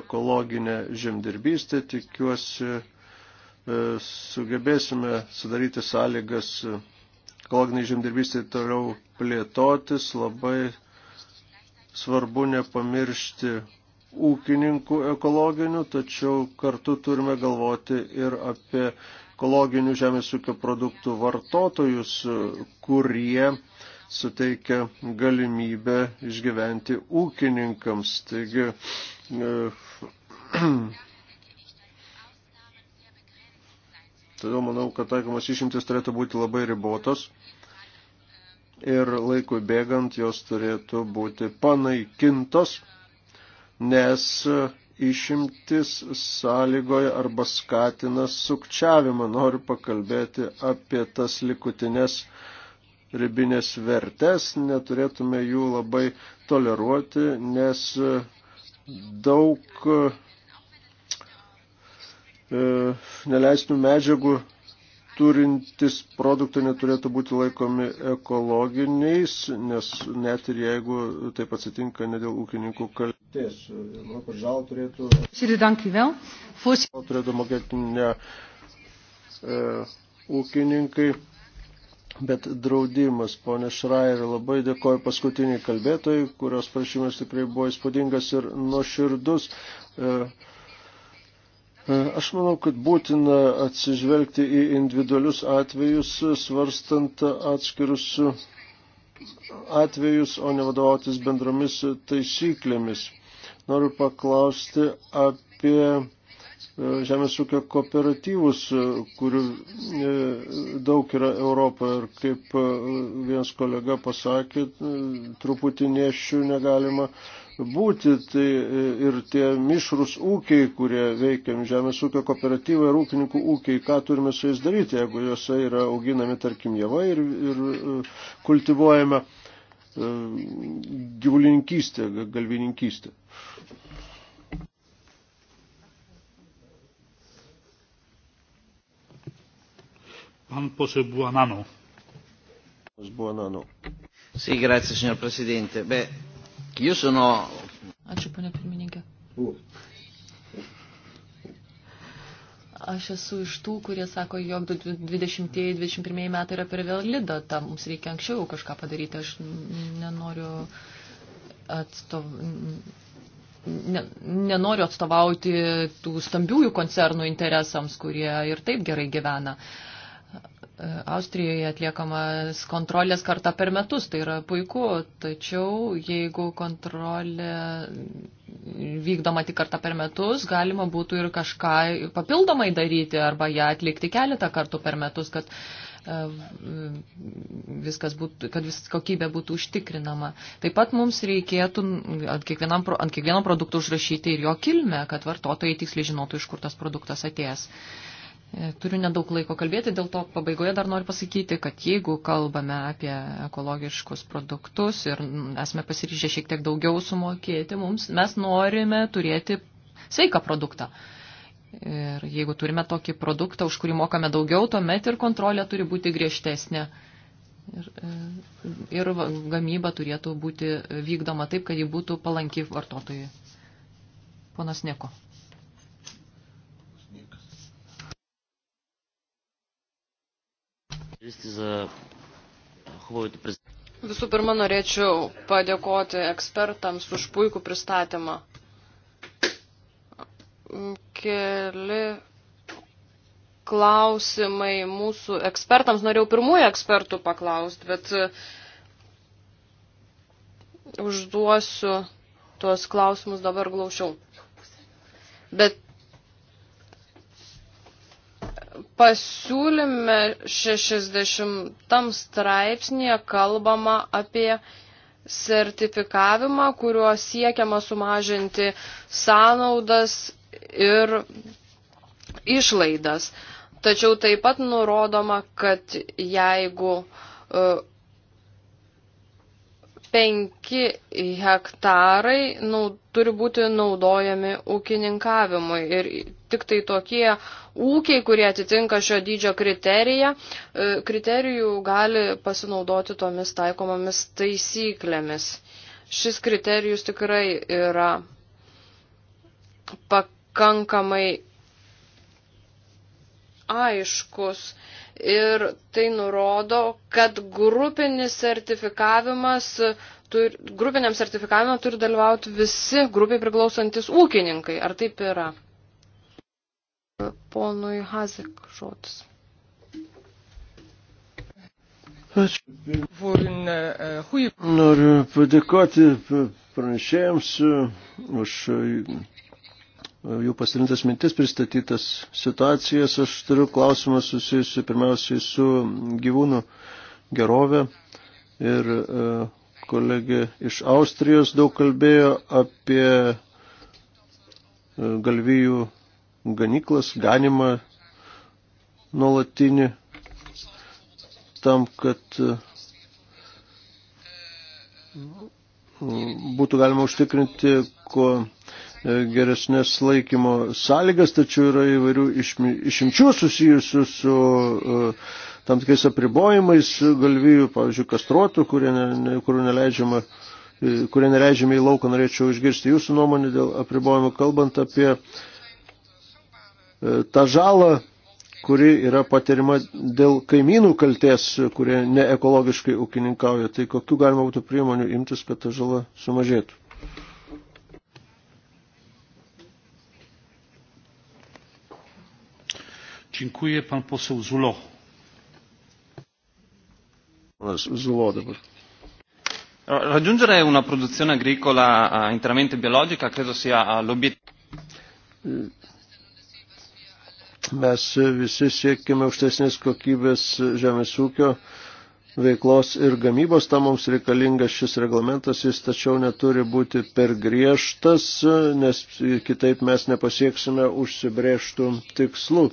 ekologinę žemdirbystę. Tikiuosi, E, sugebėsime sudaryti sąlygas ekologiniai žemdirbystė toliau plėtotis, labai svarbu nepamiršti ūkininkų ekologinių, tačiau kartu turime galvoti ir apie ekologinių žemės ūkio produktų vartotojus, kurie suteikia galimybę išgyventi ūkininkams. Taigi, e, <clears throat> Todėl manau, kad taikomas išimtis turėtų būti labai ribotos ir laikui bėgant jos turėtų būti panaikintos, nes išimtis sąlygoja arba skatina sukčiavimą. Noriu pakalbėti apie tas likutinės ribinės vertės, neturėtume jų labai toleruoti, nes daug E, neleistinų medžiagų turintis produktai neturėtų būti laikomi ekologiniais, nes net ir jeigu taip atsitinka ne dėl ūkininkų kaltės. Manau, kad žalą turėtų, turėtų mokėti ne e, ūkininkai, bet draudimas. Pone Šrair, labai dėkoju paskutiniai kalbėtojai, kurios prašymas tikrai buvo įspūdingas ir nuoširdus. E, E, aš manau, kad būtina atsižvelgti į individualius atvejus, svarstant atskirus atvejus, o ne vadovautis bendromis taisyklėmis. Noriu paklausti apie e, žemės ūkio kooperatyvus, kurių e, daug yra Europoje ir kaip vienas kolega pasakė, truputį nešių negalima būti. Tai e, ir tie mišrus ūkiai, kurie veikiam žemės ūkio kooperatyvai ir ūkininkų ūkiai, ką turime su jais daryti, jeigu juose yra auginami, tarkim, javai ir, ir e, kultivuojame gyvulininkystė, galvininkystė. Pan poseł Buonanno. Buonanno. Sì, grazie signor Presidente. Beh, Io sono... Ačiū, ponė pirmininkė. Aš esu iš tų, kurie sako, jog 20-21 metai yra per vėl lido, tam mums reikia anksčiau kažką padaryti. Aš nenoriu atstov... Ne, nenoriu atstovauti tų stambiųjų koncernų interesams, kurie ir taip gerai gyvena. Uh, E, Austrijoje atliekamas kontrolės kartą per metus, tai yra puiku, tačiau jeigu kontrolė vykdoma tik kartą per metus, galima būtų ir kažką papildomai daryti arba ją atlikti keletą kartų per metus, kad e, viskas būtų, kad vis kokybė būtų užtikrinama. Taip pat mums reikėtų ant, kiekvienam, ant kiekvieno produkto užrašyti ir jo kilmę, kad vartotojai tiksliai žinotų, iš kur tas produktas atėjęs. Uh, E, turiu nedaug laiko kalbėti, dėl to pabaigoje dar noriu pasakyti, kad jeigu kalbame apie ekologiškus produktus ir esame pasiryžę šiek tiek daugiau sumokėti, mums, mes norime turėti sveiką produktą. Ir jeigu turime tokį produktą, už kurį mokame daugiau, tuomet ir kontrolė turi būti griežtesnė. Ir, e, ir gamyba turėtų būti vykdoma taip, kad ji būtų palanki vartotojui. Ponas Nieko. Visų pirma, norėčiau padėkoti ekspertams už puikų pristatymą. Keli klausimai mūsų ekspertams. Norėjau pirmųjų ekspertų paklausti, bet uh, užduosiu tuos klausimus dabar glaušiau. Bet pasiūlyme 60 straipsnėje kalbama apie sertifikavimą, kuriuo siekiama sumažinti sąnaudas ir išlaidas. Tačiau taip pat nurodoma, kad jeigu uh, 5 hektarai nau, turi būti naudojami ūkininkavimui. Ir tik tai tokie ūkiai, kurie atitinka šio dydžio kriteriją, e, kriterijų gali pasinaudoti tomis taikomomis taisyklėmis. Šis kriterijus tikrai yra pakankamai aiškus ir tai nurodo, kad grupinis sertifikavimas, tur, grupiniam sertifikavimą turi dalyvauti visi grupiai priklausantis ūkininkai. Ar taip yra? Ponui Hazek žodis. Aš noriu padėkoti pranešėjams už jų pasirintas mintis, pristatytas situacijas. Aš turiu klausimą susijusiu pirmiausiai su gyvūnų gerovė. Ir e, kolegė iš Austrijos daug kalbėjo apie e, galvijų ganiklas, ganimą nuolatinį tam, kad e, būtų galima užtikrinti kuo E, geresnės laikymo sąlygas, tačiau yra įvairių išimčių susijusių su e, tam tikrais apribojimais galvijų, pavyzdžiui, kastruotų, kurie ne, ne, kurių neleidžiama e, kurie neleidžiami į lauką, norėčiau išgirsti jūsų nuomonę dėl apribojimų, kalbant apie tą žalą, kuri yra patirima dėl kaimynų kalties, kurie neekologiškai ūkininkauja. Tai kokiu galima būtų priemonių imtis, kad ta žala sumažėtų? Dziękuję pan poseł Zulo. Zulo dabar. Raggiungere una produzione agricola eh, interamente biologica credo sia eh, l'obiettivo. Eh, mes visi siekime aukštesnės kokybės žemės ūkio veiklos ir gamybos, tam mums reikalingas šis reglamentas, jis tačiau neturi būti per griežtas, nes kitaip mes nepasieksime užsibrėžtų tikslų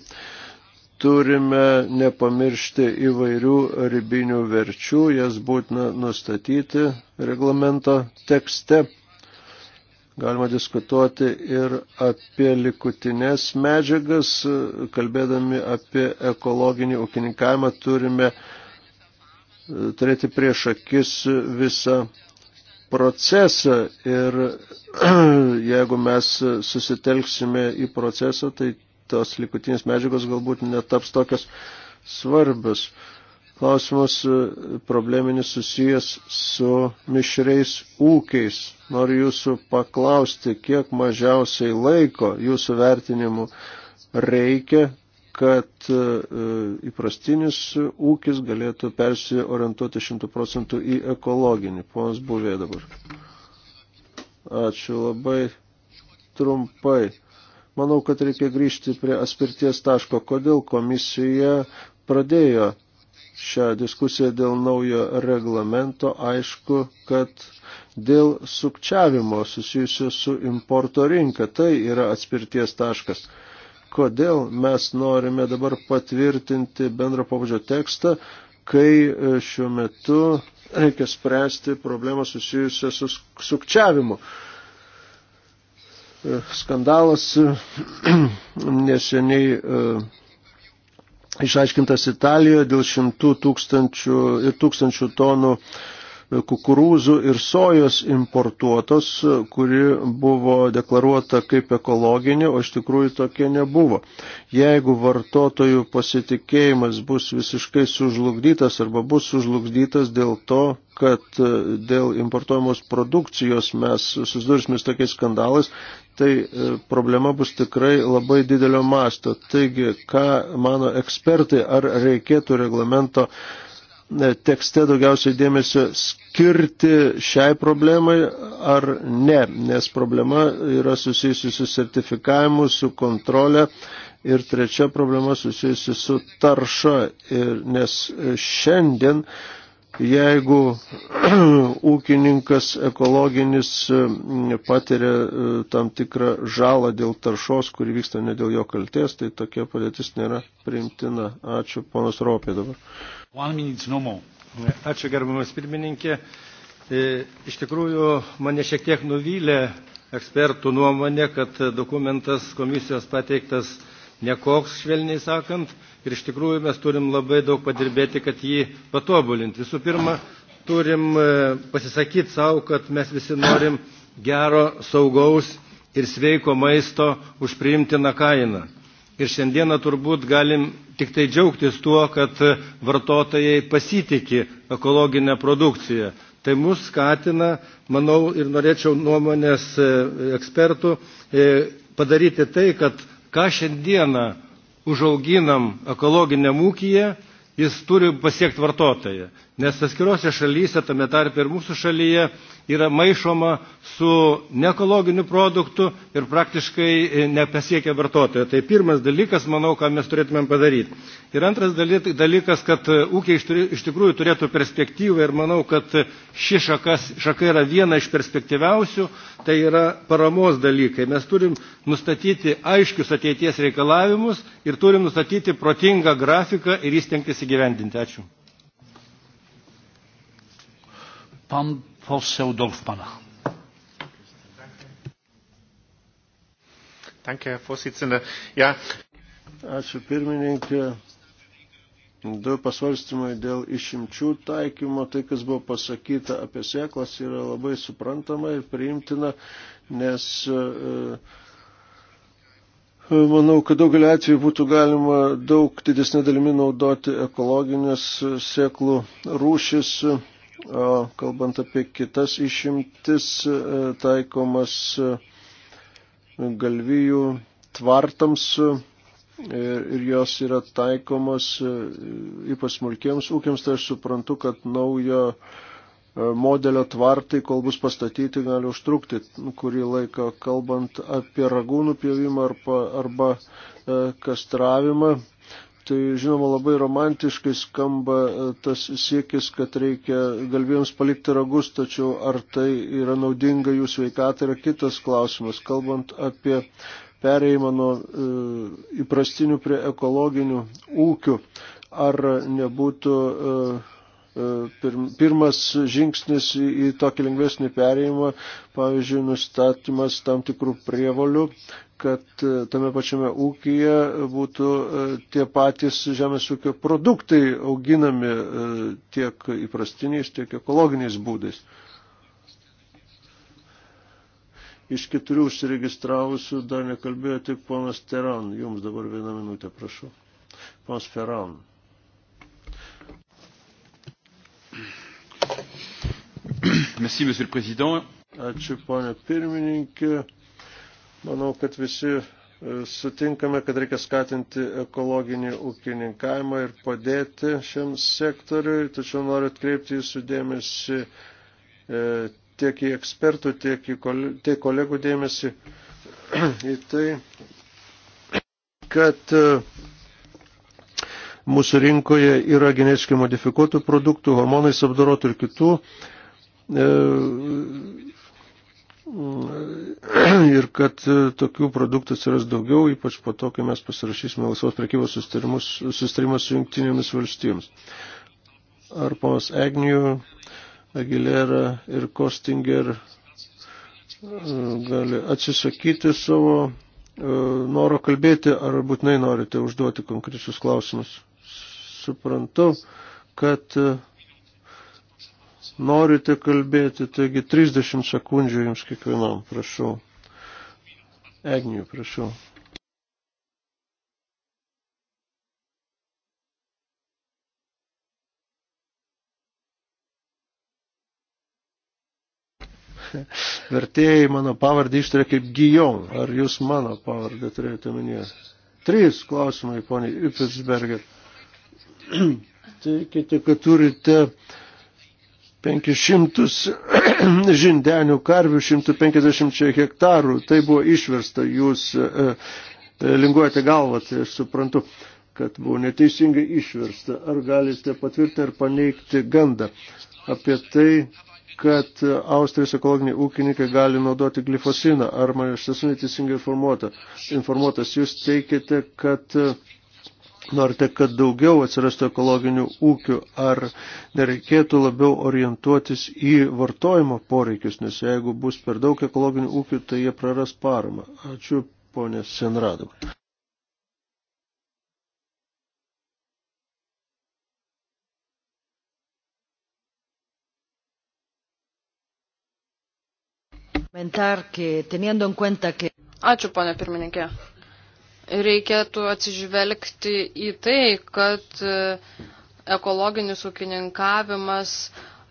turime nepamiršti įvairių ribinių verčių, jas būtina nustatyti reglamento tekste. Galima diskutuoti ir apie likutinės medžiagas, kalbėdami apie ekologinį ūkininkavimą turime e, turėti prieš akis visą procesą ir <clears throat> jeigu mes susitelksime į procesą, tai tos likutinės medžiagos galbūt netaps tokios svarbios. Klausimas e, probleminis susijęs su mišreis ūkiais. Noriu jūsų paklausti, kiek mažiausiai laiko jūsų vertinimu reikia, kad e, e, įprastinis ūkis galėtų persiorientuoti 100 procentų į ekologinį. Ponas Buvė dabar. Ačiū labai trumpai. Manau, kad reikia grįžti prie aspirties taško, kodėl komisija pradėjo šią diskusiją dėl naujo reglamento. Aišku, kad dėl sukčiavimo susijusio su importo rinka tai yra atspirties taškas. Kodėl mes norime dabar patvirtinti bendro pabudžio tekstą, kai e, šiuo metu reikia spręsti problemą susijusią su sukčiavimu. Su skandalas <clears throat> neseniai e, išaiškintas Italijoje dėl šimtų tūkstančių ir tūkstančių tonų kukurūzų ir sojos importuotos, kuri buvo deklaruota kaip ekologinė, o iš tikrųjų tokia nebuvo. Jeigu vartotojų pasitikėjimas bus visiškai sužlugdytas arba bus sužlugdytas dėl to, kad e, dėl importuojamos produkcijos mes susidursime su tokiais skandalais, tai e, problema bus tikrai labai didelio masto. Taigi, ką mano ekspertai, ar reikėtų reglamento E, tekste daugiausiai dėmesio skirti šiai problemai ar ne, nes problema yra susijusi su sertifikavimu, su kontrole ir trečia problema susijusi su tarša, ir, nes šiandien jeigu <clears throat> ūkininkas ekologinis patiria e, tam tikrą žalą dėl taršos, kuri vyksta ne dėl jo kalties, tai tokia padėtis nėra priimtina. Ačiū, ponas Ropė dabar. One minute, no more. Ačiū gerbiamas pirmininkė. E, iš tikrųjų, mane šiek tiek nuvylė ekspertų nuomonė, kad dokumentas komisijos pateiktas nekoks, švelniai sakant, ir iš tikrųjų mes turim labai daug padirbėti, kad jį patobulinti. Visų pirma, turim e, pasisakyti savo, kad mes visi norim gero, saugaus ir sveiko maisto už priimtiną kainą. Ir šiandieną turbūt galim tik tai džiaugtis tuo, kad vartotojai pasitikė ekologinę produkciją. Tai mus skatina, manau, ir norėčiau nuomonės e, ekspertų e, padaryti tai, kad ką šiandieną užauginam ekologiniam ūkiją, jis turi pasiekti vartotoją. Nes atskirose šalyse, tame tarp ir mūsų šalyje, yra maišoma su neekologiniu produktu ir praktiškai e, nepasiekia vartotojo. Tai pirmas dalykas, manau, ką mes turėtumėm padaryti. Ir antras dalykas, kad e, ūkiai iš tikrųjų turėtų perspektyvą ir manau, kad e, ši šakas, šaka yra viena iš perspektyviausių, tai yra paramos dalykai. Mes turim nustatyti aiškius ateities reikalavimus ir turim nustatyti protingą grafiką ir įstengtis įgyvendinti. Ačiū. Pan poseł Dorfmann. Danke, Herr Vorsitzender. Ja. Ačiū pirmininkė. Du pasvarstymai dėl išimčių taikymo, tai kas buvo pasakyta apie sėklas, yra labai suprantama ir priimtina, nes e, e, manau, kad daugelį atvejų būtų galima daug didesnė dalimi naudoti ekologinės sėklų rūšis O kalbant apie kitas išimtis e, taikomas e, galvijų tvartams e, ir jos yra taikomos ypač smulkiems ūkiams, tai aš suprantu, kad naujo modelio tvartai, kol bus pastatyti, gali užtrukti kurį laiką, kalbant apie ragūnų pjovimą arba, arba kastravimą Tai žinoma labai romantiškai skamba e, tas siekis, kad reikia galvėjams palikti ragus, tačiau ar tai yra naudinga jų sveikatai yra kitas klausimas. Kalbant apie perėjimą nuo e, įprastinių prie ekologinių ūkių, ar nebūtų e, E, pirmas žingsnis į tokį lengvesnį perėjimą, pavyzdžiui, nustatymas tam tikrų prievolių, kad e, tame pačiame ūkija būtų e, tie patys žemės ūkio produktai auginami tiek įprastiniais, tiek ekologiniais būdais. Iš keturių užsiregistravusių dar nekalbėjo tik ponas Teran. Jums dabar vieną minutę, prašau. Ponas Ferran. Merci, monsieur le président. Ačiū, ponė pirmininkė. Manau, kad visi e, sutinkame, kad reikia skatinti ekologinį ūkininkavimą ir padėti šiam sektoriui, tačiau noriu atkreipti jūsų dėmesį e, tiek į ekspertų, tiek į tiek kolegų dėmesį <clears throat> į tai, kad e, mūsų rinkoje yra genetiškai modifikuotų produktų, hormonais apdorotų ir kitų E, <clears throat> ir kad e, tokių produktų atsiras daugiau, ypač po to, kai mes pasirašysime laisvos prekybos sustarimą su jungtinėmis valstijomis. Ar ponas Agnew, Aguilera ir Kostinger e, gali atsisakyti savo noro kalbėti, ar būtinai norite užduoti konkrečius klausimus. Suprantu, kad uh, norite kalbėti, taigi 30 sekundžių jums kiekvienam, prašau. Egnių, prašau. <laughs> Vertėjai mano pavardį ištarė kaip Gijom. Ar jūs mano pavardę turėjote minėti? Trys klausimai, poniai Ypelsberger. Teikite, <clears throat> kad turite uh, 500 <clears throat> žindenių karvių 150 hektarų. Tai buvo išversta, jūs e, e, linguojate galvą, tai aš suprantu, kad buvo neteisingai išversta. Ar galite patvirtinti ar paneigti gandą apie tai, kad Austrijos ekologiniai ūkininkai gali naudoti glifosiną? Ar man iš tiesų neteisingai informuotas? Jūs teikite, kad uh, norite, kad daugiau atsirastų ekologinių ūkių, ar nereikėtų labiau orientuotis į vartojimo poreikius, nes jeigu bus per daug ekologinių ūkių, tai jie praras paramą. Ačiū, ponė Senradova. Ačiū, ponė pirmininkė reikėtų atsižvelgti į tai, kad e, ekologinis ūkininkavimas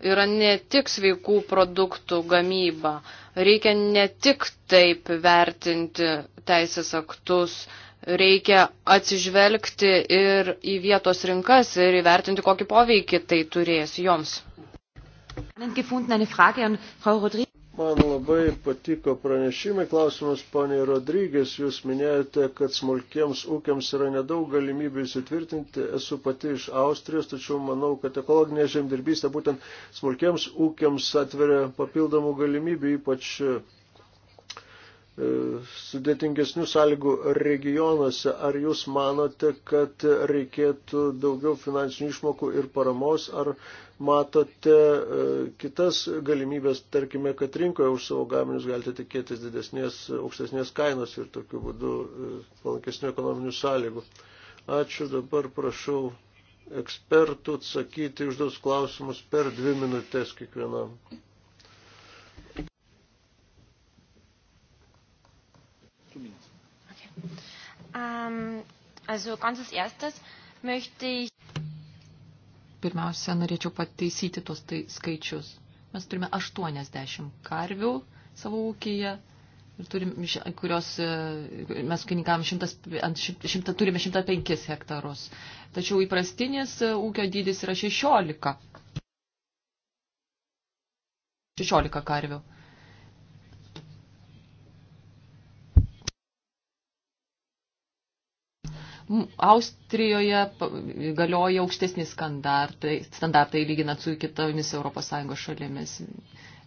yra ne tik sveikų produktų gamyba. Reikia ne tik taip vertinti teisės aktus, reikia atsižvelgti ir į vietos rinkas ir įvertinti, kokį poveikį tai turės joms. Man labai patiko pranešimai. Klausimas, ponė Rodrygės, jūs minėjote, kad smulkiems ūkiams yra nedaug galimybių įsitvirtinti. Esu pati iš Austrijos, tačiau manau, kad ekologinė žemdirbystė būtent smulkiems ūkiams atveria papildomų galimybių, ypač E, sudėtingesnių sąlygų regionuose. Ar jūs manote, kad reikėtų daugiau finansinių išmokų ir paramos, ar matote e, kitas galimybės, tarkime, kad rinkoje už savo gaminius galite tikėtis didesnės, aukštesnės kainos ir tokiu būdu e, palankesnių ekonominių sąlygų. Ačiū, dabar prašau ekspertų atsakyti užduos klausimus per dvi minutės kiekvienam. Um, also ganz als erstes möchte ich. Pirmiausia, norėčiau pataisyti tos tai skaičius. Mes turime 80 karvių savo ūkyje, ir turim, kurios e, mes ūkininkavom turime 105 hektarus. Tačiau įprastinis e, ūkio dydis yra 16. 16 karvių. Austrijoje galioja aukštesni standartai, standartai lyginant su kitomis ES šalimis.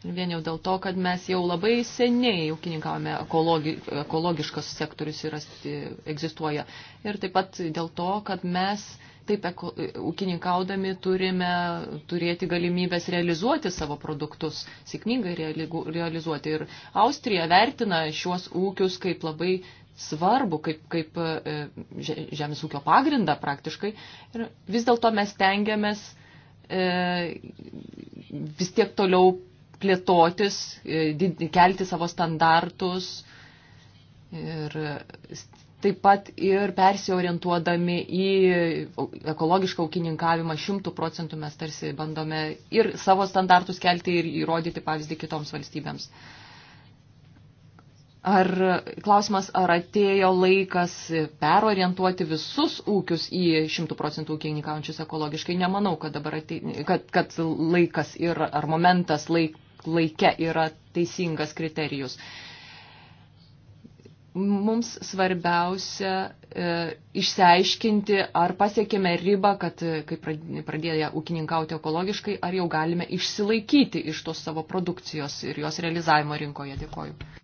Vien jau dėl to, kad mes jau labai seniai ūkininkavome, ekologi, ekologiškas sektorius yra, e, egzistuoja. Ir taip pat dėl to, kad mes taip eko, e, ūkininkaudami turime turėti galimybės realizuoti savo produktus, sėkmingai realizuoti. Ir Austrija vertina šiuos ūkius kaip labai svarbų kaip, kaip e, žemės ūkio pagrindą praktiškai. Ir vis dėlto mes tengiamės e, vis tiek toliau plėtotis, e, kelti savo standartus ir taip pat ir persiorientuodami į ekologišką ūkininkavimą šimtų procentų mes tarsi bandome ir savo standartus kelti ir įrodyti pavyzdį kitoms valstybėms. Uh, Ar klausimas, ar atėjo laikas perorientuoti visus ūkius į 100 procentų ūkininkaujančius ekologiškai, nemanau, kad, dabar atė, kad, kad laikas ir ar momentas laik, laike yra teisingas kriterijus. Mums svarbiausia e, išsiaiškinti, ar pasiekėme ribą, kad e, kai pradėję ūkininkauti ekologiškai, ar jau galime išsilaikyti iš tos savo produkcijos ir jos realizavimo rinkoje. Dėkoju.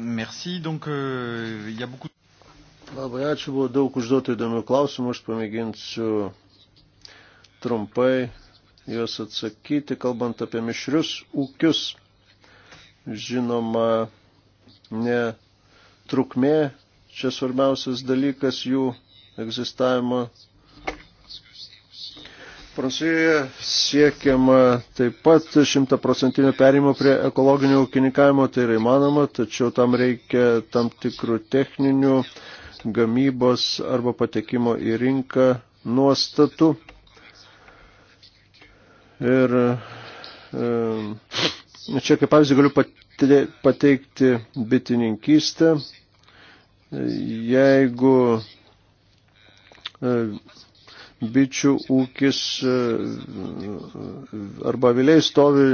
Merci, donc euh, il y a beaucoup. Labai ačiū, buvo daug užduotų įdomių klausimų, aš pamėginsiu trumpai juos atsakyti, kalbant apie mišrius ūkius. Žinoma, ne trukmė, čia svarbiausias dalykas jų egzistavimo Prancūzijoje siekiama taip pat šimtaprocentinio perimo prie ekologinio ūkininkavimo, tai yra įmanoma, tačiau tam reikia tam tikrų techninių gamybos arba patekimo į rinką nuostatų. Ir e, čia kaip pavyzdį galiu pateikti bitininkystę. Jeigu e, bičių ūkis e, arba vėliai stovi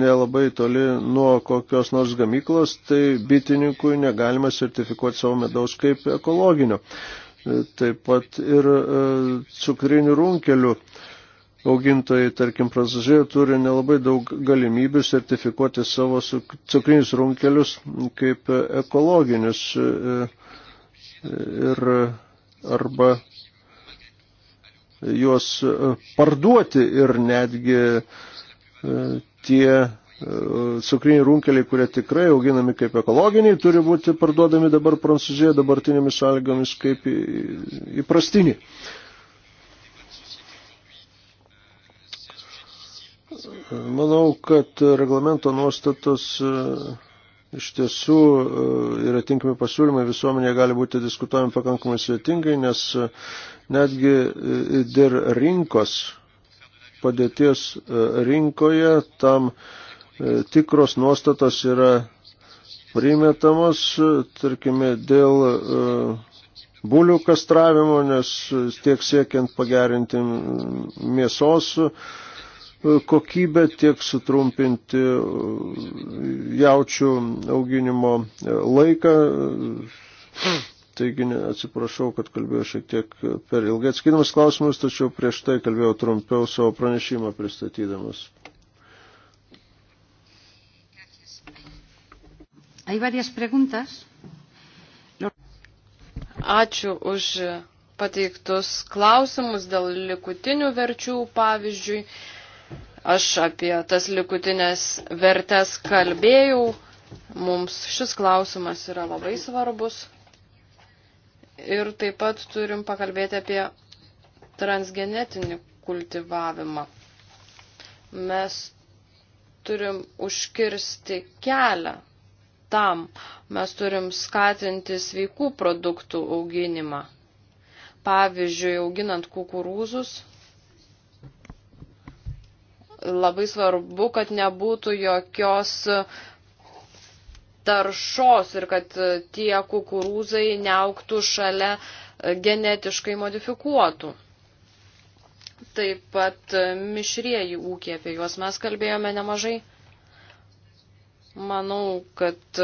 nelabai toli nuo kokios nors gamyklos, tai bitininkui negalima sertifikuoti savo medaus kaip ekologinio. E, taip pat ir e, cukrinių runkelių augintojai, tarkim, Prancūzijoje turi nelabai daug galimybių sertifikuoti savo cukrinius runkelius kaip ekologinius ir arba juos e, parduoti ir netgi e, tie e, cukriniai runkeliai, kurie tikrai auginami kaip ekologiniai, turi būti parduodami dabar Prancūzijoje dabartinėmis sąlygomis kaip įprastiniai. Manau, kad reglamento nuostatos iš tiesų e, yra tinkami pasiūlymai, visuomenėje gali būti diskutuojami pakankamai svetingai, nes e, netgi e, dėl rinkos, padėties rinkoje tam tikros nuostatos yra primetamos, tarkime, dėl bulių kastravimo, nes tiek siekiant pagerinti mėsos kokybę, tiek sutrumpinti jaučių auginimo laiką. Taigi, atsiprašau, kad kalbėjau šiek tiek per ilgai atskinamas klausimus, tačiau prieš tai kalbėjau trumpiau savo pranešimą pristatydamas. Ačiū už pateiktus klausimus dėl likutinių verčių, pavyzdžiui. Aš apie tas likutinės vertes kalbėjau. Mums šis klausimas yra labai svarbus. Ir taip pat turim pakalbėti apie transgenetinį kultivavimą. Mes turim užkirsti kelią tam. Mes turim skatinti sveikų produktų auginimą. Pavyzdžiui, auginant kukurūzus, labai svarbu, kad nebūtų jokios taršos ir kad tie kukurūzai neauktų šalia genetiškai modifikuotų. Taip pat mišrieji ūkiai, apie juos mes kalbėjome nemažai. Manau, kad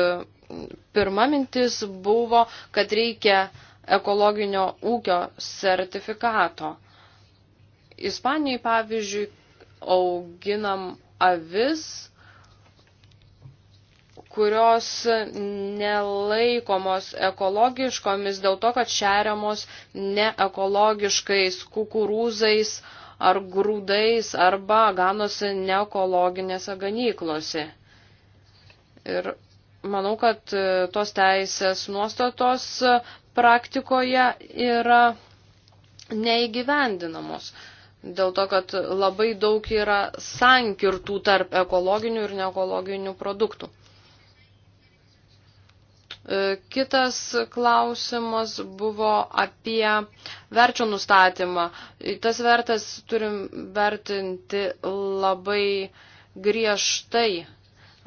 pirma mintis buvo, kad reikia ekologinio ūkio sertifikato. Ispanijai, pavyzdžiui, auginam avis, kurios nelaikomos ekologiškomis dėl to, kad šeriamos neekologiškais kukurūzais ar grūdais arba ganosi neekologinėse ganyklose. Ir manau, kad e, tos teisės nuostatos e, praktikoje yra neįgyvendinamos dėl to, kad labai daug yra sankirtų tarp ekologinių ir neekologinių produktų. E, kitas klausimas buvo apie verčio nustatymą. Tas vertas turim vertinti labai griežtai.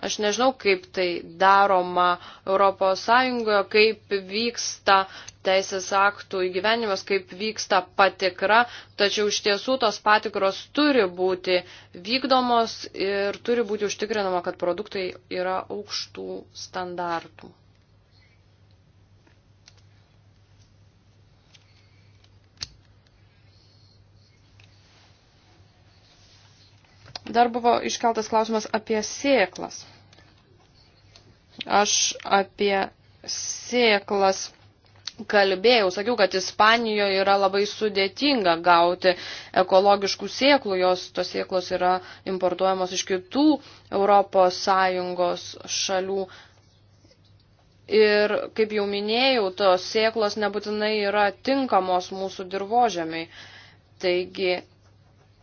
Aš nežinau, kaip tai daroma Europos Sąjungoje, kaip vyksta teisės aktų įgyvenimas, kaip vyksta patikra, tačiau iš tiesų tos patikros turi būti vykdomos ir turi būti užtikrinama, kad produktai yra aukštų standartų. Dar buvo iškeltas klausimas apie sėklas. Aš apie sėklas kalbėjau, sakiau, kad Ispanijoje yra labai sudėtinga gauti ekologiškų sėklų, jos tos sėklos yra importuojamos iš kitų ES šalių. Ir, kaip jau minėjau, tos sėklos nebūtinai yra tinkamos mūsų dirbožėmiai. Taigi,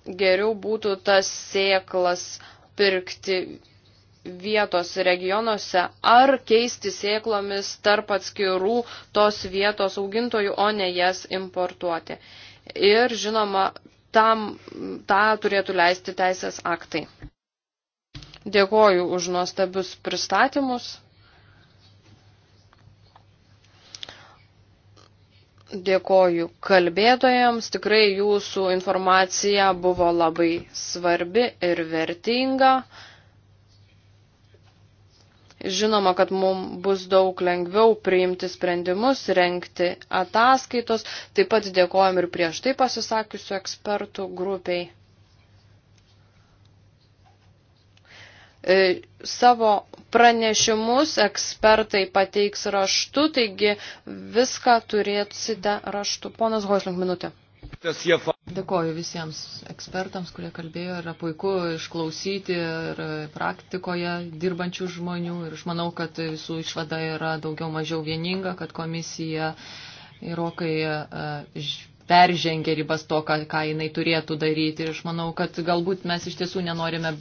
geriau būtų tas sėklas pirkti vietos regionuose ar keisti sėklomis tarp atskirų tos vietos augintojų, o ne jas importuoti. Ir žinoma, tam tą turėtų leisti teisės aktai. Dėkoju už nuostabius pristatymus. Dėkoju kalbėtojams, tikrai jūsų informacija buvo labai svarbi ir vertinga. Žinoma, kad mums bus daug lengviau priimti sprendimus, renkti ataskaitos. Taip pat dėkojom ir prieš tai pasisakiusių ekspertų grupiai. E, savo pranešimus ekspertai pateiks raštu, taigi viską turėsite raštu. Ponas Hoisling, minutė. Dėkoju visiems ekspertams, kurie kalbėjo. Yra puiku išklausyti ir praktikoje dirbančių žmonių. Ir aš manau, kad visų išvada yra daugiau mažiau vieninga, kad komisija įrokai e, peržengia ribas to, ką, ką jinai turėtų daryti. Ir aš manau, kad galbūt mes iš tiesų nenorime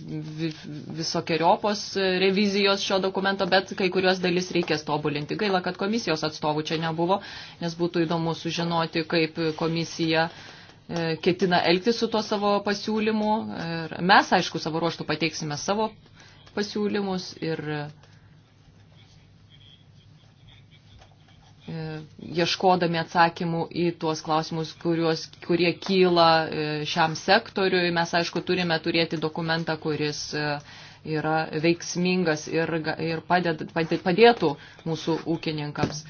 visokiojopos revizijos šio dokumento, bet kai kurios dalis reikės tobulinti. Gaila, kad komisijos atstovų čia nebuvo, nes būtų įdomu sužinoti, kaip komisija uh, E, ketina elgtis su tuo savo pasiūlymu. Ir mes, aišku, savo ruoštų pateiksime savo pasiūlymus ir e, ieškodami atsakymų į tuos klausimus, kuriuos, kurie kyla e, šiam sektoriui. Mes, aišku, turime turėti dokumentą, kuris yra veiksmingas ir, ir padėd, padėtų mūsų ūkininkams.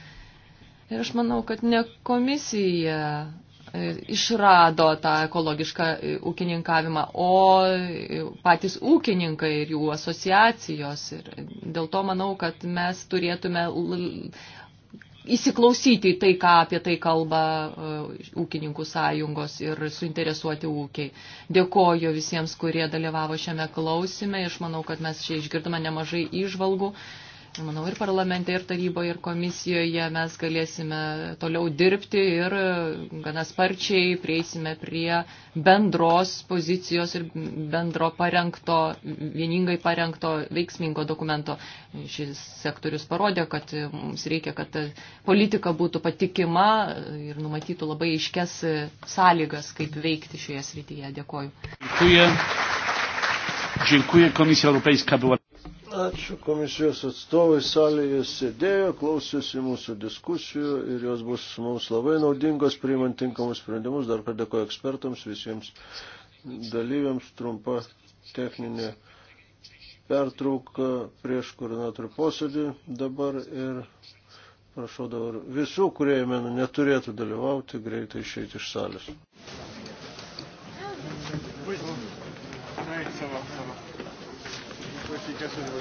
Ir aš manau, kad ne komisija išrado tą ekologišką ūkininkavimą, o patys ūkininkai ir jų asociacijos. Ir dėl to manau, kad mes turėtume įsiklausyti į tai, ką apie tai kalba e, ūkininkų sąjungos ir suinteresuoti ūkiai. Dėkoju visiems, kurie dalyvavo šiame klausime. Aš manau, kad mes čia išgirdome nemažai išvalgų manau, ir parlamente, ir taryboje, ir komisijoje mes galėsime toliau dirbti ir gana sparčiai prieisime prie bendros pozicijos ir bendro parengto, vieningai parengto veiksmingo dokumento. Šis sektorius parodė, kad mums reikia, kad politika būtų patikima ir numatytų labai iškes sąlygas, kaip veikti šioje srityje. Dėkoju. Dziękuję. Dziękuję. Komisja Europejska była. Ačiū komisijos atstovai salėje sėdėjo, klausėsi mūsų diskusijų ir jos bus mums labai naudingos, priimant tinkamus sprendimus. Dar padėkoju ekspertams, visiems dalyviams trumpa techninė pertrauka prieš koordinatorių posėdį dabar ir prašau dabar visų, kurie jame neturėtų dalyvauti, greitai išeiti iš salės. Oui, ça va, ça va efficace au niveau